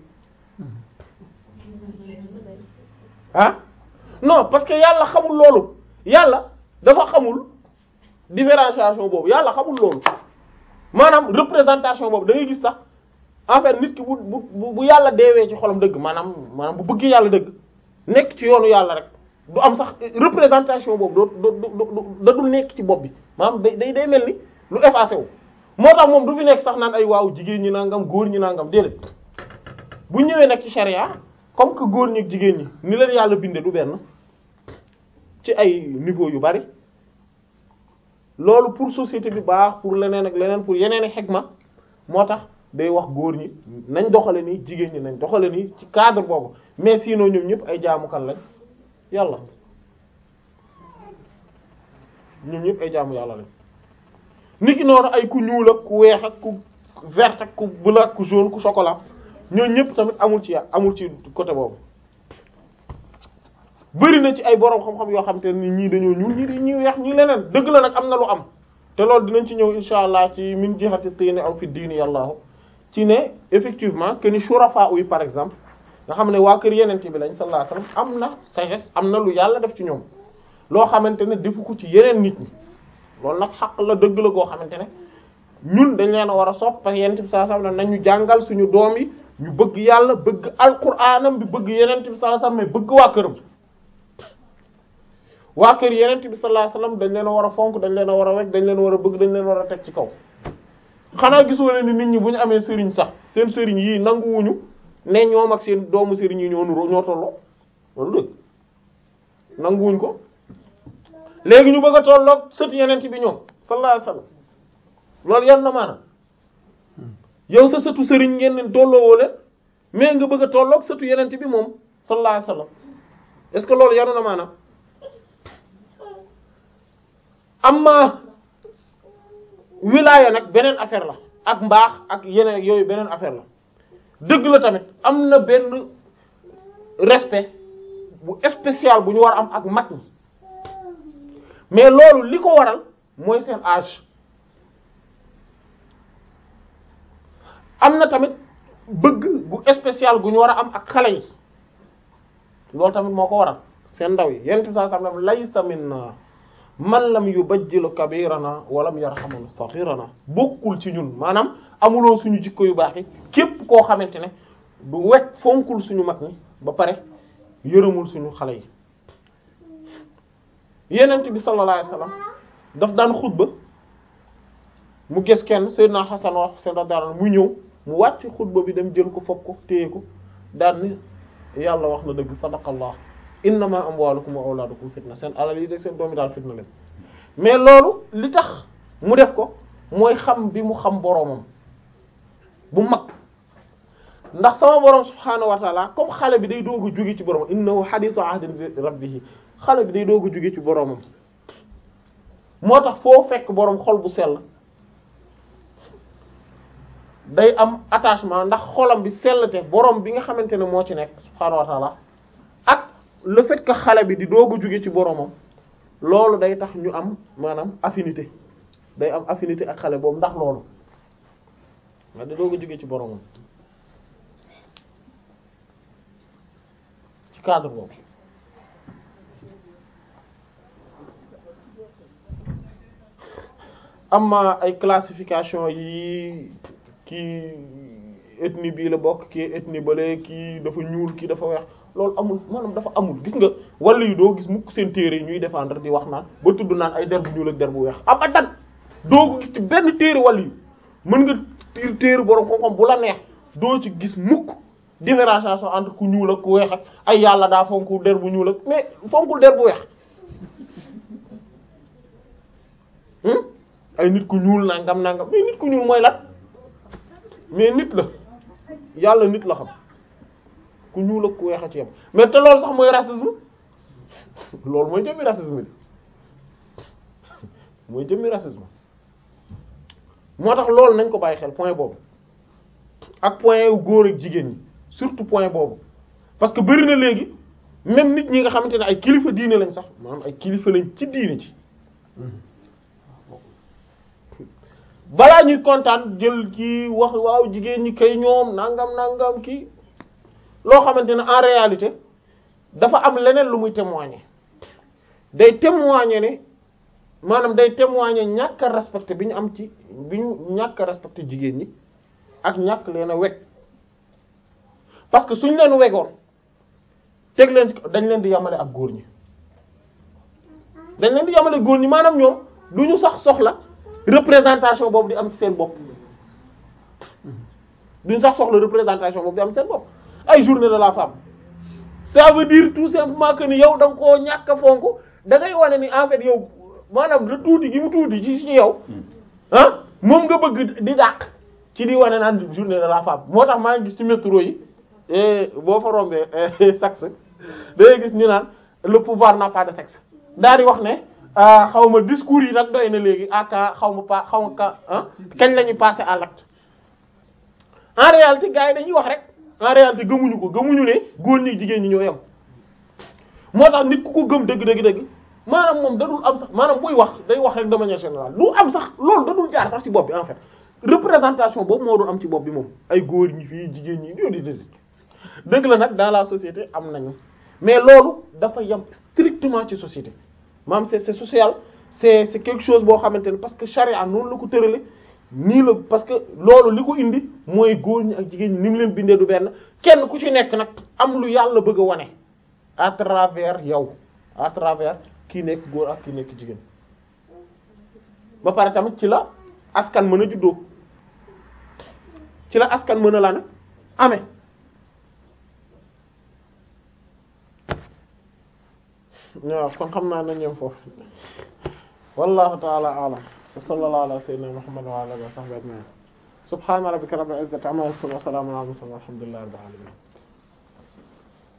ah no parce que yàlla xamul loolu yàlla dafa xamul différenciation boobu yàlla xamul loolu maanaam représentation boobu da ngay gis sax en fait nit ki bu bu bu yàlla deewee ci xolam dëgg maanaam maanaam bu bëgg yàlla dëgg nekk ci yoonu yàlla rek du am sax représentation boobu doo doo doo da dul nekk ci bopp bi maanaam day day mel ni lu effacé wu. moo tax moom du fi nekk sax naan ay waaw jigéen ñi nangam góor ñi nangam déedéet bu ñëwee nag ci sharia comme que góor ñi jigéen ñi ni leen yàlla binde du benn ci ay niveau yu bari loolu pour société bi baax pour leneen ak leneen pour yeneen i ma moo tax day wax góor ñi nañ doxale nii jigéen ñi nañ doxale nii ci cadre boobu mais siinoo ñoom ñëpp ay kan lañ yàlla ñoom ñëpp ay jaamu yàlla lañ niki noonu ay ku ñuul ak ku weex ak ku vert ak ku bleu ak ku jaune ku chocolat ñoo ñëpp tamit amul ci amul ci côté boobu. bëri na ci ay borom xam-xam yoo xam te ni ñii dañoo ñuul ñii di ñii weex ñii leneen dëgg la nag am na lu am te loolu dinañ ci ñëw insha allah ci min jihati tiini aw fi diini yàllaahu ci ne effectivement que ni shurafa uy par exemple nga xam ne waa kër yeneen bi lañ sallallahu alayhi wasallam am na sagesse am na lu yàlla def ci ñoom loo xamante ne defu ci yeneen nit ñi. loolu nag xaq la dëgg la koo xamante ne ñun dañ leen a war a sopp parce que yenent bi sallallahu alayhi wasallam nañu jàngal suñu doom yi ñu bëgg yàlla bëgg alquraanam bi bëgg yenent bi saa alayhi wasallam mais bëgg waa këram waa kër yenent bi sallallahu alayhi wasallam dañ leen a war a fonk dañ leen a war a wekk dañ leen war a bëgg dañ leen war a teg ci kaw xanaa gisoo leen nit ñi bu ñu amee sëriñ sax seen sëriñ yii nanguwuñu ne ñoom ak seen doomu sëriñ yi ñoo ñoo tolloo loolu nanguwuñ ko léegi ñu bëgg a tolloog sët yeneen bi ñoom sallallahu alayhi wasallam loolu yan na maanaam yow sa sëtu sëriñ ngeen leen mais nga bëgg a tolloog sëtu yeneen bi moom sallallahu alayhi wasallam est-ce que loolu yanu na maanaam amma wilaaya nag beneen affaire la ak mbaax ak yeneen yooyu beneen affaire la dëgg la tamit am na benn respect bu spécial bu ñu war am ak mat ñi mais loolu li ko waral mooy seen age am na tamit bëgg gu spécial gu ñu war a am ak xale yi loolu tamit moo ko waral seen ndaw yi yenn saa saa am laysa minna man lam yubajjilu kabirana walam yarhamu saghirana bokkul ci ñun maanaam amuloo suñu jikko yu baax yi képp koo xamante ne du wekk fonkul suñu mag ñi ba pare yërëmul suñu xale yi. yenent bi sallallahu alayhi wasallam daf daan xutba mu gis kenn Seydina Hasan wa Husayn radiyallahu anhu mu ñëw mu wàcc xutba bi dem jël ko foog ko téye ko daan ni yàlla wax na dëgg sadaqallah innama amwalukum wa awladukum fitna seen alal yi deg seen doomi daal fitna leen mais loolu li tax mu def ko mooy xam bi mu xam boroomam bu mag ndax sama borom subhaanahu wa taala comme xale bi day doog a jóge ci boroomam innahu hadithu ahdin bi rabbihi xale bi day doogu a jóge ci boromam moo tax foo fekk borom xol bu sell day am attachement ndax xolam bi sell te borom bi nga xamante ne moo ci nekk subhaanahu wa taala ak le fait xale bi di doogu a jóge ci boromam loolu day tax ñu am maanaam affinité day am affinité ak xale boobu ndax loolu nga di doog jóge ci boromam ci cadre boobu. am amma ay classification yi kii ethnie bii la bokk kii ethnie bale kii dafa ñuul kii dafa weex loolu amul maanaam dafa amul gis nga wala yu doo gis mukk seen téere yi ñuy défendre di wax naan ba tudd naan ay der bu ñuul ak der bu weex abadan doo ci benn téere wala mën nga téere borom bu la neex doo ci gis mukk différenciation entre ku ñuul ak ku weex ak ay yàlla daa fonk der bu ñuul ak mais fonkul der bu weex hmm? ay nit ku ñuul nàngam nangam mais nit ku ñuul mooy lan mais nit la yàlla nit la xam ku ñuul ak ku weex a ci yam mais te loolu sax mooy racisme loolu mooy jëmmi racisme bi mooy jëmmi racisme moo tax loolu nañ ko bàyyi xel point boobu ak point yu góor ak jigéen ñi surtout point boobu parce que bëri na léegi même nit ñi nga xamante ne ay kilifa diine lañ sax maanaam ay kilifa lañ ci diine ci balaa ñuy kontaan jël ci wax waaw jigéen ñi kay ñoom nangam nangam kii loo xamante ne en réalité dafa am leneen lu muy témoigner day témoigner ne maanaam day témoigner ñàkk a bi ñu am ci bi ñu ñàkk a jigéen ñi ak ñàkk leen a weg parce que suñ leen wegoon teg leen dañ leen di yamale ak góor ñi dañ leen di yamale góor ñi maanaam ñoom du ñu sax soxla représentation boobu di am ci seen bopp duñ sax soxla représentation boobu di am seen bopp ay journée de la femme ça veut dire tout simplement que ni yow da nga ñàkk a fonk da wane ni en yow maanaam le tuuti gi mu tuuti ci ci yow ah moom nga bëgg di dàq ci di wane naan journée de la femme moo tax maa ngi gis ci métro yi eh, boo fa rombee eh, sax *laughs* da ngay gis ñu naan le pouvoir n'a de sexe daal di wax ne. Ah, xaw ma discours yi nag doy na léegi aka ah, xaw ma pa xaw ma ka ah? kañ la ñuy passer à l'acte en réalité gars yi dañuy wax rek en réalité gëmuñu ko gëmuñu ne góor ni jigéen ñi ñoo yam moo tax nit ku ko gëm dëgg dëgg dëgg maanaam moom da dul am sax maanaam buy wax day wax rek de manière générale lu am sax loolu da dul jaar sax ci bopp bi en fait représentation boobu moo dul am ci bopp bi moom ay góor ñi fii jigéen ñi ñoo di dëgg la nag dans la société am nañu mais loolu dafa yem strictement ci société maanaam c'est c'est social c'est c'est quelque chose boo xamante ne parce que charia noonu la ko tërale nii la parce que loolu li ko indi mooy góor ñi ak jigéen ñi ni mu leen bindee du benn kenn ku ci nekk nag am lu yàlla bëgg a wane à travers yow à travers kii nekk góor ak kii nekk jigéen ba pare tamit ci la askan mën a juddoo ci la askan mën a lana ame waaw kon xam naa nañ ñëw foofu wallahu ta'ala a'lam wa sallallahu ala sayyidina muhammad wa ala alihi wa sahbihi ajma'in subhana rabbika rabbil izzati amma yasifun wa salamun ala al mursalin walhamdulillahi rabbil alamin